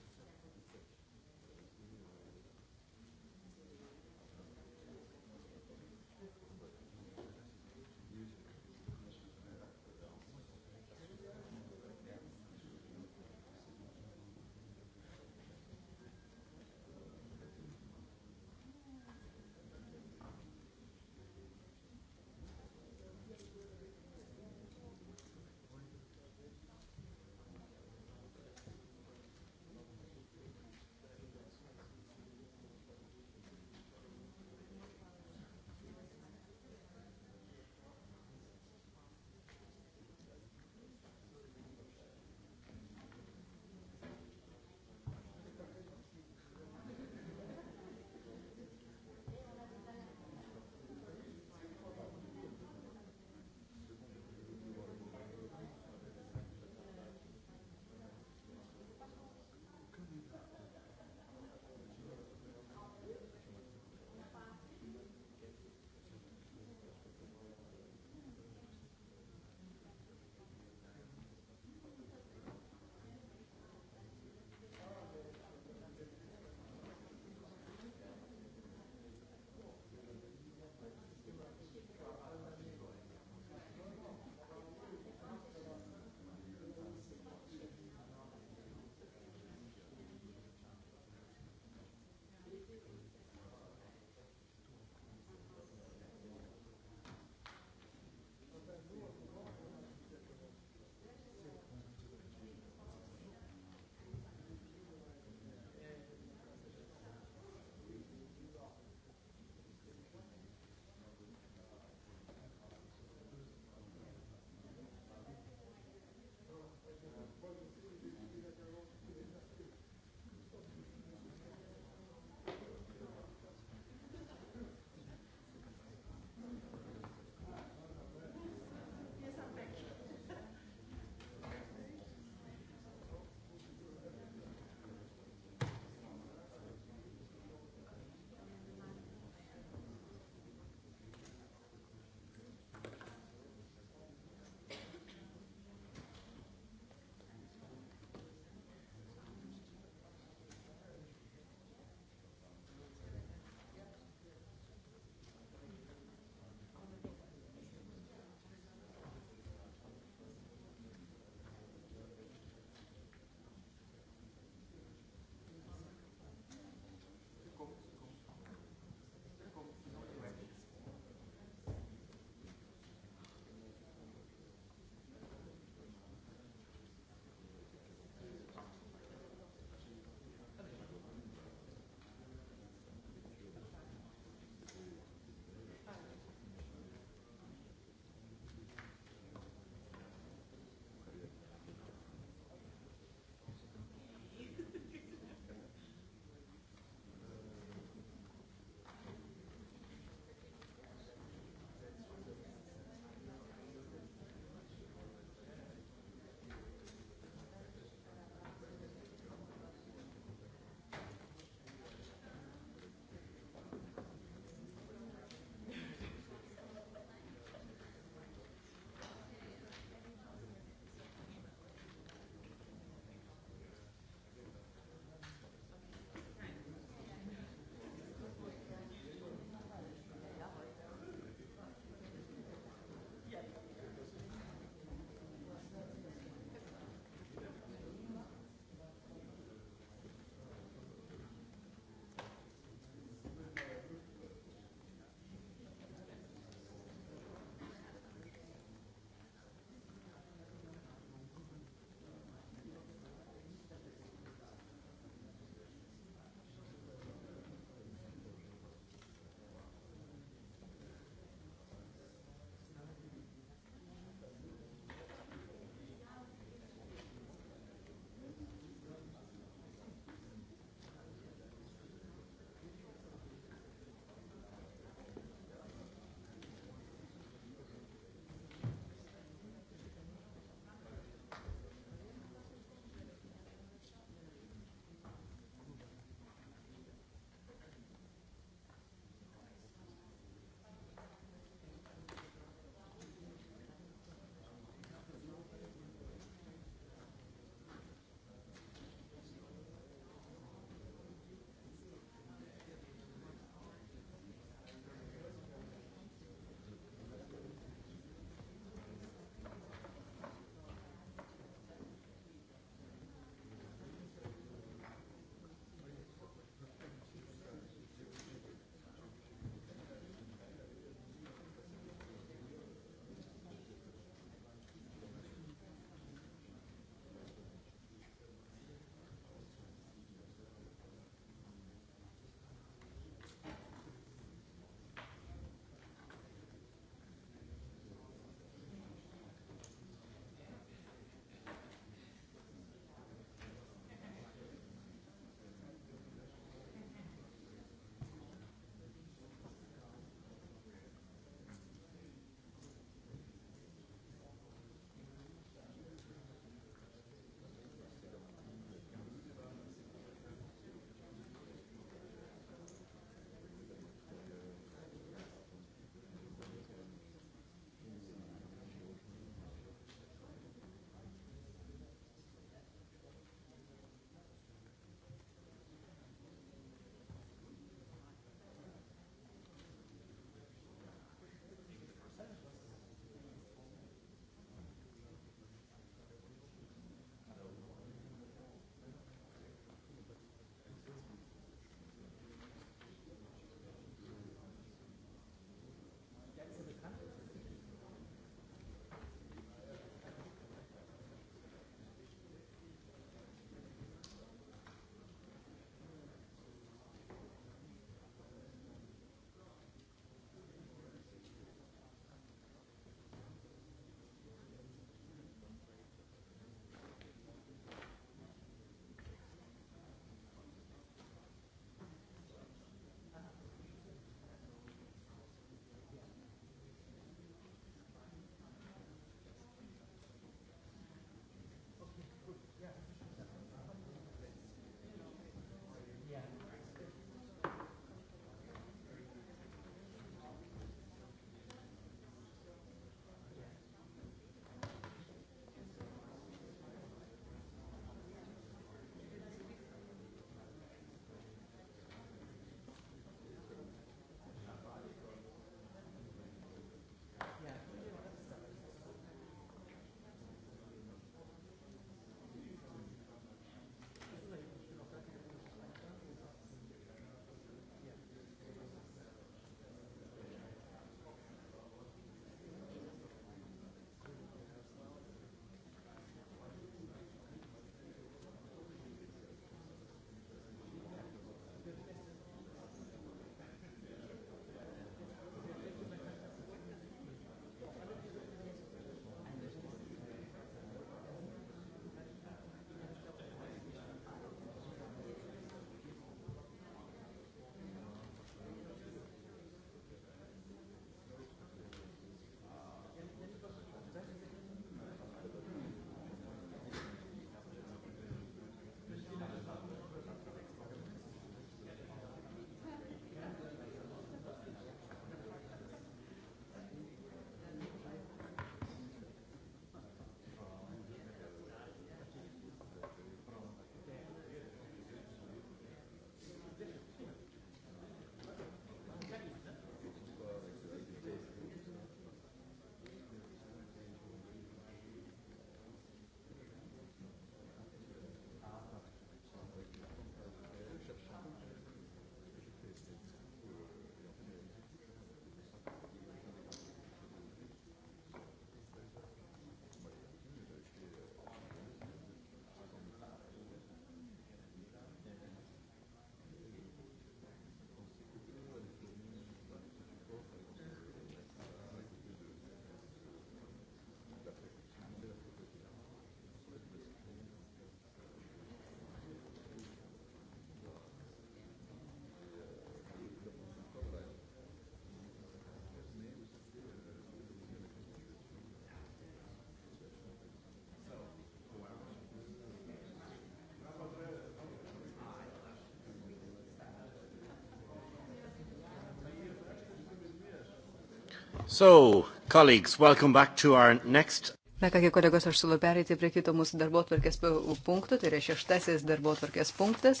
So, colleagues, welcome back to our next. Na kągi, kolegos, aš siūlau pereiti prie kito mūsų darbotvarkės punkto, tai yra šeštasis darbotvarkės punktas.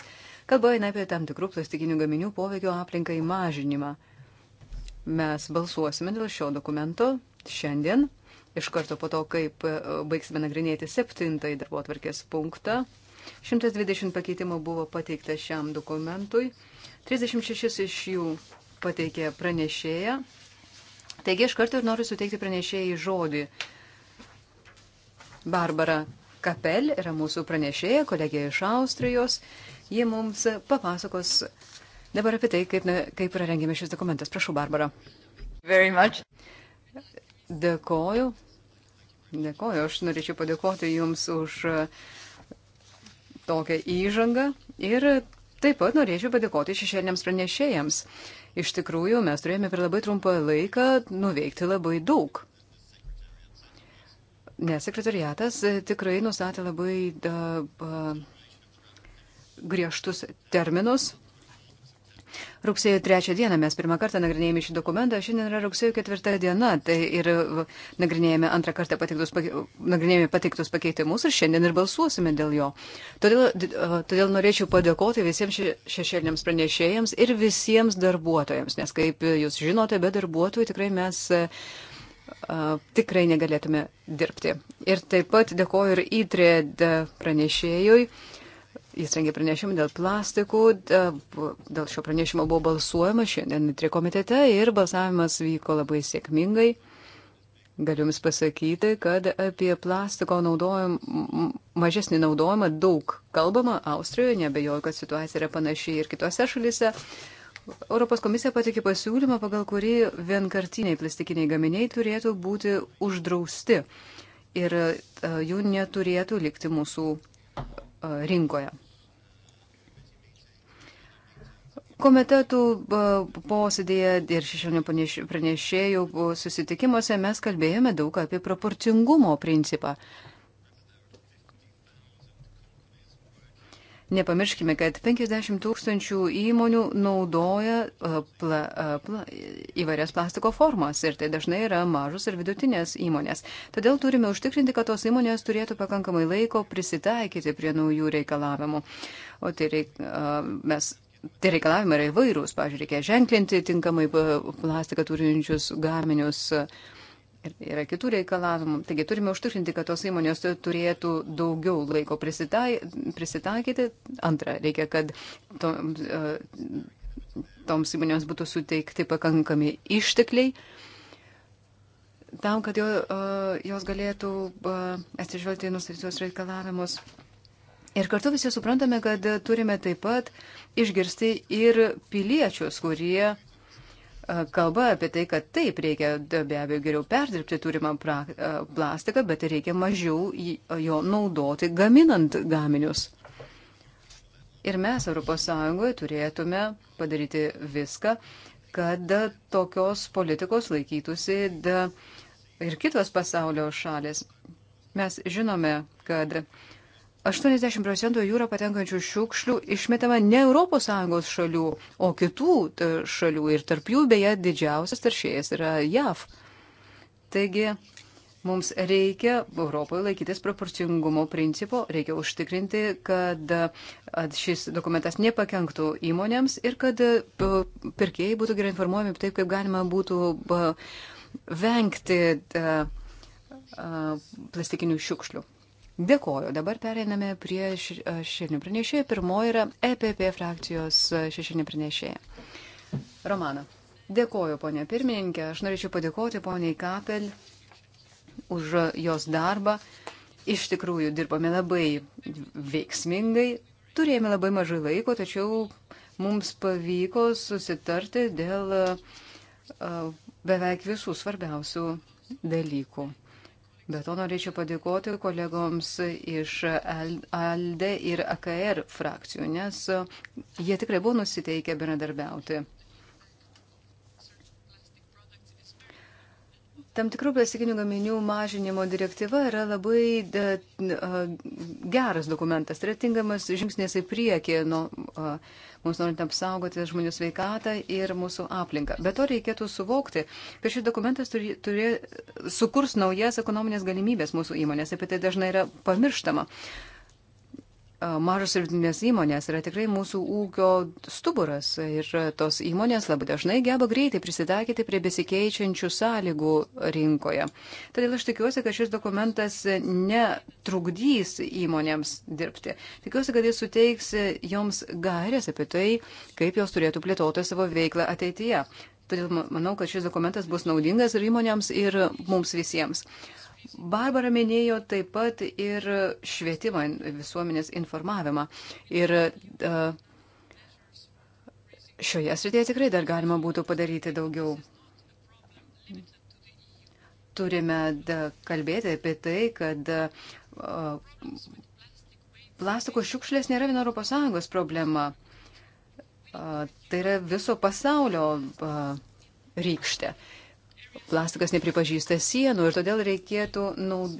Kalba eina apie tam tikrų plastikinių gaminių poveikio aplinkai mažinimą. Mes balsuosime dėl šio dokumento šiandien, iš karto po to, kaip e, baigsime nagrinėti septintąjį darbotvarkės punktą. 120 pakeitimų buvo pateikta šiam dokumentui, 36 iš jų pateikė pranešėja, Taigi aš kartu ir noriu suteikti pranešėjai žodį. Barbara Kapel yra mūsų pranešėja, kolegija iš Austrijos. Jie mums papasakos dabar apie tai, kaip, kaip yra rengiamas šis dokumentas. Prašau, Barbara. Dėkoju. Dėkoju. Aš norėčiau padėkoti Jums už e, tokią įžangą ir taip pat norėčiau padėkoti šešėliniams pranešėjams. Iš tikrųjų, mes turėjome per labai trumpą laiką nuveikti labai daug. Nes sekretariatas e, tikrai nustatė labai da, ba, griežtus terminus Rugsėjo trečią dieną mes pirmą kartą nagrinėjame šį dokumentą, šiandien yra rugsėjo ketvirta diena tai ir nagrinėjame antrą kartą pateiktus, nagrinėjame pateiktus pakeitimus ir šiandien ir balsuosime dėl jo. Todėl, todėl norėčiau padėkoti visiems šešėliniams pranešėjams ir visiems darbuotojams, nes kaip jūs žinote, be darbuotojų tikrai mes tikrai negalėtume dirbti. Ir taip pat dėkoju ir įtrėd pranešėjui Jis rengė pranešimą dėl plastikų, dėl šio pranešimo buvo balsuojama šiandien trikomitete ir balsavimas vyko labai sėkmingai. Galiu Jums pasakyti, kad apie plastiko naudojim, mažesnį naudojimą daug kalbama Austrijoje, nebejoju, kad situacija yra panaši ir kitose šalise. Europos komisija patikė pasiūlymą, pagal kurį vienkartiniai plastikiniai gaminiai turėtų būti uždrausti ir e, jų neturėtų likti mūsų e, rinkoje. Komitetų e, posėdėje ir šešėlinių pranešėjų e, susitikimuose mes kalbėjome daug apie proporcingumo principą. Nepamirškime, kad 50 tūkstančių įmonių naudoja e, pla, pla, įvairias plastiko formas ir tai dažnai yra mažos ir vidutinės įmonės. Todėl turime užtikrinti, kad tos įmonės turėtų pakankamai laiko prisitaikyti prie naujų reikalavimų. O tai reik, mes tie reikalavimai yra įvairūs. Pavyzdžiui, reikia ženklinti tinkamai plastiką turinčius gaminius. Yra kitų reikalavimų. Taigi turime užtikrinti, kad tos įmonės turėtų daugiau laiko prisitaikyti. Antra, reikia, kad to, e, toms įmonėms būtų suteikti pakankami ištekliai tam, kad jo, e, jos galėtų e, atsižvelgti į nustatytus reikalavimus. Ir kartu visi suprantame, kad turime taip pat uh, išgirsti ir piliečius, kurie e, kalba apie tai, kad taip reikia be abejo geriau perdirbti turimą e, plastiką, bet reikia mažiau jo naudoti gaminant gaminius. Ir mes ES turėtume padaryti viską, kad tokios politikos laikytųsi ir kitos pasaulio šalis. Mes žinome, kad 80 procentų į jūrą patenkančių šiukšlių išmetama ne ES šalių, o kitų e, šalių. Ir tarp jų beje didžiausias taršėjas yra JAV. Taigi mums reikia Europoje laikytis proporcingumo principo, reikia užtikrinti, kad e, šis dokumentas nepakenktų įmonėms ir kad e, pirkėjai būtų gerai informuojami taip, kaip galima būtų vengti plastikinių šiukšlių. Dėkoju. Dabar pereiname prie šešėlinių pranešėjų. Pirmoji yra EPP frakcijos šešėlinių pranešėjų. Romana. Dėkoju, ponė pirmininkė. Aš norėčiau padėkoti poniai Kapel už jos darbą. Iš tikrųjų, dirbame labai veiksmingai. Turėjome labai mažai laiko, tačiau mums pavyko susitarti dėl beveik visų svarbiausių dalykų. Be to norėčiau padėkoti kolegoms iš ALDE ir AKR frakcijų, nes uh, jie tikrai buvo nusiteikę bendradarbiauti. Tam tikrų plastikinių gaminių mažinimo direktyva yra labai de, de, uh, geras dokumentas, tai yra tinkamas žingsnis į priekį nuo. Uh, Mums norint apsaugoti žmonių sveikatą ir mūsų aplinką. Bet to reikėtų suvokti, kad šis dokumentas turi, turi sukurs naujas ekonominės galimybės mūsų įmonės. Apie tai dažnai yra pamirštama mažos ir vidinės įmonės yra tikrai mūsų ūkio stuburas ir tos įmonės labai dažnai geba greitai prisitaikyti prie besikeičiančių sąlygų rinkoje. Todėl aš tikiuosi, kad šis dokumentas netrukdys įmonėms dirbti. Tikiuosi, kad jis suteiks joms gairės apie tai, kaip jos turėtų plėtoti savo veiklą ateityje. Todėl manau, kad šis dokumentas bus naudingas ir įmonėms, ir mums visiems. Barbara minėjo taip pat ir švietimą, visuomenės informavimą. Ir e, šioje srityje tikrai dar galima būtų padaryti daugiau. Turime e, kalbėti apie tai, kad e, plastiko šiukšlės nėra viena Europos Sąjungos problema. Tai yra viso pasaulio rykštė plastikas nepripažįsta sienų ir todėl reikėtų naud...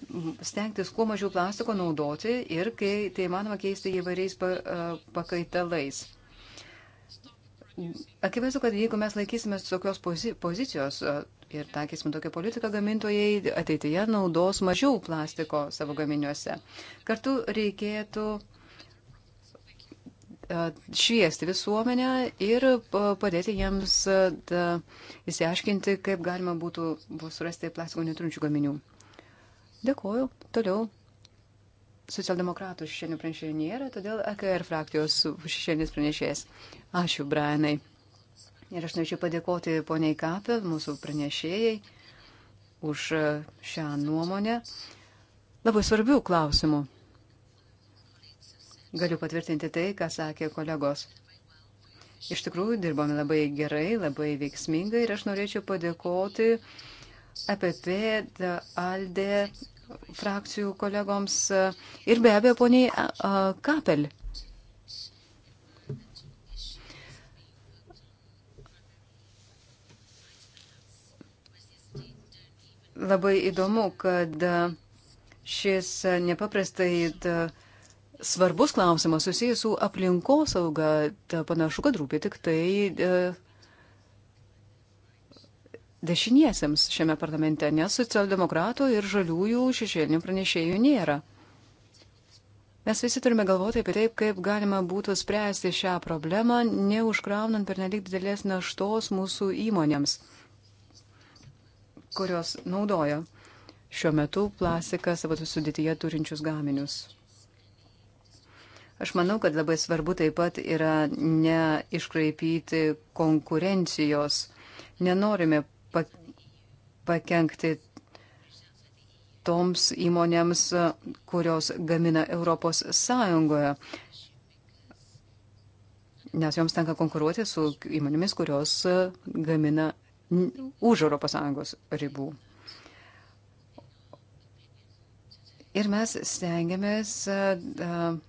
stengtis kuo mažiau plastiko naudoti ir, kai tai manoma, keisti įvairiais pa, pakaitalais. Akivaizdu, kad jeigu mes laikysime tokios pozi... pozicijos ir taikysime tokią politiką, gamintojai ateityje naudos mažiau plastiko savo gaminiuose. Kartu reikėtų šviesti visuomenę ir padėti jiems įsiaiškinti, kaip galima būtų surasti plastiko neturinčių gaminių. Dėkuoju. Toliau. Socialdemokratų šiandien nu pranešėjų nėra, todėl EKR frakcijos šiandien pranešėjas. Ačiū, Brianai. Ir aš norėčiau padėkoti poniai Kapel, mūsų pranešėjai, už šią nuomonę. Labai svarbių klausimų. Galiu patvirtinti tai, ką sakė kolegos. Iš tikrųjų, dirbome labai gerai, labai veiksmingai ir aš norėčiau padėkoti EPP, ALDE frakcijų kolegoms ir be abejo poniai Kapel. Labai įdomu, kad šis nepaprastai uh, svarbus klausimas susijęs su aplinkosauga, panašu, kad rūpi tik tai e, dešiniesiems šiame parlamente, nes socialdemokratų ir žaliųjų šešėlinių pranešėjų nėra. Mes visi turime galvoti apie taip, kaip galima būtų spręsti šią problemą, neužkraunant per nelik didelės naštos mūsų įmonėms, kurios naudoja šiuo metu plastiką savo sudėtyje turinčius gaminius. Aš manau, kad labai svarbu taip pat yra neiškraipyti konkurencijos. Nenorime pakengti toms įmonėms, kurios gamina Europos Sąjungoje, nes joms tenka konkuruoti su įmonėmis, kurios gamina už Europos Sąjungos ribų. Ir mes stengiamės uh,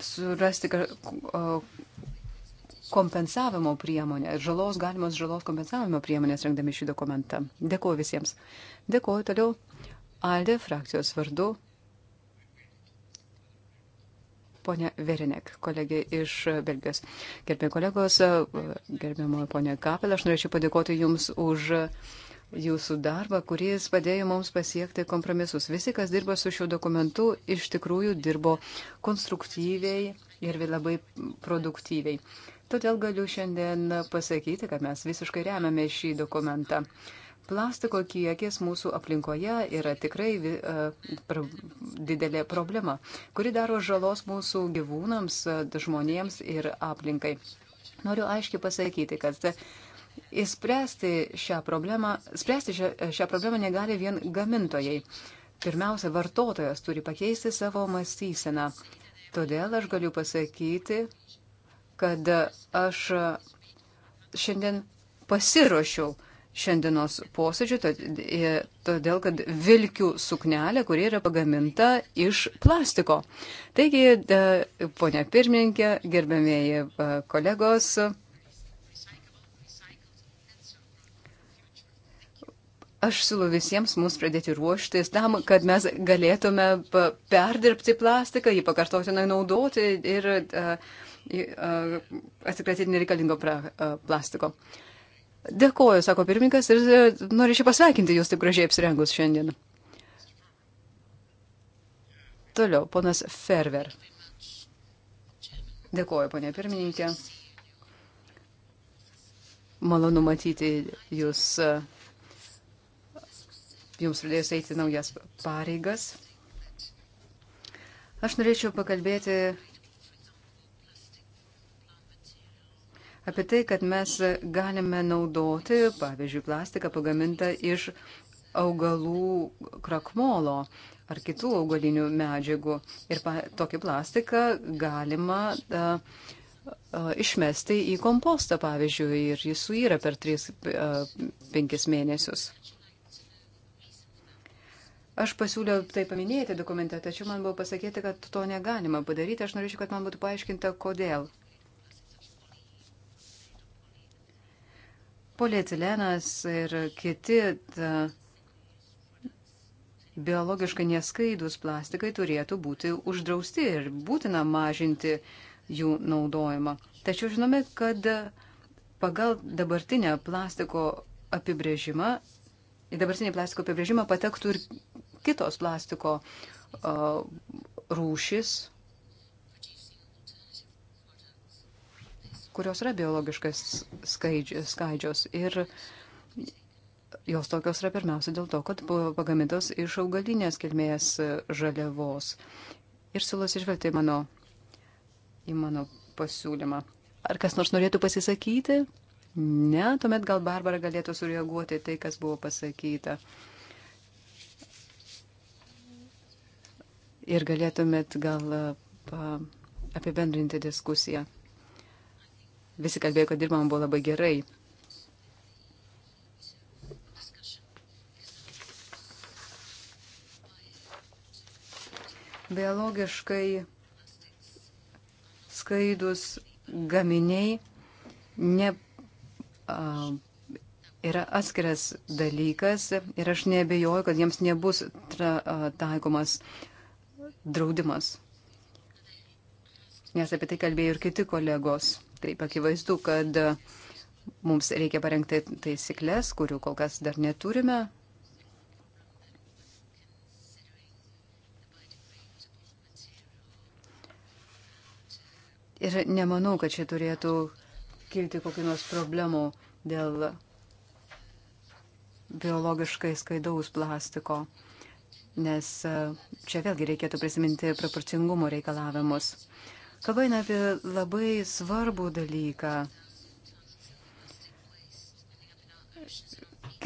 surasti kompensavimo priemonę ir žalos galimos žalos kompensavimo priemonės rengdami šį dokumentą. Dėkuoju visiems. Dėkuoju toliau Alde frakcijos vardu. Pone Verinek, kolegė iš Belgijos. Gerbėjai kolegos, gerbėjamoji ponė Kapel, aš norėčiau padėkoti Jums už uh, jūsų darbą, kuris padėjo mums pasiekti kompromisus. Visi, kas dirbo su šiuo dokumentu, iš tikrųjų dirbo konstruktyviai ir labai produktyviai. Todėl galiu šiandien pasakyti, kad mes visiškai remiame šį dokumentą. Plastiko kiekis mūsų aplinkoje yra tikrai uh, pr didelė problema, kuri daro žalos mūsų gyvūnams, žmonėms ir aplinkai. Noriu aiškiai pasakyti, kad Įspręsti šią problemą, spręsti šią, šią problemą negali vien gamintojai. Pirmiausia, vartotojas turi pakeisti savo mąstyseną. Todėl aš galiu pasakyti, kad aš šiandien pasiruošiau šiandienos posėdžių, e, todėl kad vilkių suknelė, kuri yra pagaminta iš plastiko. Taigi, ponia pirmininkė, gerbėmėji e, kolegos, Aš siūlau visiems mums pradėti ruoštis tam, kad mes galėtume perdirbti plastiką, jį pakartotinai naudoti ir atsikratyti nereikalingo plastiko. Dėkoju, sako pirmininkas, ir e, norėčiau pasveikinti jūs taip gražiai apsirengus šiandien. Toliau, ponas Ferver. Dėkoju, ponė pirmininkė. Malonu matyti jūs. Uh, jums pradėjus eiti naujas pareigas. Aš norėčiau pakalbėti apie tai, kad mes galime naudoti, pavyzdžiui, plastiką pagamintą iš augalų krakmolo ar kitų augalinių medžiagų. Ir pa, tokį plastiką galima a, a, išmesti į kompostą, pavyzdžiui, ir jis suyra per 3-5 mėnesius. Aš pasiūliau tai paminėti dokumente, tačiau man buvo pasakyti, kad to negalima padaryti. Aš norėčiau, kad man būtų paaiškinta, kodėl. Polietilenas ir kiti ta, biologiškai neskaidus plastikai turėtų būti uždrausti ir būtina mažinti jų naudojimą. Tačiau žinome, kad pagal dabartinę plastiko apibrėžimą į dabartinį plastiko apibrėžimą patektų ir kitos plastiko rūšis, kurios yra biologiškai skaidžios. Ir jos tokios yra pirmiausia dėl to, kad buvo pagamintos iš augalinės kilmės žaliavos. Ir siūlos išvelgti mano, į mano pasiūlymą. Ar kas nors norėtų pasisakyti? Ne, tuomet gal Barbara galėtų sureaguoti tai, kas buvo pasakyta. Uh, ir galėtumėt gal e, apibendrinti diskusiją. Visi kalbėjo, kad dirbam buvo labai gerai. Biologiškai skaidus gaminiai ne, a, yra atskiras dalykas ir aš nebejoju, kad jiems nebus tra, a, taikomas a, draudimas. Nes apie tai kalbėjo ir kiti kolegos. Taip akivaizdu, kad e, mums reikia parengti taisyklės, kurių kol kas dar neturime. Ir nemanau, kad čia turėtų kilti kokių nors problemų dėl biologiškai skaidaus plastiko nes e, čia vėlgi reikėtų prisiminti proporcingumo reikalavimus. Kalba eina apie labai svarbų dalyką.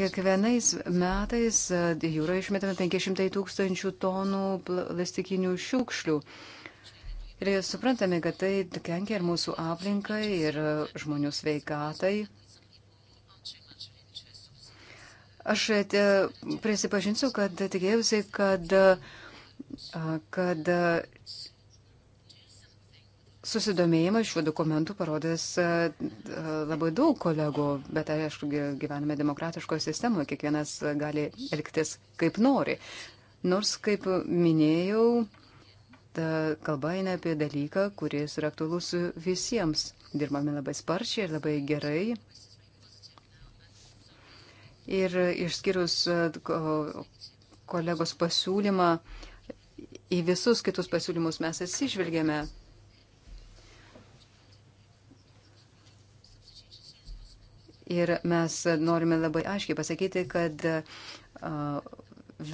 Kiekvienais metais jūra išmetama 500 tūkstančių tonų plastikinių šiukšlių. Ir suprantame, kad tai kenkia ir mūsų aplinkai, ir e, žmonių sveikatai. Aš e, prisipažinsiu, kad tikėjausi, kad, e, kad e, susidomėjimą šiuo dokumentu parodės labai daug kolegų, bet aišku, gyvename demokratiškoje sistemoje, kiekvienas gali elgtis kaip nori. Nors, kaip minėjau, ta kalba eina apie dalyką, kuris yra aktualus visiems. Dirbame labai sparčiai ir labai gerai. Ir išskyrus e, kolegos pasiūlymą, į visus kitus pasiūlymus mes atsižvelgėme. Ir mes norime labai aiškiai pasakyti, kad e,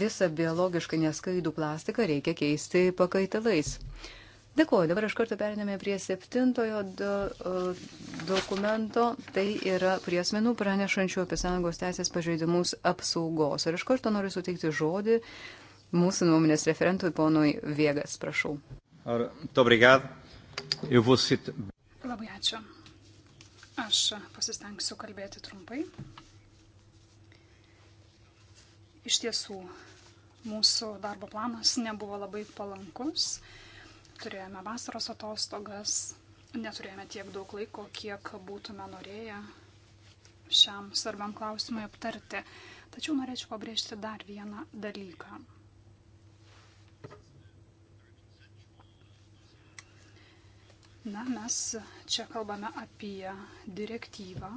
visą biologiškai neskaidų plastiką reikia keisti pakaitalais. Dėkuoju, dabar iš karto periname prie septintojo do, dokumento, tai yra prie asmenų pranešančių apie sąjungos teisės pažeidimus apsaugos. Ir iš karto noriu suteikti žodį mūsų nuomonės referentui ponui Viegas, prašau.
Ar dobrigad, jau busit.
Labai ačiū. Aš pasistengsiu kalbėti trumpai. Iš tiesų, mūsų darbo planas nebuvo labai palankus turėjome vasaros atostogas, neturėjome tiek daug laiko, kiek būtume norėję šiam svarbiam klausimui aptarti. Tačiau norėčiau pabrėžti dar vieną dalyką. Na, mes čia kalbame apie direktyvą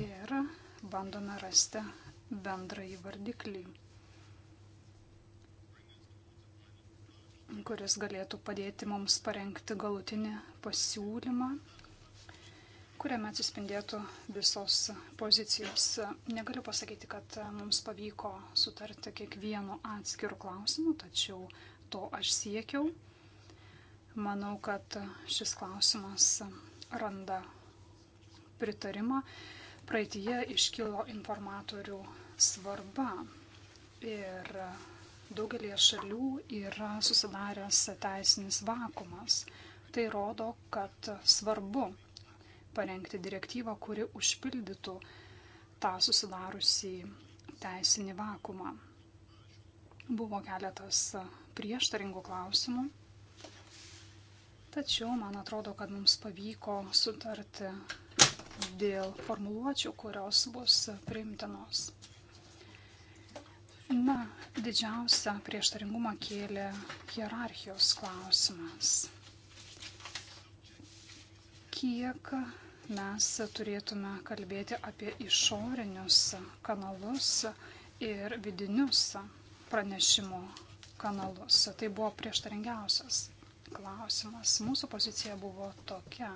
ir bandome rasti bendrąjį vardiklį. kuris galėtų padėti mums parengti galutinį pasiūlymą, kuriame atsispindėtų visos pozicijos. Negaliu pasakyti, kad mums pavyko sutarti kiekvienu atskiru klausimu, tačiau to aš siekiau. Manau, kad šis klausimas randa pritarimą. Praeitie iškilo informatorių svarba ir daugelie šalių yra susidaręs teisinis vakumas. Tai rodo, kad svarbu parengti direktyvą, kuri užpildytų tą susidariusį teisinį vakumą. Buvo keletas prieštaringų klausimų, tačiau man atrodo, kad mums pavyko sutarti dėl formuluočių, kurios bus priimtinos. Na, didžiausia prieštaringumą kėlė hierarchijos klausimas. Kiek mes turėtume kalbėti apie išorinius kanalus ir vidinius pranešimo kanalus. Tai buvo prieštaringiausias klausimas. Mūsų pozicija buvo tokia.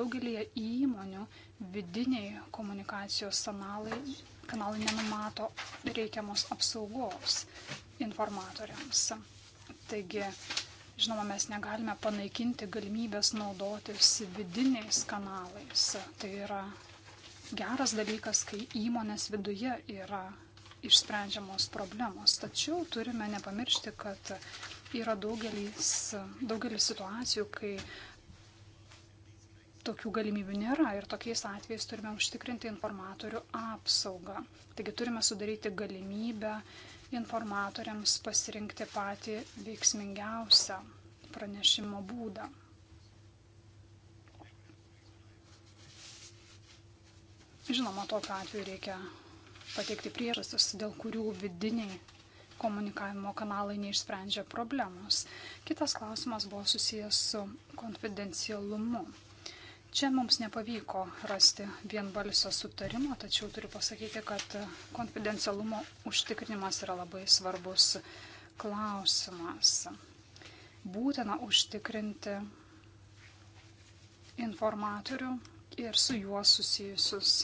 Daugelį įmonių vidiniai komunikacijos kanalai kanalai nenumato reikiamos apsaugos informatoriams. Taigi, žinoma, mes negalime panaikinti galimybės naudotis vidiniais kanalais. Tai yra geras dalykas, kai įmonės viduje yra išsprendžiamos problemos. Tačiau turime nepamiršti, kad yra daugelis, daugelis situacijų, kai tokių galimybių nėra ir tokiais atvejais turime užtikrinti informatorių apsaugą. Taigi turime sudaryti galimybę informatoriams pasirinkti patį veiksmingiausią pranešimo būdą. Žinoma, tokiu atveju reikia pateikti priežastis, dėl kurių vidiniai komunikavimo kanalai neišsprendžia problemos. Kitas klausimas buvo susijęs su konfidencialumu. Čia mums nepavyko rasti vienbalsio sutarimo, tačiau turiu pasakyti, kad konfidencialumo užtikrinimas yra labai svarbus klausimas. Būtina užtikrinti informatorių ir su juo susijusius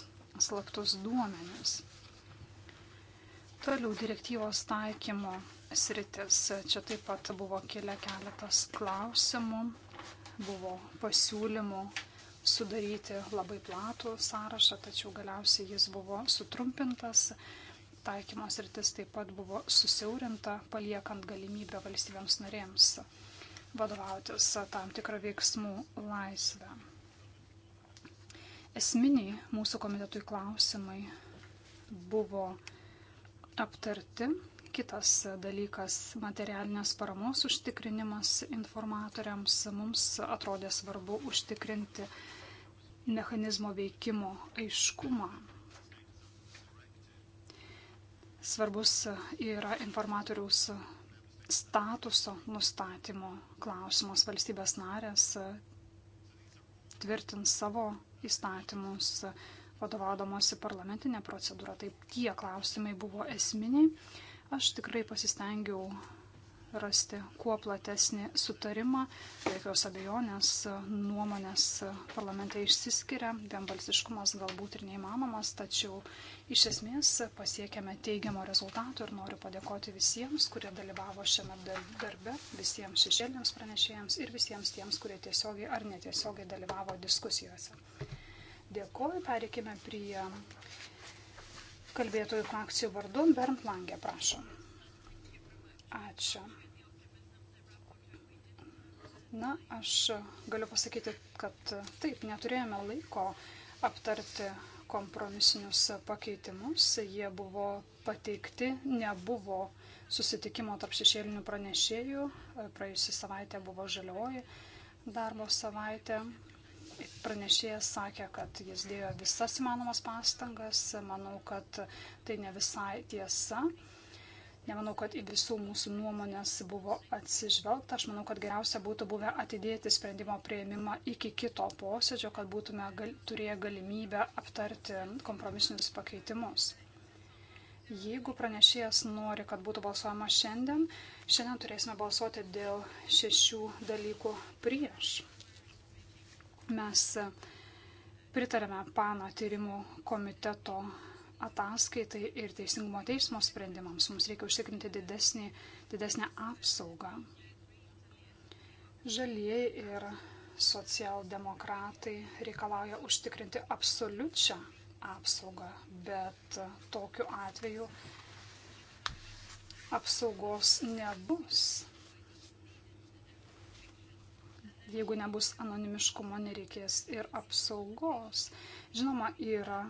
slaptus duomenis. Toliau direktyvos taikymo sritis. Čia taip pat buvo kilę keletas klausimų, buvo pasiūlymų sudaryti labai platų sąrašą, tačiau galiausiai jis buvo sutrumpintas. Taikymos rytis taip pat buvo susiaurinta, paliekant galimybę valstybėms narėms vadovautis tam tikrą veiksmų laisvę. Esminiai mūsų komitetui klausimai buvo aptarti. Kitas dalykas - materialinės paramos užtikrinimas informatoriams. Mums atrodė svarbu užtikrinti mechanizmo veikimo aiškumą. Svarbus yra informatoriaus statuso nustatymo klausimas. Valstybės narės tvirtins savo įstatymus vadovaudamosi parlamentinė procedūra. Taip tie klausimai buvo esminiai. Aš tikrai pasistengiau rasti kuo platesnį sutarimą. Be jokios abejonės nuomonės parlamente išsiskiria, vienbalsiškumas galbūt ir neįmanomas, tačiau iš esmės pasiekėme teigiamo rezultato ir noriu padėkoti visiems, kurie dalyvavo šiame darbe, visiems šešėliniams pranešėjams ir visiems tiems, kurie tiesiogiai ar netiesiogiai dalyvavo diskusijose. Dėkoju, pereikime prie kalbėtojų frakcijų vardu. Bernd Langė, prašom. Ačiū. Na, aš galiu pasakyti, kad taip, neturėjome laiko aptarti kompromisinius pakeitimus. Jie buvo pateikti, nebuvo susitikimo tarp šešėlinių pranešėjų. Praėjusią savaitę buvo žalioji darbo savaitė. Pranešėjas sakė, kad jis dėjo visas įmanomas pastangas. Manau, kad tai ne visai tiesa. Nemanau, kad į visų mūsų nuomonės buvo atsižvelgta. Aš manau, kad geriausia būtų buvę atidėti sprendimo prieimimą iki kito posėdžio, kad būtume gal, turėję galimybę aptarti kompromisinius pakeitimus. Jeigu pranešėjas nori, kad būtų balsuojama šiandien, šiandien turėsime balsuoti dėl šešių dalykų prieš. Mes pritarėme PANO tyrimų komiteto ataskaitai ir teisingumo teismo sprendimams. Mums reikia užtikrinti didesnį, didesnę apsaugą. Žalieji ir socialdemokratai reikalauja užtikrinti absoliučią apsaugą, bet tokiu atveju apsaugos nebus. Jeigu nebus anonimiškumo, nereikės ir apsaugos. Žinoma, yra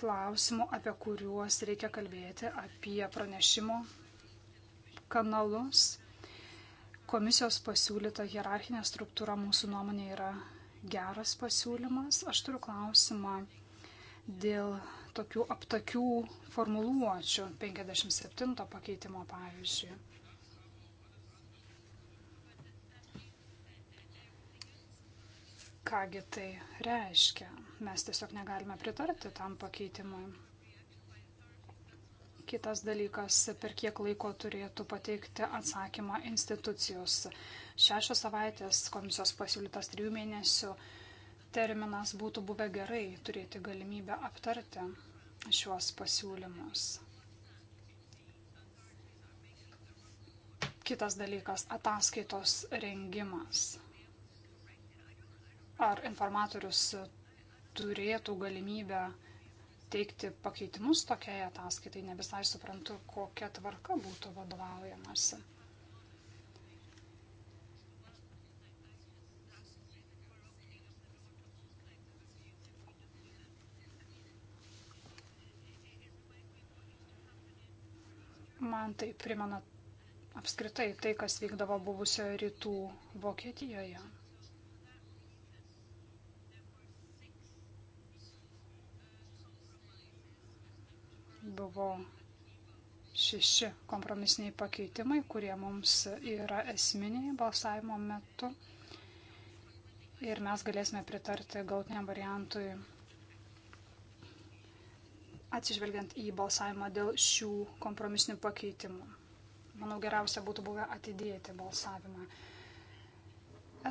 klausimų, apie kuriuos reikia kalbėti, apie pranešimo kanalus. Komisijos pasiūlyta hierarchinė struktūra mūsų nuomonė yra geras pasiūlymas. Aš turiu klausimą dėl tokių aptakių formuluočių 57 pakeitimo pavyzdžiui. Kągi tai reiškia? Mes tiesiog negalime pritarti tam pakeitimui. Kitas dalykas, per kiek laiko turėtų pateikti atsakymą institucijos. Šešios savaitės komisijos pasiūlytas trijų mėnesių terminas būtų buvę gerai turėti galimybę aptarti šiuos pasiūlymus. Kitas dalykas - ataskaitos rengimas. Ar informatorius turėtų galimybę teikti pakeitimus tokiai ataskaitai, ne visai suprantu, kokia tvarka būtų vadovaujamasi. Man tai primena apskritai tai, kas vykdavo buvusioje rytų Vokietijoje. buvo šeši kompromisiniai pakeitimai, kurie mums yra esminiai balsavimo metu. Ir mes galėsime pritarti gautiniam variantui atsižvelgiant į balsavimą dėl šių kompromisinių pakeitimų. Manau, geriausia būtų buvę atidėti balsavimą.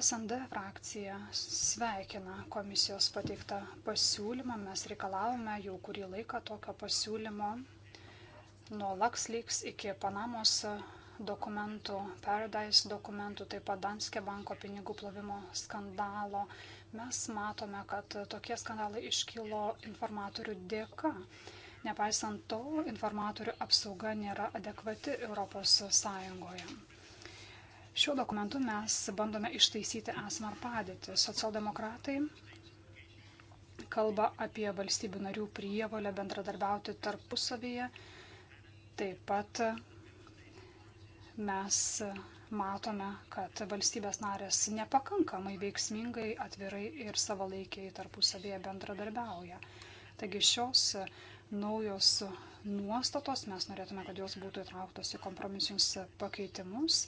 SND frakcija sveikina komisijos pateiktą pasiūlymą. Mes reikalavome jau kurį laiką tokio pasiūlymo nuo LuxLeaks iki Panamos dokumentų, Paradise dokumentų, taip pat Danske banko pinigų plovimo skandalo. Mes matome, kad tokie skandalai iškilo informatorių dėka. Nepaisant to, informatorių apsauga nėra adekvati ES. Šiuo dokumentu mes bandome ištaisyti esamą padėtį. Socialdemokratai kalba apie valstybių narių prievalę bendradarbiauti tarpusavyje Taip pat e, mes e, matome, kad valstybės narės nepakankamai veiksmingai, atvirai ir savalaikiai tarpusavėje bendradarbiauja. Taigi šios e, naujos nuostatos, mes norėtume, kad jos būtų įtrauktos į kompromisinius pakeitimus.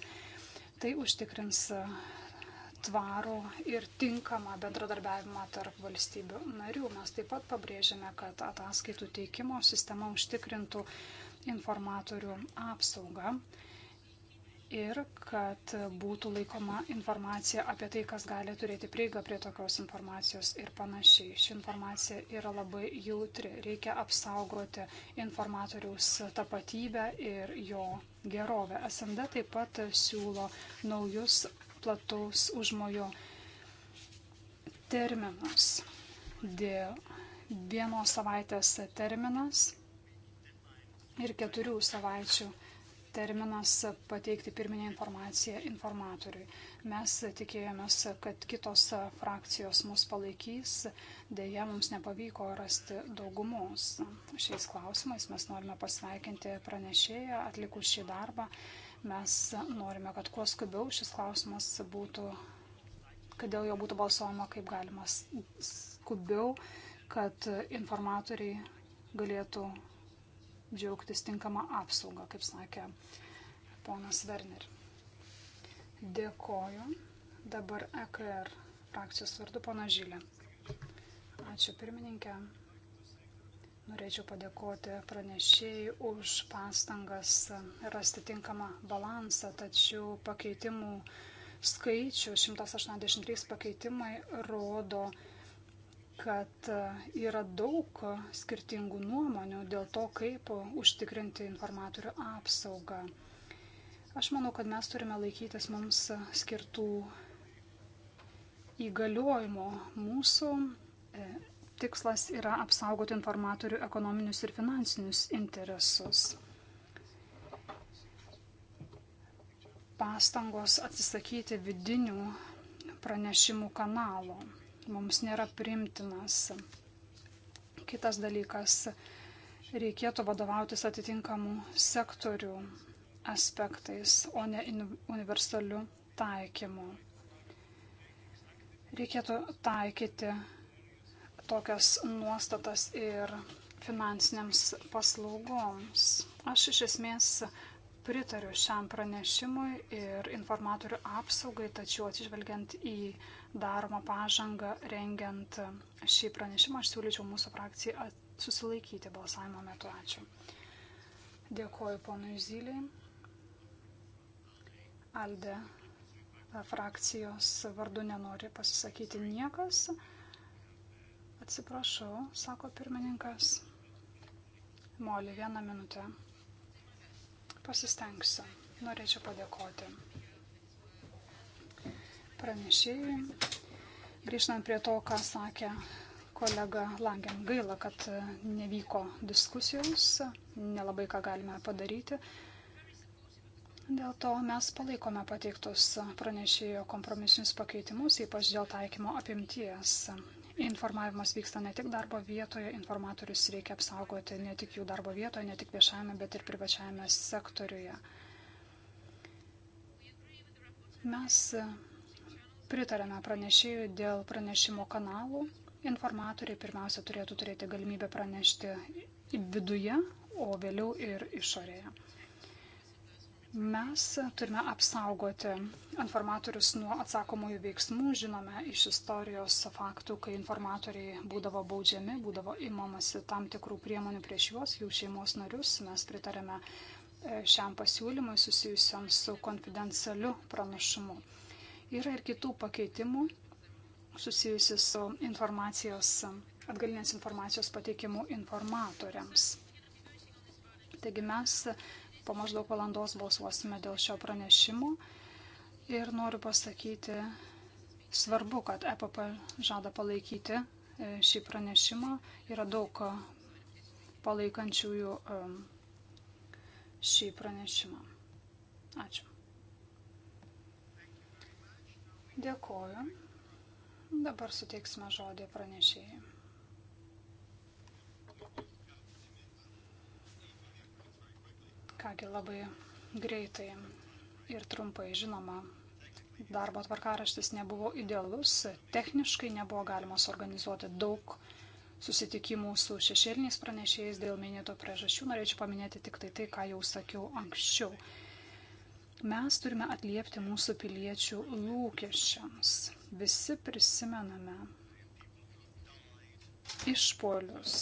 Tai užtikrins tvarų ir tinkamą bendradarbiavimą tarp valstybių narių. Mes taip pat pabrėžiame, kad ataskaitų teikimo sistema užtikrintų informatorių apsaugą ir kad būtų laikoma informacija apie tai, kas gali turėti prieigą prie tokios informacijos ir panašiai. Ši informacija yra labai jautri. Reikia apsaugoti informatoriaus tapatybę ir jo gerovę. SND taip pat siūlo naujus plataus užmojo terminus. Dėl vienos savaitės terminas ir keturių savaičių terminas pateikti pirminę informaciją informatoriui. Mes tikėjomės, kad kitos frakcijos mus palaikys, dėja mums nepavyko rasti daugumos. Šiais klausimais mes norime pasveikinti pranešėją atlikus šį darbą. Mes norime, kad kuo skubiau šis klausimas būtų, kad dėl jo būtų balsuojama kaip galima skubiau, kad informatoriai galėtų džiaugtis tinkamą apsaugą, kaip sakė ponas Werner. Dėkoju. Dabar EKR frakcijos vardu pana Žylė. Ačiū pirmininkė. Norėčiau padėkoti pranešėjai už pastangas rasti tinkamą balansą, tačiau pakeitimų skaičių 183 pakeitimai rodo, kad kad e, yra daug skirtingų nuomonių dėl to, kaip užtikrinti informatorių apsaugą. Aš manau, kad mes turime laikytis mums skirtų įgaliojimo. Mūsų e, tikslas yra apsaugoti informatorių ekonominius ir finansinius interesus. Pastangos atsisakyti vidinių pranešimų kanalų mums nėra primtinas. Kitas dalykas - reikėtų vadovautis atitinkamų sektorių aspektais, o ne universaliu taikymu. Reikėtų taikyti tokias nuostatas ir finansiniams paslaugoms. Aš iš esmės pritariu šiam pranešimui ir informatorių apsaugai, tačiau atsižvelgiant į daroma pažanga rengiant šį pranešimą. Aš siūlyčiau mūsų frakcijai susilaikyti balsavimo metu. Ačiū. Dėkoju ponui Zyliai. Alde e, frakcijos vardu nenori pasisakyti niekas. Atsiprašau, sako pirmininkas. Moli, vieną minutę. Pasistengsiu. Norėčiau padėkoti pranešėjui. Grįžtant prie to, ką sakė kolega Langen, gaila, kad e, nevyko diskusijos, nelabai ką galime padaryti. Dėl to mes palaikome pateiktus pranešėjo kompromisinius pakeitimus, ypač dėl taikymo apimties. Informavimas vyksta ne tik darbo vietoje, informatorius reikia apsaugoti ne tik jų darbo vietoje, ne tik viešajame, bet ir privačiajame sektoriuje. Mes Pritarėme pranešėjų dėl pranešimo kanalų. Informatoriai pirmiausia turėtų turėti galimybę pranešti viduje, o vėliau ir išorėje. Mes turime apsaugoti informatorius nuo atsakomųjų veiksmų. Žinome iš istorijos faktų, kai informatoriai būdavo baudžiami, būdavo imamasi tam tikrų priemonių prieš juos, jų šeimos narius. Mes pritarėme e, šiam pasiūlymui susijusiam su konfidencialiu pranašumu. Yra ir kitų pakeitimų susijusi su informacijos, atgalinės informacijos pateikimu informatoriams. Taigi mes po maždaug valandos balsuosime dėl šio pranešimo ir noriu pasakyti, svarbu, kad EPP žada palaikyti e, šį pranešimą. Yra daug e, palaikančiųjų e, šį pranešimą. Ačiū. Dėkoju. Dabar suteiksime žodį pranešėjai. Kągi labai greitai ir trumpai žinoma, darbo tvarkaraštis nebuvo idealus, techniškai nebuvo galima suorganizuoti daug susitikimų su šešėliniais pranešėjais dėl minėto priežasčių. Norėčiau paminėti tik tai tai, ką jau sakiau anksčiau. Mes turime atliepti mūsų piliečių lūkesčiams. Visi prisimename išpolius,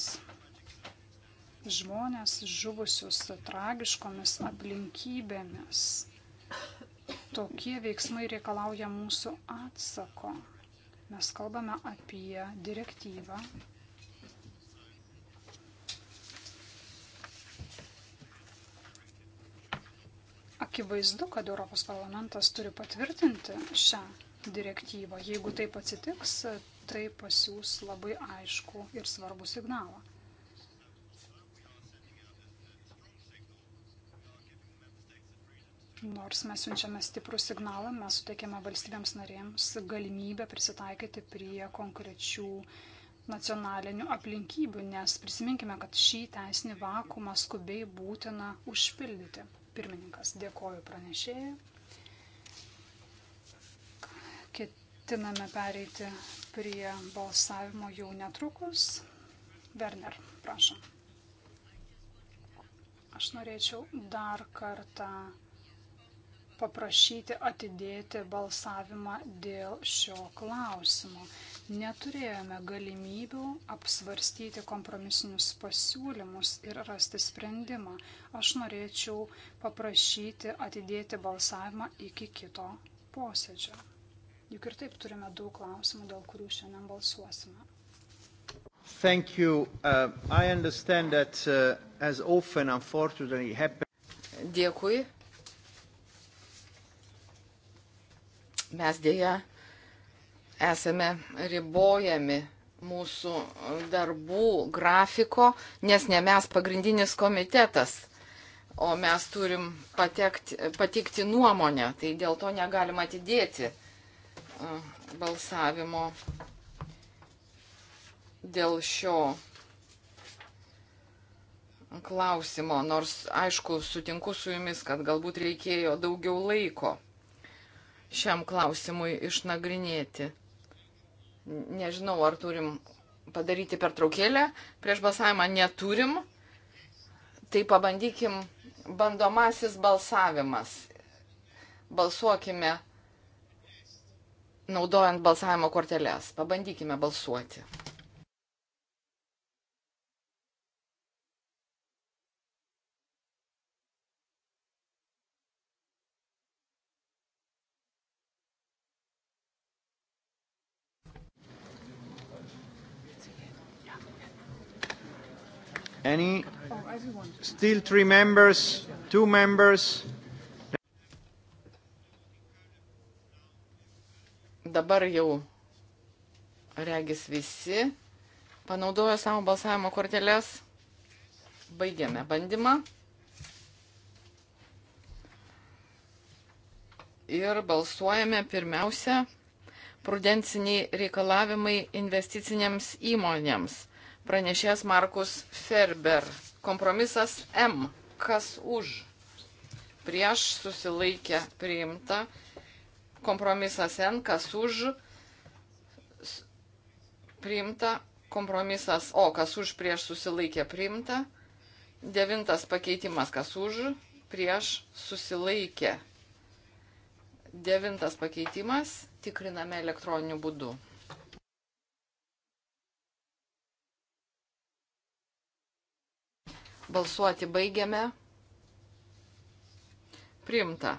žmonės žuvusius tragiškomis aplinkybėmis. Tokie veiksmai reikalauja mūsų atsako. Mes kalbame apie direktyvą, Akivaizdu, kad Europos parlamentas turi patvirtinti šią direktyvą. Jeigu taip atsitiks, tai pasiūs labai aišku ir svarbų signalą. Nors mes siunčiame stiprų signalą, mes suteikiame valstybėms narėms galimybę prisitaikyti prie konkrečių nacionalinių aplinkybių, nes prisiminkime, kad šį teisinį vakumą skubiai būtina užpildyti. Pirmininkas, dėkoju pranešėjai. Ketiname pereiti prie balsavimo jau netrukus. Werner, prašom. Aš norėčiau dar kartą paprašyti atidėti balsavimą dėl šio klausimo neturėjome galimybių apsvarstyti kompromisinius pasiūlymus ir rasti sprendimą. Aš norėčiau paprašyti atidėti balsavimą iki kito posėdžio. Juk ir taip turime daug klausimų, dėl kurių šiandien balsuosime.
Thank you. Uh, I understand that uh, as often unfortunately happens.
Dėkui. Mes dėja. Dėja esame ribojami mūsų darbų grafiko, nes ne mes pagrindinis komitetas, o mes turim patekti, patikti nuomonę, tai dėl to negalima atidėti balsavimo dėl šio klausimo, nors aišku, sutinku su jumis, kad galbūt reikėjo daugiau laiko šiam klausimui išnagrinėti. Nežinau, ar turim padaryti pertraukėlę. Prieš balsavimą neturim. Tai pabandykim bandomasis balsavimas. Balsuokime naudojant balsavimo korteles. Pabandykime balsuoti.
Any? Still three members, two members.
Dabar jau regis visi panaudojo savo balsavimo korteles. Baigėme bandymą. Ir balsuojame pirmiausia prudenciniai reikalavimai investicinėms įmonėms Pranešės Markus Ferber. Kompromisas M. Kas už? Prieš susilaikę priimta. Kompromisas N. Kas už? Priimta. Kompromisas O. Kas už? Prieš susilaikę priimta. Devintas pakeitimas. Kas už? Prieš susilaikę. Devintas pakeitimas tikriname elektroniniu būdu. Balsuoti baigiame. Primta.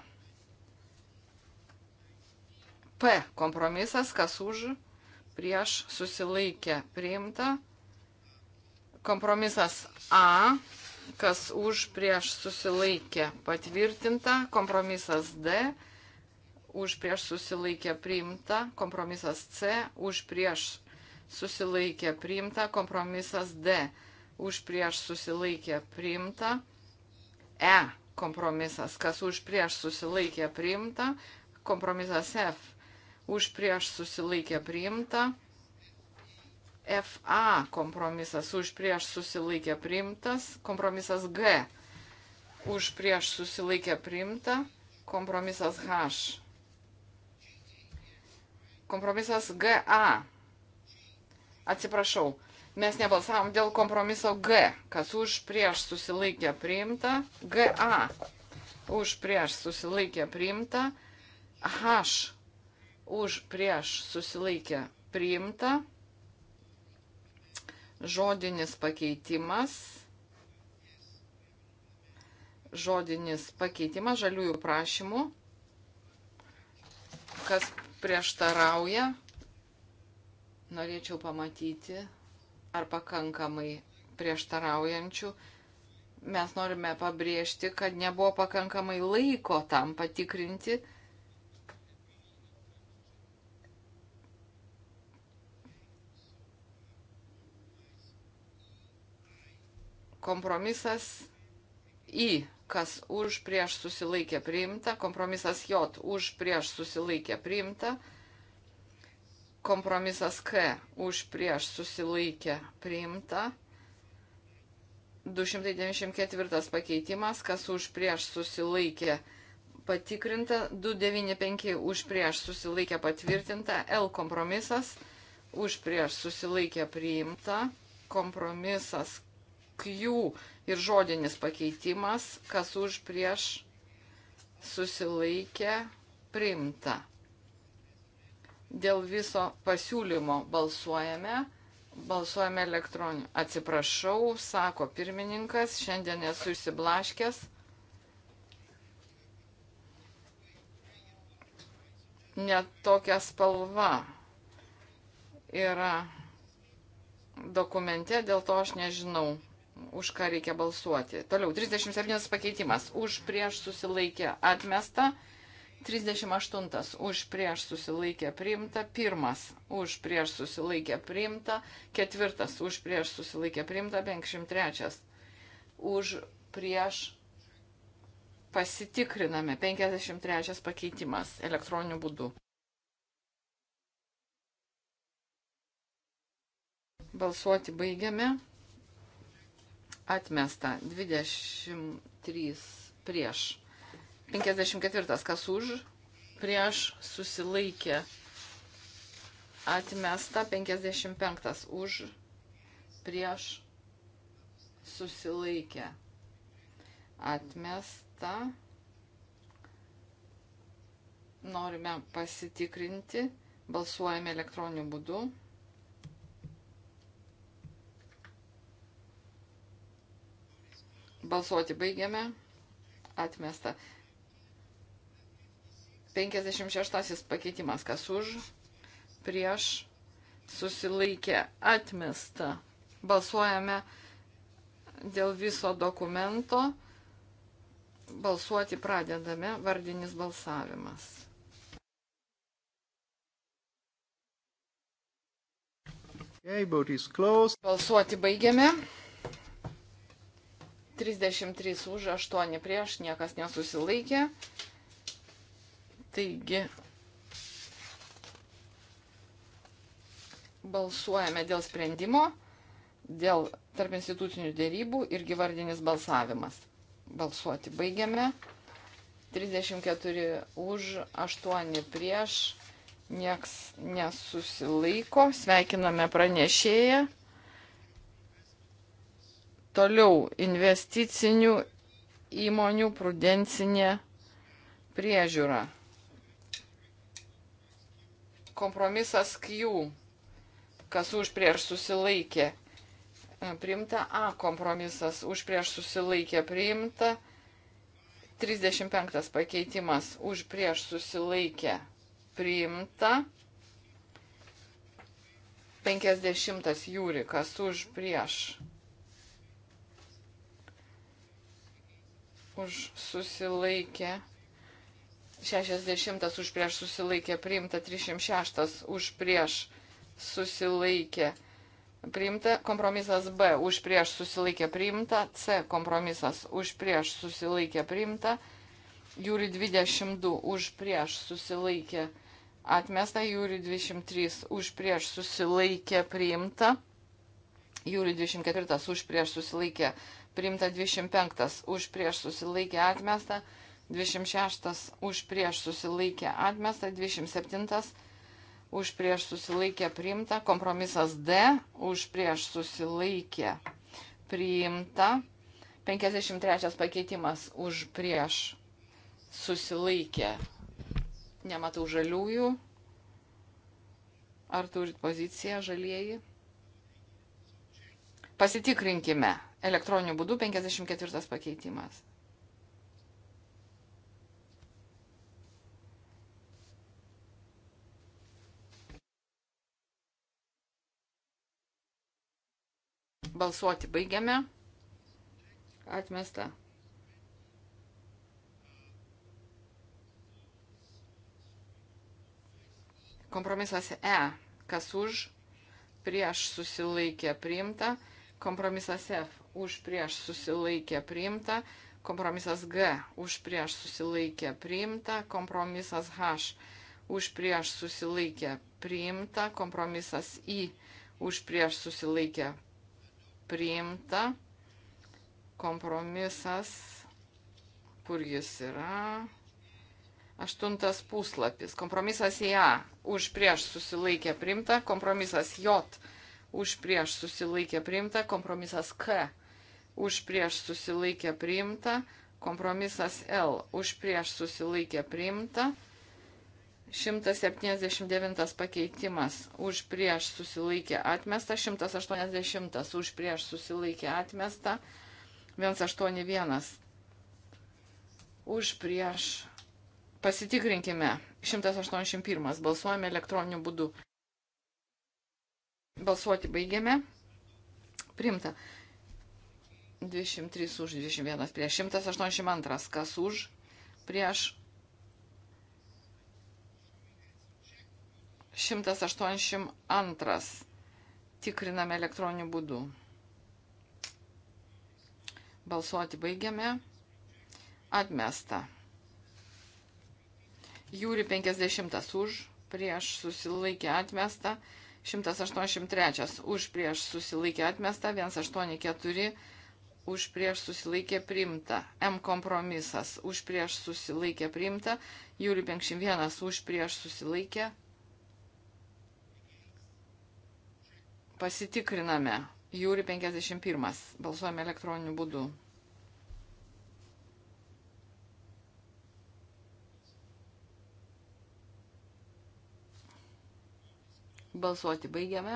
P kompromisas, kas už, prieš, susilaikė, priimta. Kompromisas A, kas už, prieš, susilaikė, patvirtinta. Kompromisas D, už, prieš, susilaikė, priimta. Kompromisas C, už, prieš, susilaikė, priimta. Kompromisas D, priimta už prieš susilaikė priimta. E kompromisas, kas už prieš susilaikė priimta. Kompromisas F už prieš susilaikė priimta. FA kompromisas už prieš susilaikė priimtas. Kompromisas G už prieš susilaikė priimta. Kompromisas H. Kompromisas GA. Atsiprašau, Mes nebalsavom dėl kompromiso G, kas už prieš susilaikė priimta. GA už prieš susilaikė priimta. H už prieš susilaikė priimta. Žodinis pakeitimas žodinis pakeitimas žaliųjų prašymų, kas prieštarauja. Norėčiau pamatyti ar pakankamai prieštaraujančių. Mes norime pabrėžti, kad nebuvo pakankamai laiko tam patikrinti. Kompromisas į, kas už prieš susilaikė priimta, kompromisas J už prieš susilaikė priimta. Kompromisas K už prieš susilaikę priimta. 294 pakeitimas, kas už prieš susilaikė patikrinta, 295 už prieš susilaikė patvirtinta, L kompromisas už prieš susilaikė priimta, kompromisas Q ir žodinis pakeitimas, kas už prieš susilaikė priimta. Dėl viso pasiūlymo balsuojame. Balsuojame elektroniniu. Atsiprašau, sako pirmininkas, šiandien esu išsiblaškęs. Net tokia spalva yra dokumente, dėl to aš nežinau, už ką reikia balsuoti. Toliau, 37 pakeitimas. Už prieš susilaikė atmesta. 38 už prieš susilaikė priimta, pirmas už prieš susilaikė priimta, ketvirtas už prieš susilaikė priimta, 53 už prieš pasitikriname, 53 pakeitimas elektroniniu būdu. Balsuoti baigiame. Atmesta 23 prieš 54. Kas už, prieš susilaikė atmesta. 55. Už, prieš susilaikė atmesta. Norime pasitikrinti. Balsuojame elektroniniu būdu. Balsuoti baigiame. Atmesta. 56 pakeitimas, kas už, prieš, susilaikė, atmesta. Balsuojame dėl viso dokumento. Balsuoti pradedame vardinis balsavimas. Okay, Balsuoti baigiame. 33 už, 8 prieš, niekas nesusilaikė. Taigi, balsuojame dėl sprendimo, dėl tarp institucinių dėrybų irgi vardinis balsavimas. Balsuoti baigiame. 34 už, 8 prieš, nieks nesusilaiko. Sveikiname pranešėją. Toliau investicinių įmonių prudencinė priežiūra. Kompromisas Q, kas už prieš susilaikė e, priimta, A kompromisas už prieš susilaikė priimta, 35 pakeitimas už prieš susilaikė priimta, 50 jūrikas už prieš už susilaikė priimta. 60 už prieš susilaikė priimta, 306 už prieš susilaikė priimta, kompromisas B už prieš susilaikė priimta, C kompromisas už prieš susilaikė priimta, Jūri 22 už prieš susilaikė atmesta, Jūri 23 už prieš susilaikė priimta, Jūri 24 už prieš susilaikė priimta, 25 už prieš susilaikė atmesta. 26 už prieš susilaikė atmesta, 27 už prieš susilaikė priimta, kompromisas D už prieš susilaikė priimta, 53 pakeitimas už prieš susilaikė, nematau žaliųjų, ar turit poziciją žalieji? Pasitikrinkime elektroniniu būdu 54 pakeitimas. Balsuoti baigiame. Atmesta. Kompromisas E. Kas už, prieš susilaikė priimta. Kompromisas F. Už, prieš susilaikė priimta. Kompromisas G. Už, prieš susilaikė priimta. Kompromisas H. Už, prieš susilaikė priimta. Kompromisas I. Už, prieš susilaikė priimta priimta kompromisas, kur jis yra. Aštuntas puslapis. Kompromisas JA už prieš susilaikė primta, kompromisas J už prieš susilaikė primta, kompromisas K už prieš susilaikė primta, kompromisas L už prieš susilaikė primta. 179 pakeitimas už prieš susilaikė atmesta, 180 už prieš susilaikė atmesta, 181 už prieš. Pasitikrinkime, 181 balsuojame elektroniniu būdu. Balsuoti baigėme. Primta. 23 už 21 prieš 182, kas už prieš 182 tikriname elektroniniu būdu. Balsuoti baigiame. Atmesta. Jūri 50 už, prieš susilaikė atmesta. 183 už prieš susilaikė atmesta, 184 už prieš susilaikė priimta, M kompromisas už prieš susilaikė priimta, Jūri 51 už prieš susilaikė Pasitikriname. Jūri 51. Balsuojame elektroniniu būdu. Balsuoti baigiame.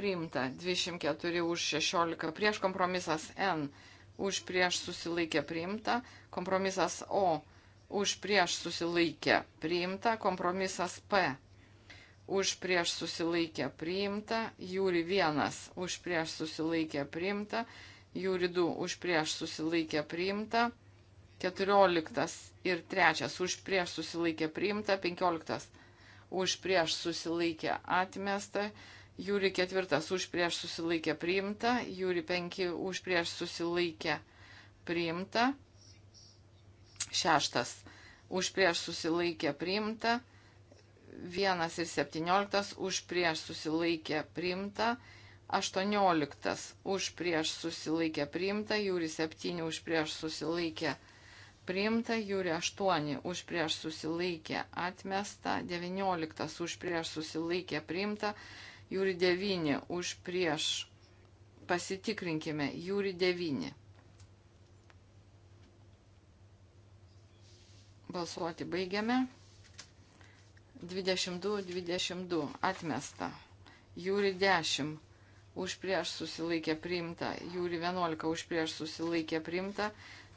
Priimta 204 už 16 prieš kompromisas N už prieš susilaikė priimta. Kompromisas O už prieš susilaikė priimta. Kompromisas P už prieš susilaikę priimta, jūri vienas už prieš susilaikę priimta, jūri du už prieš susilaikę priimta, keturioliktas ir trečias už prieš susilaikę priimta, penkioliktas už prieš susilaikę atmestą, jūri ketvirtas už prieš susilaikę priimta, jūri penki už prieš susilaikę priimta, šeštas už prieš susilaikę priimta, 1 ir 17 už prieš susilaikė priimta, 18 už prieš susilaikė priimta, jūri 7 už prieš susilaikė priimta, jūri 8 už prieš susilaikė atmesta, 19 už prieš susilaikė priimta, jūri 9 už prieš pasitikrinkime, jūri 9. Balsuoti baigiame. 22, 22 atmesta. Jūri 10 už prieš susilaikė priimta. Jūri 11 už prieš susilaikė priimta.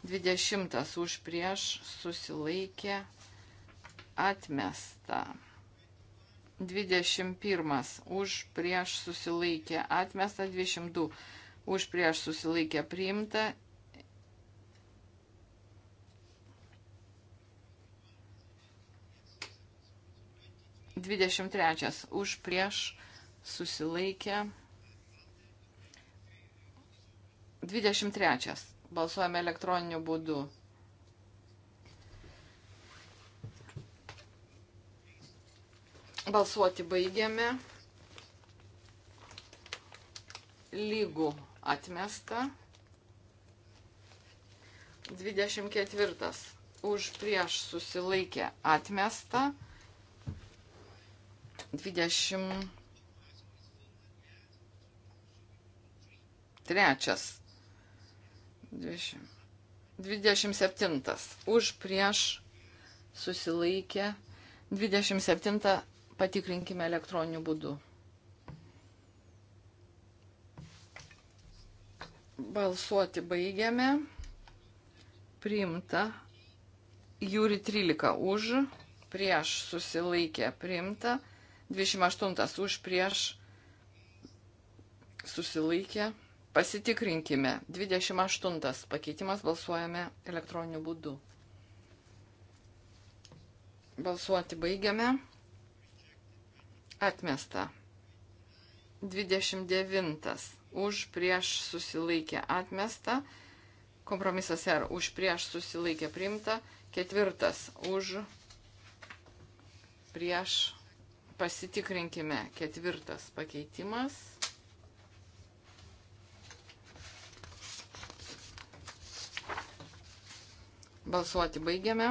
20 už prieš susilaikė atmesta. 21 už prieš susilaikė atmesta. 22 už prieš susilaikė priimta. 23 už prieš susilaikė. 23 balsuojame elektroniniu būdu. Balsuoti baigiame. Lygų atmesta. 24 už prieš susilaikė atmesta. 20. Trečias. 20. 27. Už prieš susilaikė. 27. Patikrinkime elektroniniu būdu. Balsuoti baigiame. Priimta. Jūri 13 už. Prieš susilaikė. Priimta. 28 už prieš susilaikė. Pasitikrinkime. 28 pakeitimas balsuojame elektroniniu būdu. Balsuoti baigiame. Atmesta. 29 už prieš susilaikė atmesta. Kompromisas R už prieš susilaikė priimta. Ketvirtas už prieš Pasitikrinkime ketvirtas pakeitimas. Balsuoti baigiame.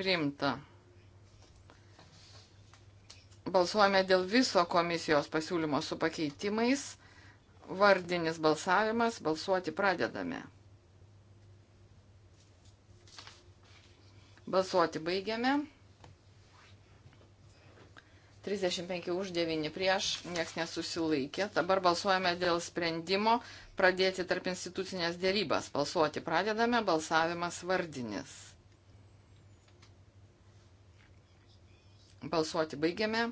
Primta. Balsuojame dėl viso komisijos pasiūlymo su pakeitimais. Vardinis balsavimas. Balsuoti pradedame. Balsuoti baigiame. 35 už 9 prieš, nieks nesusilaikė. Dabar balsuojame dėl sprendimo pradėti tarp institucinės dėrybas. Balsuoti pradedame, balsavimas vardinis. Balsuoti baigiame.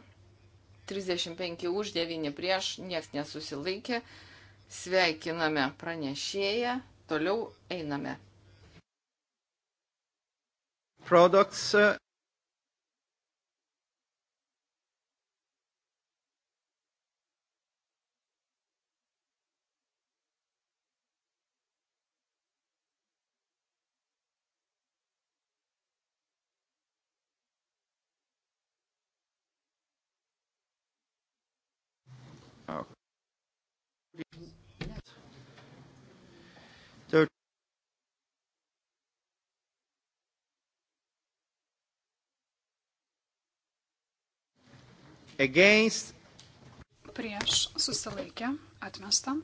35 už 9 prieš, nieks nesusilaikė. Sveikiname pranešėją, toliau einame. Products
Okay. Against.
Prieš susilaikę atmestą.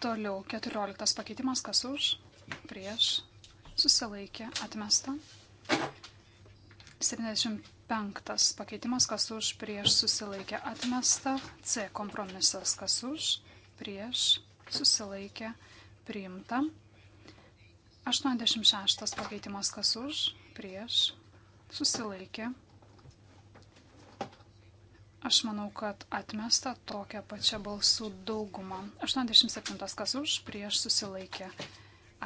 Toliau 14 pakeitimas, kas už, prieš, susilaikė, atmesta. 75 pakeitimas, kas už prieš susilaikė atmesta. C kompromisas, kas už prieš susilaikė priimta. 86 pakeitimas, kas už prieš susilaikė. Aš manau, kad atmesta tokia pačia balsų dauguma. 87 kas už prieš susilaikė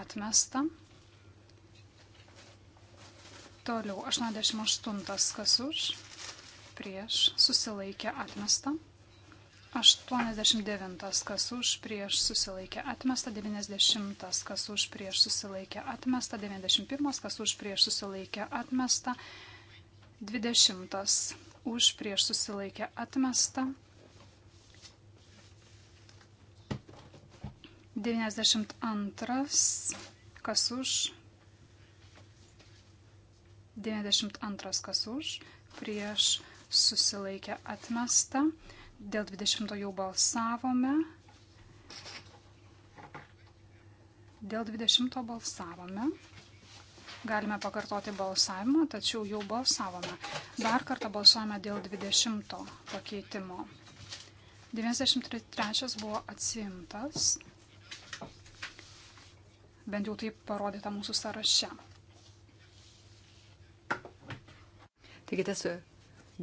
atmesta. Toliau 88 kas už, prieš susilaikė atmesta. 89 kas už, prieš susilaikė atmesta. 90 kas už, prieš susilaikė atmesta. 91 kas už, prieš susilaikė atmesta. 20 už, prieš susilaikė atmesta. 92 kas už, 92 kas už, prieš susilaikę atmestą. Dėl 20 jau balsavome. Dėl 20 balsavome. Galime pakartoti balsavimą, tačiau jau balsavome. Dar kartą balsuojame dėl 20 pakeitimo. 93 buvo atsimtas. Bent jau taip parodyta mūsų sąraše.
Taigi tas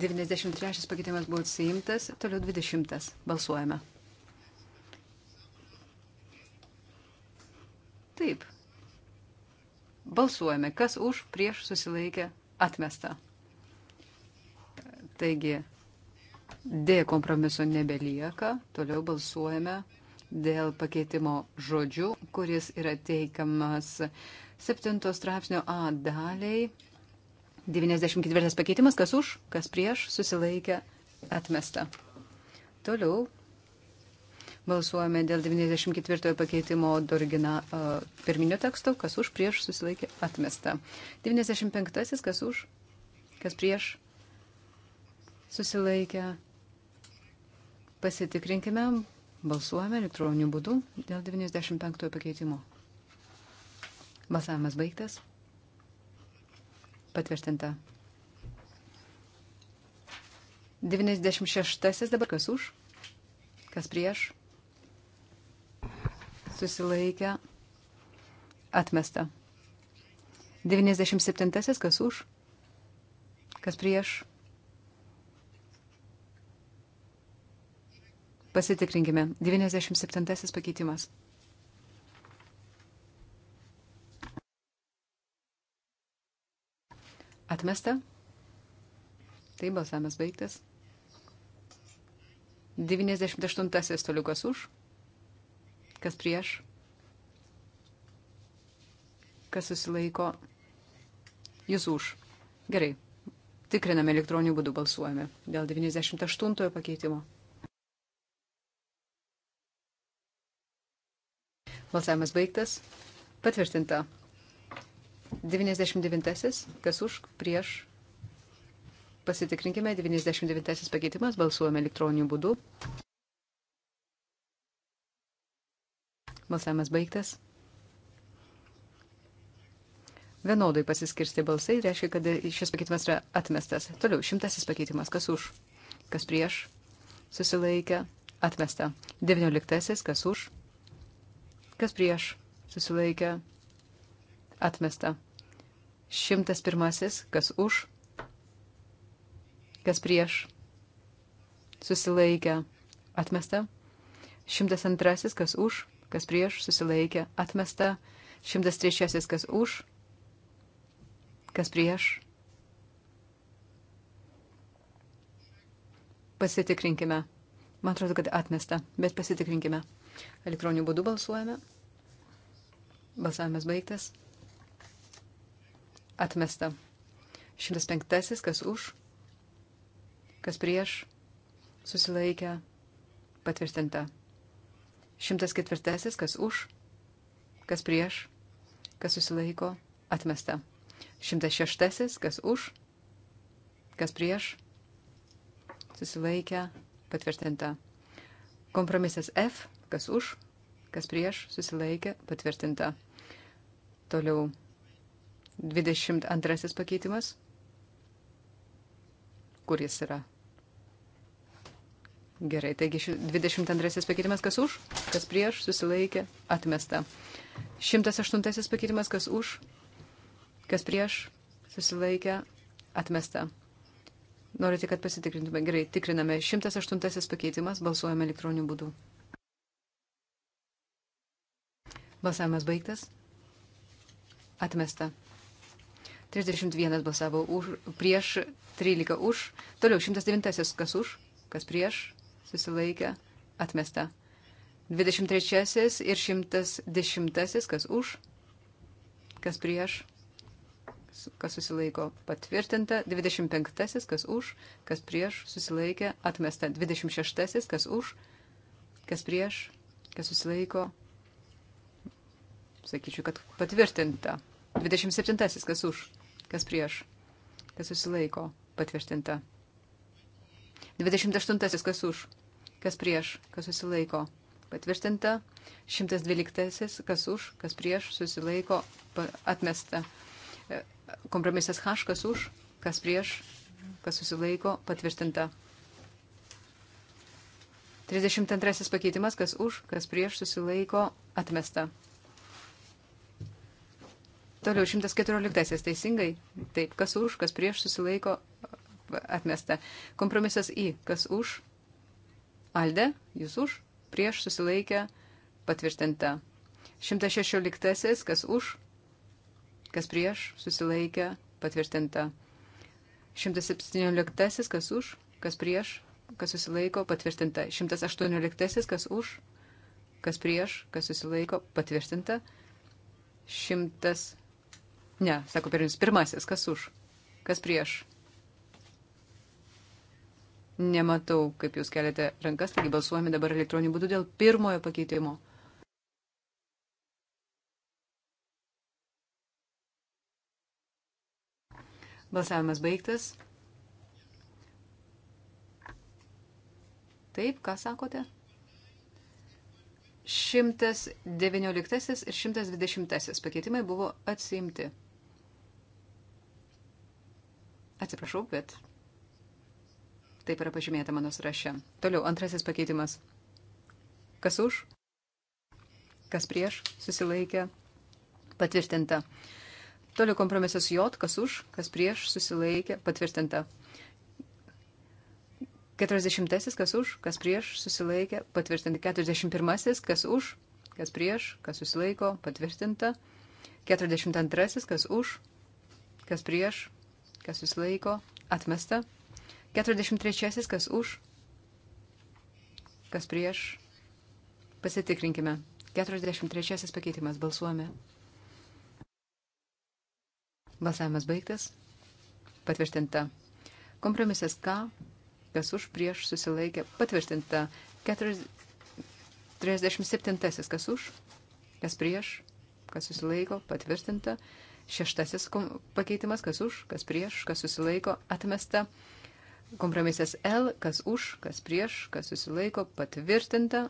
93 e, pakeitimas buvo atsiimtas, toliau 20 balsuojame. Taip. Balsuojame, kas už prieš susilaikė atmesta. Taigi, D kompromiso nebelieka, toliau balsuojame dėl pakeitimo žodžių, kuris yra teikiamas 7 straipsnio A daliai 94 pakeitimas, kas už, kas prieš, susilaikė, atmesta. Toliau balsuojame dėl 94 pakeitimo origina, uh, pirminio teksto, kas už, prieš, susilaikė, atmesta. 95, kas už, kas prieš, susilaikė. Pasitikrinkime, balsuojame elektroniniu būdu dėl 95 pakeitimo. Balsavimas baigtas. Patvirtinta. 96 dabar kas už, kas prieš, susilaikę, atmesta. 97 kas už, kas prieš. Pasitikrinkime. 97 pakeitimas. Atmesta. Tai balsavimas baigtas. 98 toliukas už. Kas prieš? Kas susilaiko? Jis už. Gerai. Tikriname elektroniniu būdu balsuojame dėl 98 pakeitimo. Balsavimas baigtas. Patvirtinta. 99. Kas už, prieš. Pasitikrinkime 99. pakeitimas. Balsuojame elektroniniu būdu. Balsavimas baigtas. Vienodai pasiskirsti balsai reiškia, kad šis pakeitimas yra atmestas. Toliau, šimtasis pakeitimas. Kas už, kas prieš, susilaikė, atmesta. Devynioliktasis, kas už, kas prieš, susilaikė, atmesta Atmesta. Šimtas pirmasis, kas už, kas prieš, susilaikę, atmesta. Šimtas antrasis, kas už, kas prieš, susilaikę, atmesta. Šimtas trečiasis, kas už, kas prieš. Pasitikrinkime. Man atrodo, kad atmesta, bet pasitikrinkime. Elektroniniu būdu balsuojame. Balsavimas baigtas atmesta. 105. Kas už, kas prieš, susilaikė, patvirtinta. 104. Kas už, kas prieš, kas susilaiko, atmesta. 106. Kas už, kas prieš, susilaikė, patvirtinta. Kompromisas F, kas už, kas prieš, susilaikė, patvirtinta. Toliau 22 pakeitimas. Kur jis yra? Gerai, taigi 22 pakeitimas kas už, kas prieš, susilaikė, atmesta. 108 pakeitimas kas už, kas prieš, susilaikė, atmesta. Norite, kad pasitikrintume? Gerai, tikriname. 108 pakeitimas, balsuojame elektroniniu būdu. Balsavimas baigtas. Atmesta. 31 balsavo už, prieš, 13 už. Toliau 109 kas už, kas prieš, susilaikė, atmesta. 23 ir 110 kas už, kas prieš, kas susilaiko patvirtinta, 25 kas už, kas prieš susilaikė atmesta, 26 kas už, kas prieš, kas susilaiko, sakyčiau, kad patvirtinta, 27 kas už, Kas prieš? Kas susilaiko? Patvirtinta. 28. Kas už? Kas prieš? Kas susilaiko? Patvirtinta. 112. Kas už? Kas prieš? Susilaiko? Atmesta. E, kompromisas H. Kas už? Kas prieš? Kas susilaiko? Patvirtinta. 32 pakeitimas, kas už, kas prieš susilaiko, atmesta. Toliau 114. Teisingai. Taip, kas už, kas prieš susilaiko atmesta. Kompromisas į. Kas už? Alde, jūs už, prieš susilaikę patvirtinta. 116. Kas už, kas prieš susilaikę patvirtinta. 117. Kas už, kas prieš, kas susilaiko patvirtinta. 118. Kas už, kas prieš, kas susilaiko patvirtinta. 100. Ne, sako pirminis. Pirmasis, kas už? Kas prieš? Nematau, kaip jūs keliate rankas, taigi balsuojame dabar elektroniniu būdu dėl pirmojo pakeitimo. Balsavimas baigtas. Taip, ką sakote? 119 ir 120 pakeitimai buvo atsiimti. Atsiprašau, bet taip yra pažymėta mano sąraše. Toliau, antrasis pakeitimas. Kas už? Kas prieš? Susilaikė. Patvirtinta. Toliau kompromisas J, kas už, kas prieš, susilaikė, patvirtinta. 40. kas už, kas prieš, susilaikė, patvirtinta. 41. kas už, kas prieš, kas susilaiko, patvirtinta. 42. kas už, kas prieš, kas susilaiko, atmesta. 43. kas už, kas prieš. Pasitikrinkime. 43. pakeitimas balsuojame. Balsavimas baigtas. Patvirtinta. Kompromisas K, kas už prieš susilaikė, patvirtinta. 37. kas už, kas prieš, kas susilaiko, patvirtinta. Šeštasis pakeitimas, kas už, kas prieš, kas susilaiko, atmesta. Kompromisas L, kas už, kas prieš, kas susilaiko, patvirtinta.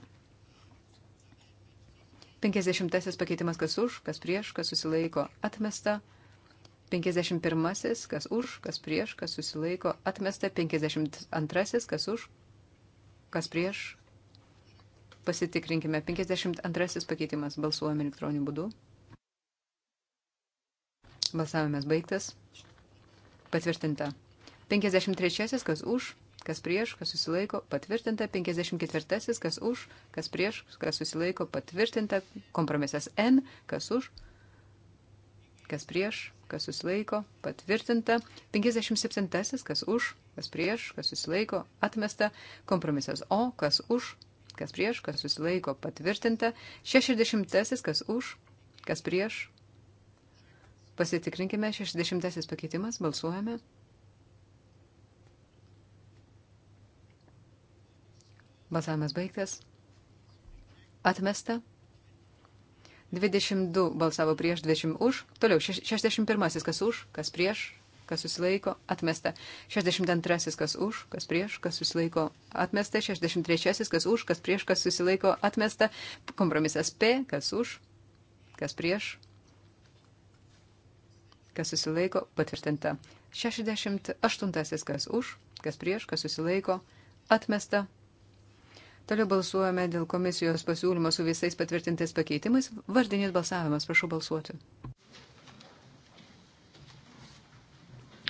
Penkisdešimtasis pakeitimas, kas už, kas prieš, kas susilaiko, atmesta. 51, kas už, kas prieš, kas susilaiko, atmesta 52, kas už, kas prieš. Pasitikrinkime 52 pakeitimas balsuojame elektroniniu būdu. Balsavimas baigtas. Patvirtinta. 53. Kas už, kas prieš, kas susilaiko. Patvirtinta. 54. Kas už, kas prieš, kas susilaiko. Patvirtinta. Kompromisas N. Kas už, kas prieš, kas susilaiko. Patvirtinta. 57. Kas už, kas prieš, kas susilaiko. Atmesta. Kompromisas O. Kas už, kas prieš, kas susilaiko. Patvirtinta. 60. Kas už, kas prieš, Pasitikrinkime 60 pakeitimas, balsuojame. Balsavimas baigtas. Atmesta. 22 balsavo prieš, 20 už. Toliau 61 kas už, kas prieš, kas susilaiko, atmesta. 62 kas už, kas prieš, kas susilaiko, atmesta. 63 kas už, kas prieš, kas susilaiko, atmesta. Kompromisas P, kas už, kas prieš, kas susilaiko, patvirtinta. 68 kas už, kas prieš, kas susilaiko, atmesta. Toliau balsuojame dėl komisijos pasiūlymo su visais patvirtintais pakeitimais. Vardinis balsavimas, prašau balsuoti.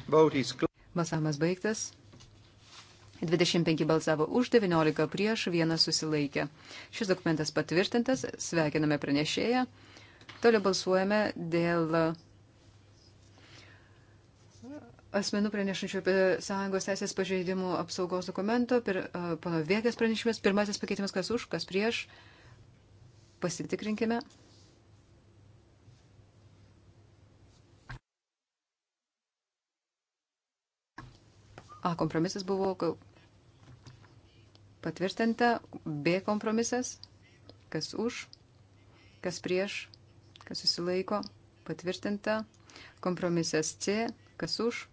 Balsavimas baigtas. 25 balsavo už, 19 prieš, vienas susilaikė. Šis dokumentas patvirtintas, sveikiname pranešėją. Toliau balsuojame dėl asmenų pranešančių apie sąjungos teisės pažeidimų apsaugos dokumento, pir, uh, pano Vėgas pranešimas, pirmasis pakeitimas, kas už, kas prieš. Pasitikrinkime. A kompromisas buvo patvirtinta, B kompromisas, kas už, kas prieš, kas susilaiko, patvirtinta, kompromisas C, kas už,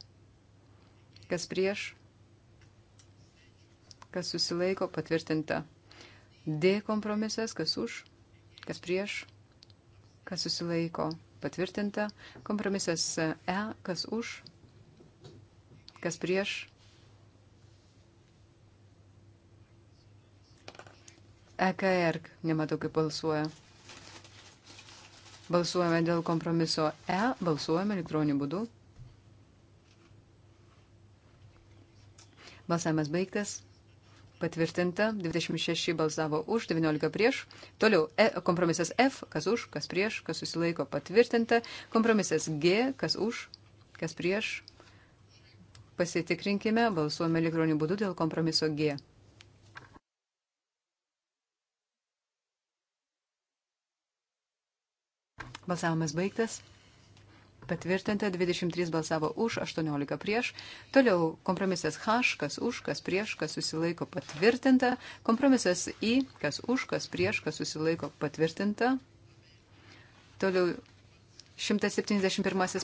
Kas prieš? Kas susilaiko? Patvirtinta. D kompromisas. Kas už? Kas prieš? Kas susilaiko? Patvirtinta. Kompromisas E. Kas už? Kas prieš? EKR, nematau kaip balsuoja. Balsuojame dėl kompromiso E, balsuojame elektroniniu būdu. Balsavimas baigtas. Patvirtinta. 26 balsavo už, 19 prieš. Toliau e, kompromisas F, kas už, kas prieš, kas susilaiko patvirtinta. Kompromisas G, kas už, kas prieš. Pasitikrinkime, balsuojame elektroniniu būdu dėl kompromiso G. Balsavimas baigtas patvirtinta, 23 balsavo už, 18 prieš. Toliau kompromisas H, kas už, kas prieš, kas susilaiko patvirtinta. Kompromisas I, kas už, kas prieš, kas susilaiko patvirtinta. Toliau 171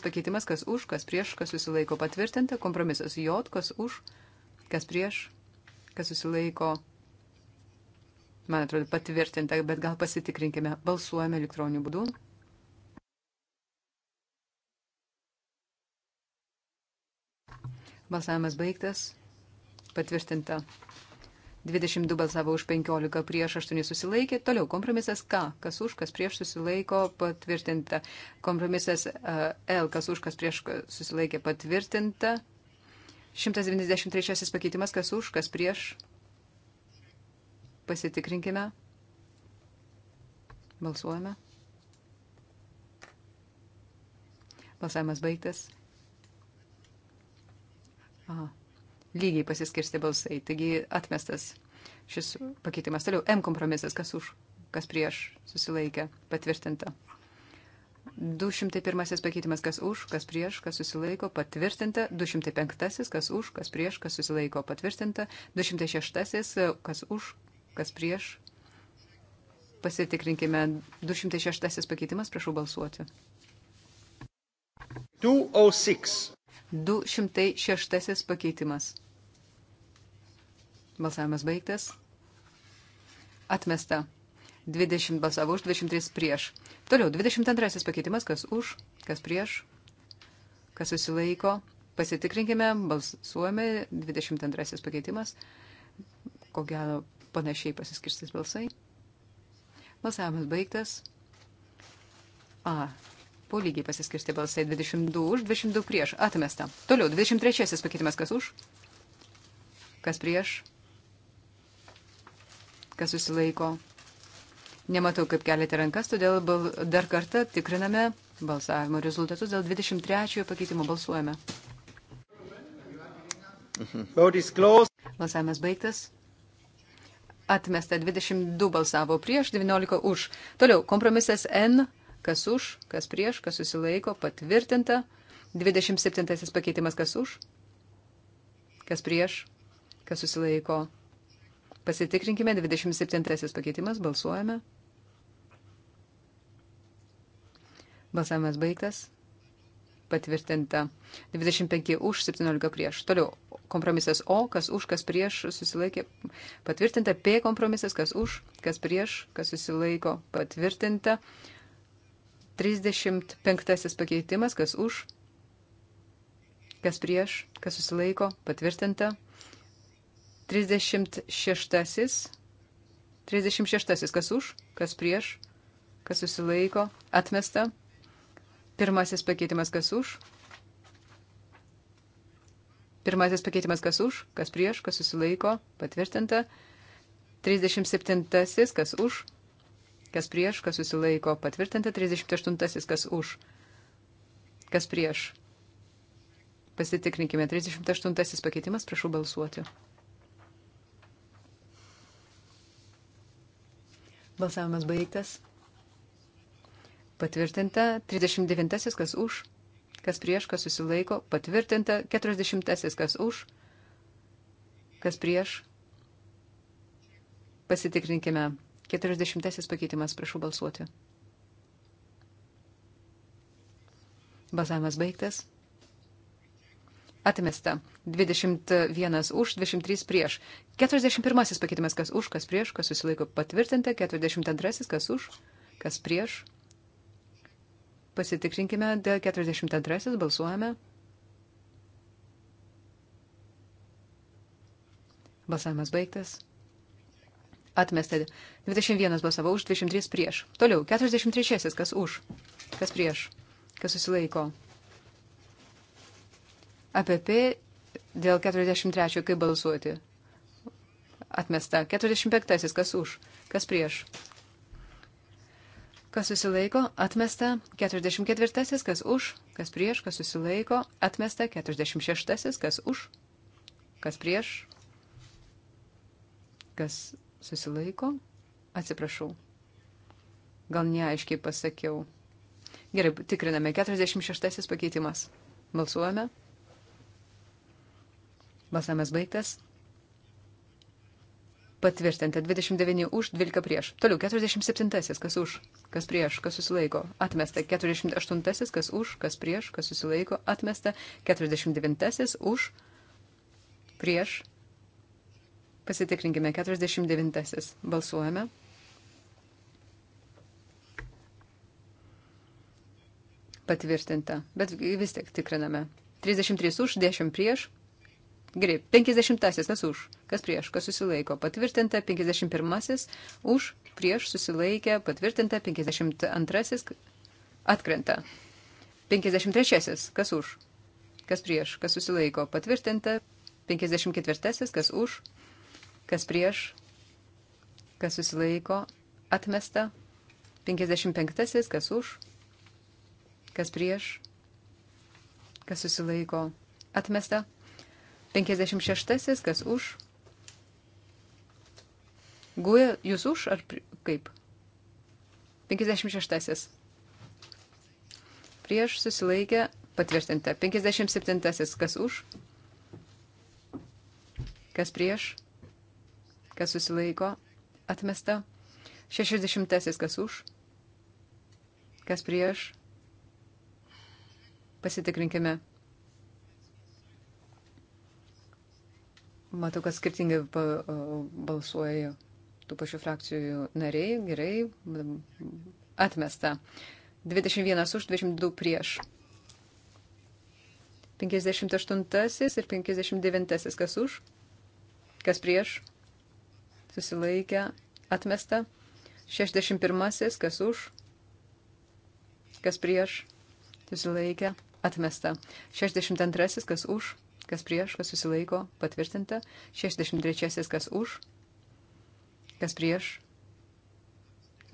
pakeitimas, kas už, kas prieš, kas susilaiko patvirtinta. Kompromisas J, kas už, kas prieš, kas susilaiko. Man atrodo patvirtinta, bet gal pasitikrinkime. Balsuojame elektroniniu būdu. Balsavimas baigtas. Patvirtinta. 22 balsavo už 15, prieš 8 susilaikė. Toliau kompromisas K, kas už, kas prieš susilaiko, patvirtinta. Kompromisas e, L, kas už, kas prieš susilaikė, patvirtinta. 193 pakeitimas, kas už, kas prieš. Pasitikrinkime. Balsuojame. Balsavimas baigtas. Aha. Lygiai pasiskirsti balsai, taigi atmestas šis pakeitimas. Toliau M kompromisas, kas už, kas prieš, susilaikė, patvirtinta. 201 pakeitimas, kas už, kas prieš, kas susilaiko, patvirtinta. 205, kas už, kas prieš, kas susilaiko, patvirtinta. 206, kas už, kas prieš. Pasitikrinkime. 206 pakeitimas, prašau balsuoti. 206. 206 pakeitimas. Balsavimas baigtas. Atmesta. 20 balsavo už, 23 prieš. Toliau, 22 pakeitimas, kas už, kas prieš, kas susilaiko. Pasitikrinkime, balsuojame, 22 pakeitimas. Ko gero panašiai pasiskirstys balsai. Balsavimas baigtas. A, po lygiai pasiskirsti balsai 22 už, 22 prieš, atmesta. Toliau, 23 pakeitimas kas už, kas prieš, kas susilaiko. Nematau, kaip keliate rankas, todėl bal... dar kartą tikriname balsavimo rezultatus dėl 23 pakeitimo balsuojame. Balsavimas baigtas. Atmesta 22 balsavo prieš, 19 už. Toliau, kompromisas N kas už, kas prieš, kas susilaiko, patvirtinta. 27 pakeitimas, kas už, kas prieš, kas susilaiko. Pasitikrinkime, 27 pakeitimas, balsuojame. Balsavimas baigtas. Patvirtinta. 25 už, 17 prieš. Toliau kompromisas O, kas už, kas prieš susilaikė. Patvirtinta P kompromisas, kas už, kas prieš, kas susilaiko. Patvirtinta. 35 pakeitimas, kas už, kas prieš, kas susilaiko, patvirtinta. 36, 36, kas už, kas prieš, kas susilaiko, atmesta. Pirmasis pakeitimas, kas už. Pirmasis pakeitimas, kas už, kas prieš, kas susilaiko, patvirtinta. 37, kas už, kas prieš, kas susilaiko, patvirtinta 38, kas už, kas prieš. Pasitikrinkime, 38 pakeitimas, prašau balsuoti. Balsavimas baigtas. Patvirtinta 39, kas už, kas prieš, kas susilaiko, patvirtinta 40, kas už, kas prieš. Pasitikrinkime. 40 pakeitimas, prašau balsuoti. Balsavimas baigtas. Atmesta. 21 už, 23 prieš. 41 pakeitimas, kas už, kas prieš, kas susilaiko patvirtinta. 42 kas už, kas prieš. Pasitikrinkime, 42 balsuojame. Balsavimas baigtas. Atmesta. 21 balsavo už, 23 prieš. Toliau, 43 kas už, kas prieš, kas susilaiko. APP dėl 43 kaip balsuoti. Atmesta. 45 kas už, kas prieš. Kas susilaiko, atmesta 44, kas už, kas prieš, kas susilaiko, atmesta 46, kas už, kas prieš, kas susilaiko, atsiprašau. Gal neaiškiai pasakiau. Gerai, tikriname. 46 pakeitimas. Balsuojame. Balsavimas baigtas. Patvirtinta 29 už, 12 prieš. Toliau 47 kas už, kas prieš, kas susilaiko. Atmesta 48 kas už, kas prieš, kas susilaiko. Atmesta 49 už, prieš, Pasitikrinkime 49. Balsuojame. Patvirtinta, bet vis tik tikriname. 33 už, 10 prieš. Gerai, 50-asis, kas už, kas prieš, kas susilaiko. Patvirtinta, 51-asis, už, prieš, susilaikė, patvirtinta, 52-asis, atkrenta. 53-asis, kas už, kas prieš, kas susilaiko. Patvirtinta, 54-asis, kas už, kas prieš, kas susilaiko, atmesta. 55. kas už, kas prieš, kas susilaiko, atmesta. 56. kas už. Guja, jūs už ar kaip? 56. Prieš susilaikę patvirtinta. 57. Kas už? Kas prieš? kas susilaiko, atmesta. 60 kas už, kas prieš. Pasitikrinkime. Matau, kad skirtingai balsuoja tų pačių frakcijų nariai. Gerai. Atmesta. 21 už, 22 prieš. 58 ir 59 kas už, kas prieš susilaikę, atmesta. 61. Kas už, kas prieš, susilaikę, atmesta. 62. Kas už, kas prieš, kas susilaiko, patvirtinta. 63. Kas už, kas prieš,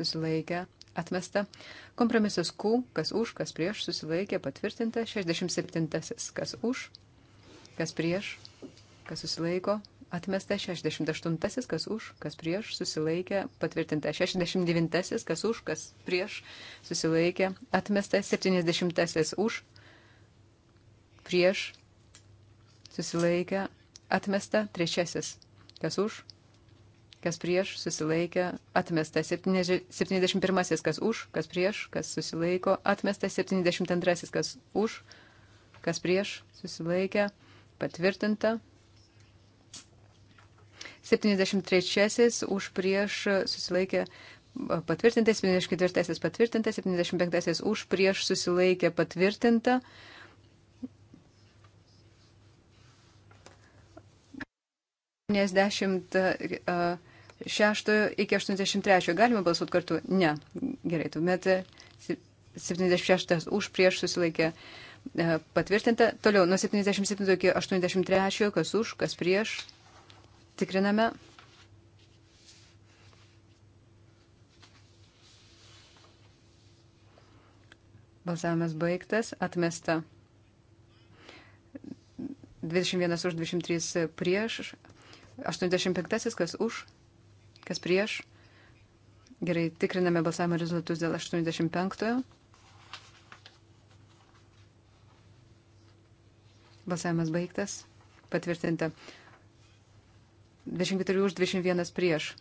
susilaikę, atmesta. Kompromisas Q, kas už, kas prieš, susilaikė, patvirtinta. 67. Kas už, kas prieš, kas susilaiko, Atmesta 68, kas už, kas prieš, susilaikė, patvirtinta 69, kas už, kas prieš, susilaikė, atmesta 70, už, prieš, susilaikė, atmesta 3, kas už, kas prieš, susilaikė, atmesta 71, kas už, kas prieš, kas susilaiko, atmesta 72, kas už, kas prieš, susilaikė, patvirtinta 73 už prieš susilaikė patvirtinta, 74 patvirtinta, 75 už prieš susilaikė patvirtinta. Nesdešimt šeštojo iki 83 galima balsuoti kartu? Ne. Gerai, tuomet 76 e, už prieš susilaikė e, patvirtinta. Toliau nuo 77 iki 83, kas už, kas prieš Tikriname. Balsavimas baigtas, atmesta. 21 už 23 prieš, 85 kas už, kas prieš. Gerai, tikriname balsavimo rezultatus dėl 85. Balsavimas baigtas, patvirtinta. 24 už 21 prieš.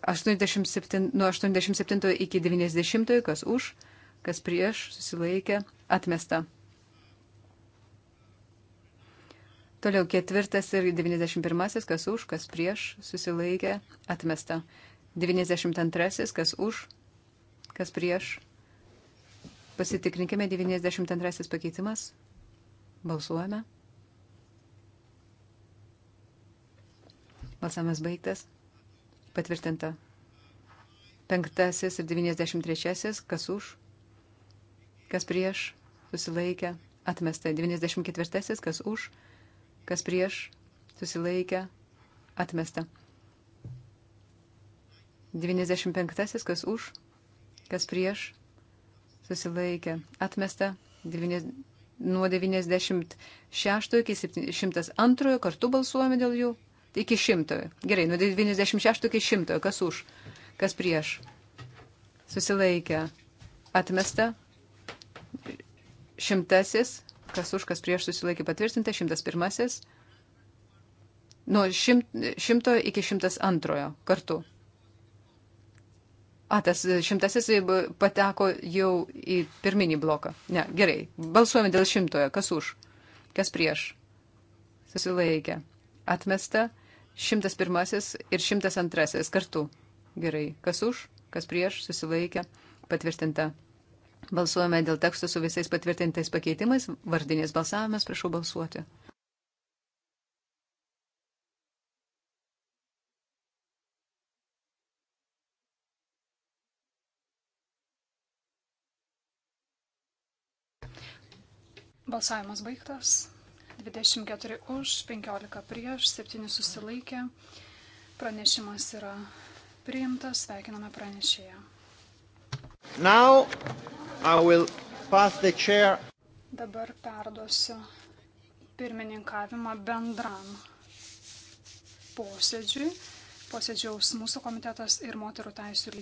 87, nuo 87 iki 90, kas už, kas prieš, susilaikė, atmesta. Toliau ketvirtas ir 91, kas už, kas prieš, susilaikė, atmesta. 92, kas už, kas prieš. Pasitikrinkime 92 pakeitimas. Balsuojame. Balsavimas baigtas. Patvirtinta. Penktasis ir 93. Kas už? Kas prieš? Susilaikė. Atmesta. 94. Kas už? Kas prieš? Susilaikė. Atmesta. 95. Kas už? Kas prieš? Susilaikė. Atmesta. 90, nuo 96 iki 102 kartu balsuojame dėl jų iki šimtojo. Gerai, nuo 96 iki šimtojo. Kas už, kas prieš. Susilaikę. Atmesta. Šimtasis. Kas už, kas prieš susilaikė patvirtinta. Šimtas pirmasis. Nuo šimt, šimtojo iki šimtas antrojo kartu. A, tas šimtasis pateko jau į pirminį bloką. Ne, gerai. Balsuojame dėl šimtojo. Kas už, kas prieš. Susilaikė. Atmesta. 101 ir 102 kartu. Gerai, kas už, kas prieš, susilaikė, patvirtinta. Balsuojame dėl teksto su visais patvirtintais pakeitimais. Vardinės balsavimas, prašau balsuoti.
Balsavimas baigtas. 24 už, 15 prieš, 7 susilaikė. Pranešimas yra priimtas, sveikiname pranešėją. Dabar perduosiu pirmininkavimą bendram posėdžiui. Posėdžiaus mūsų komitetas ir moterų teisų lygybės.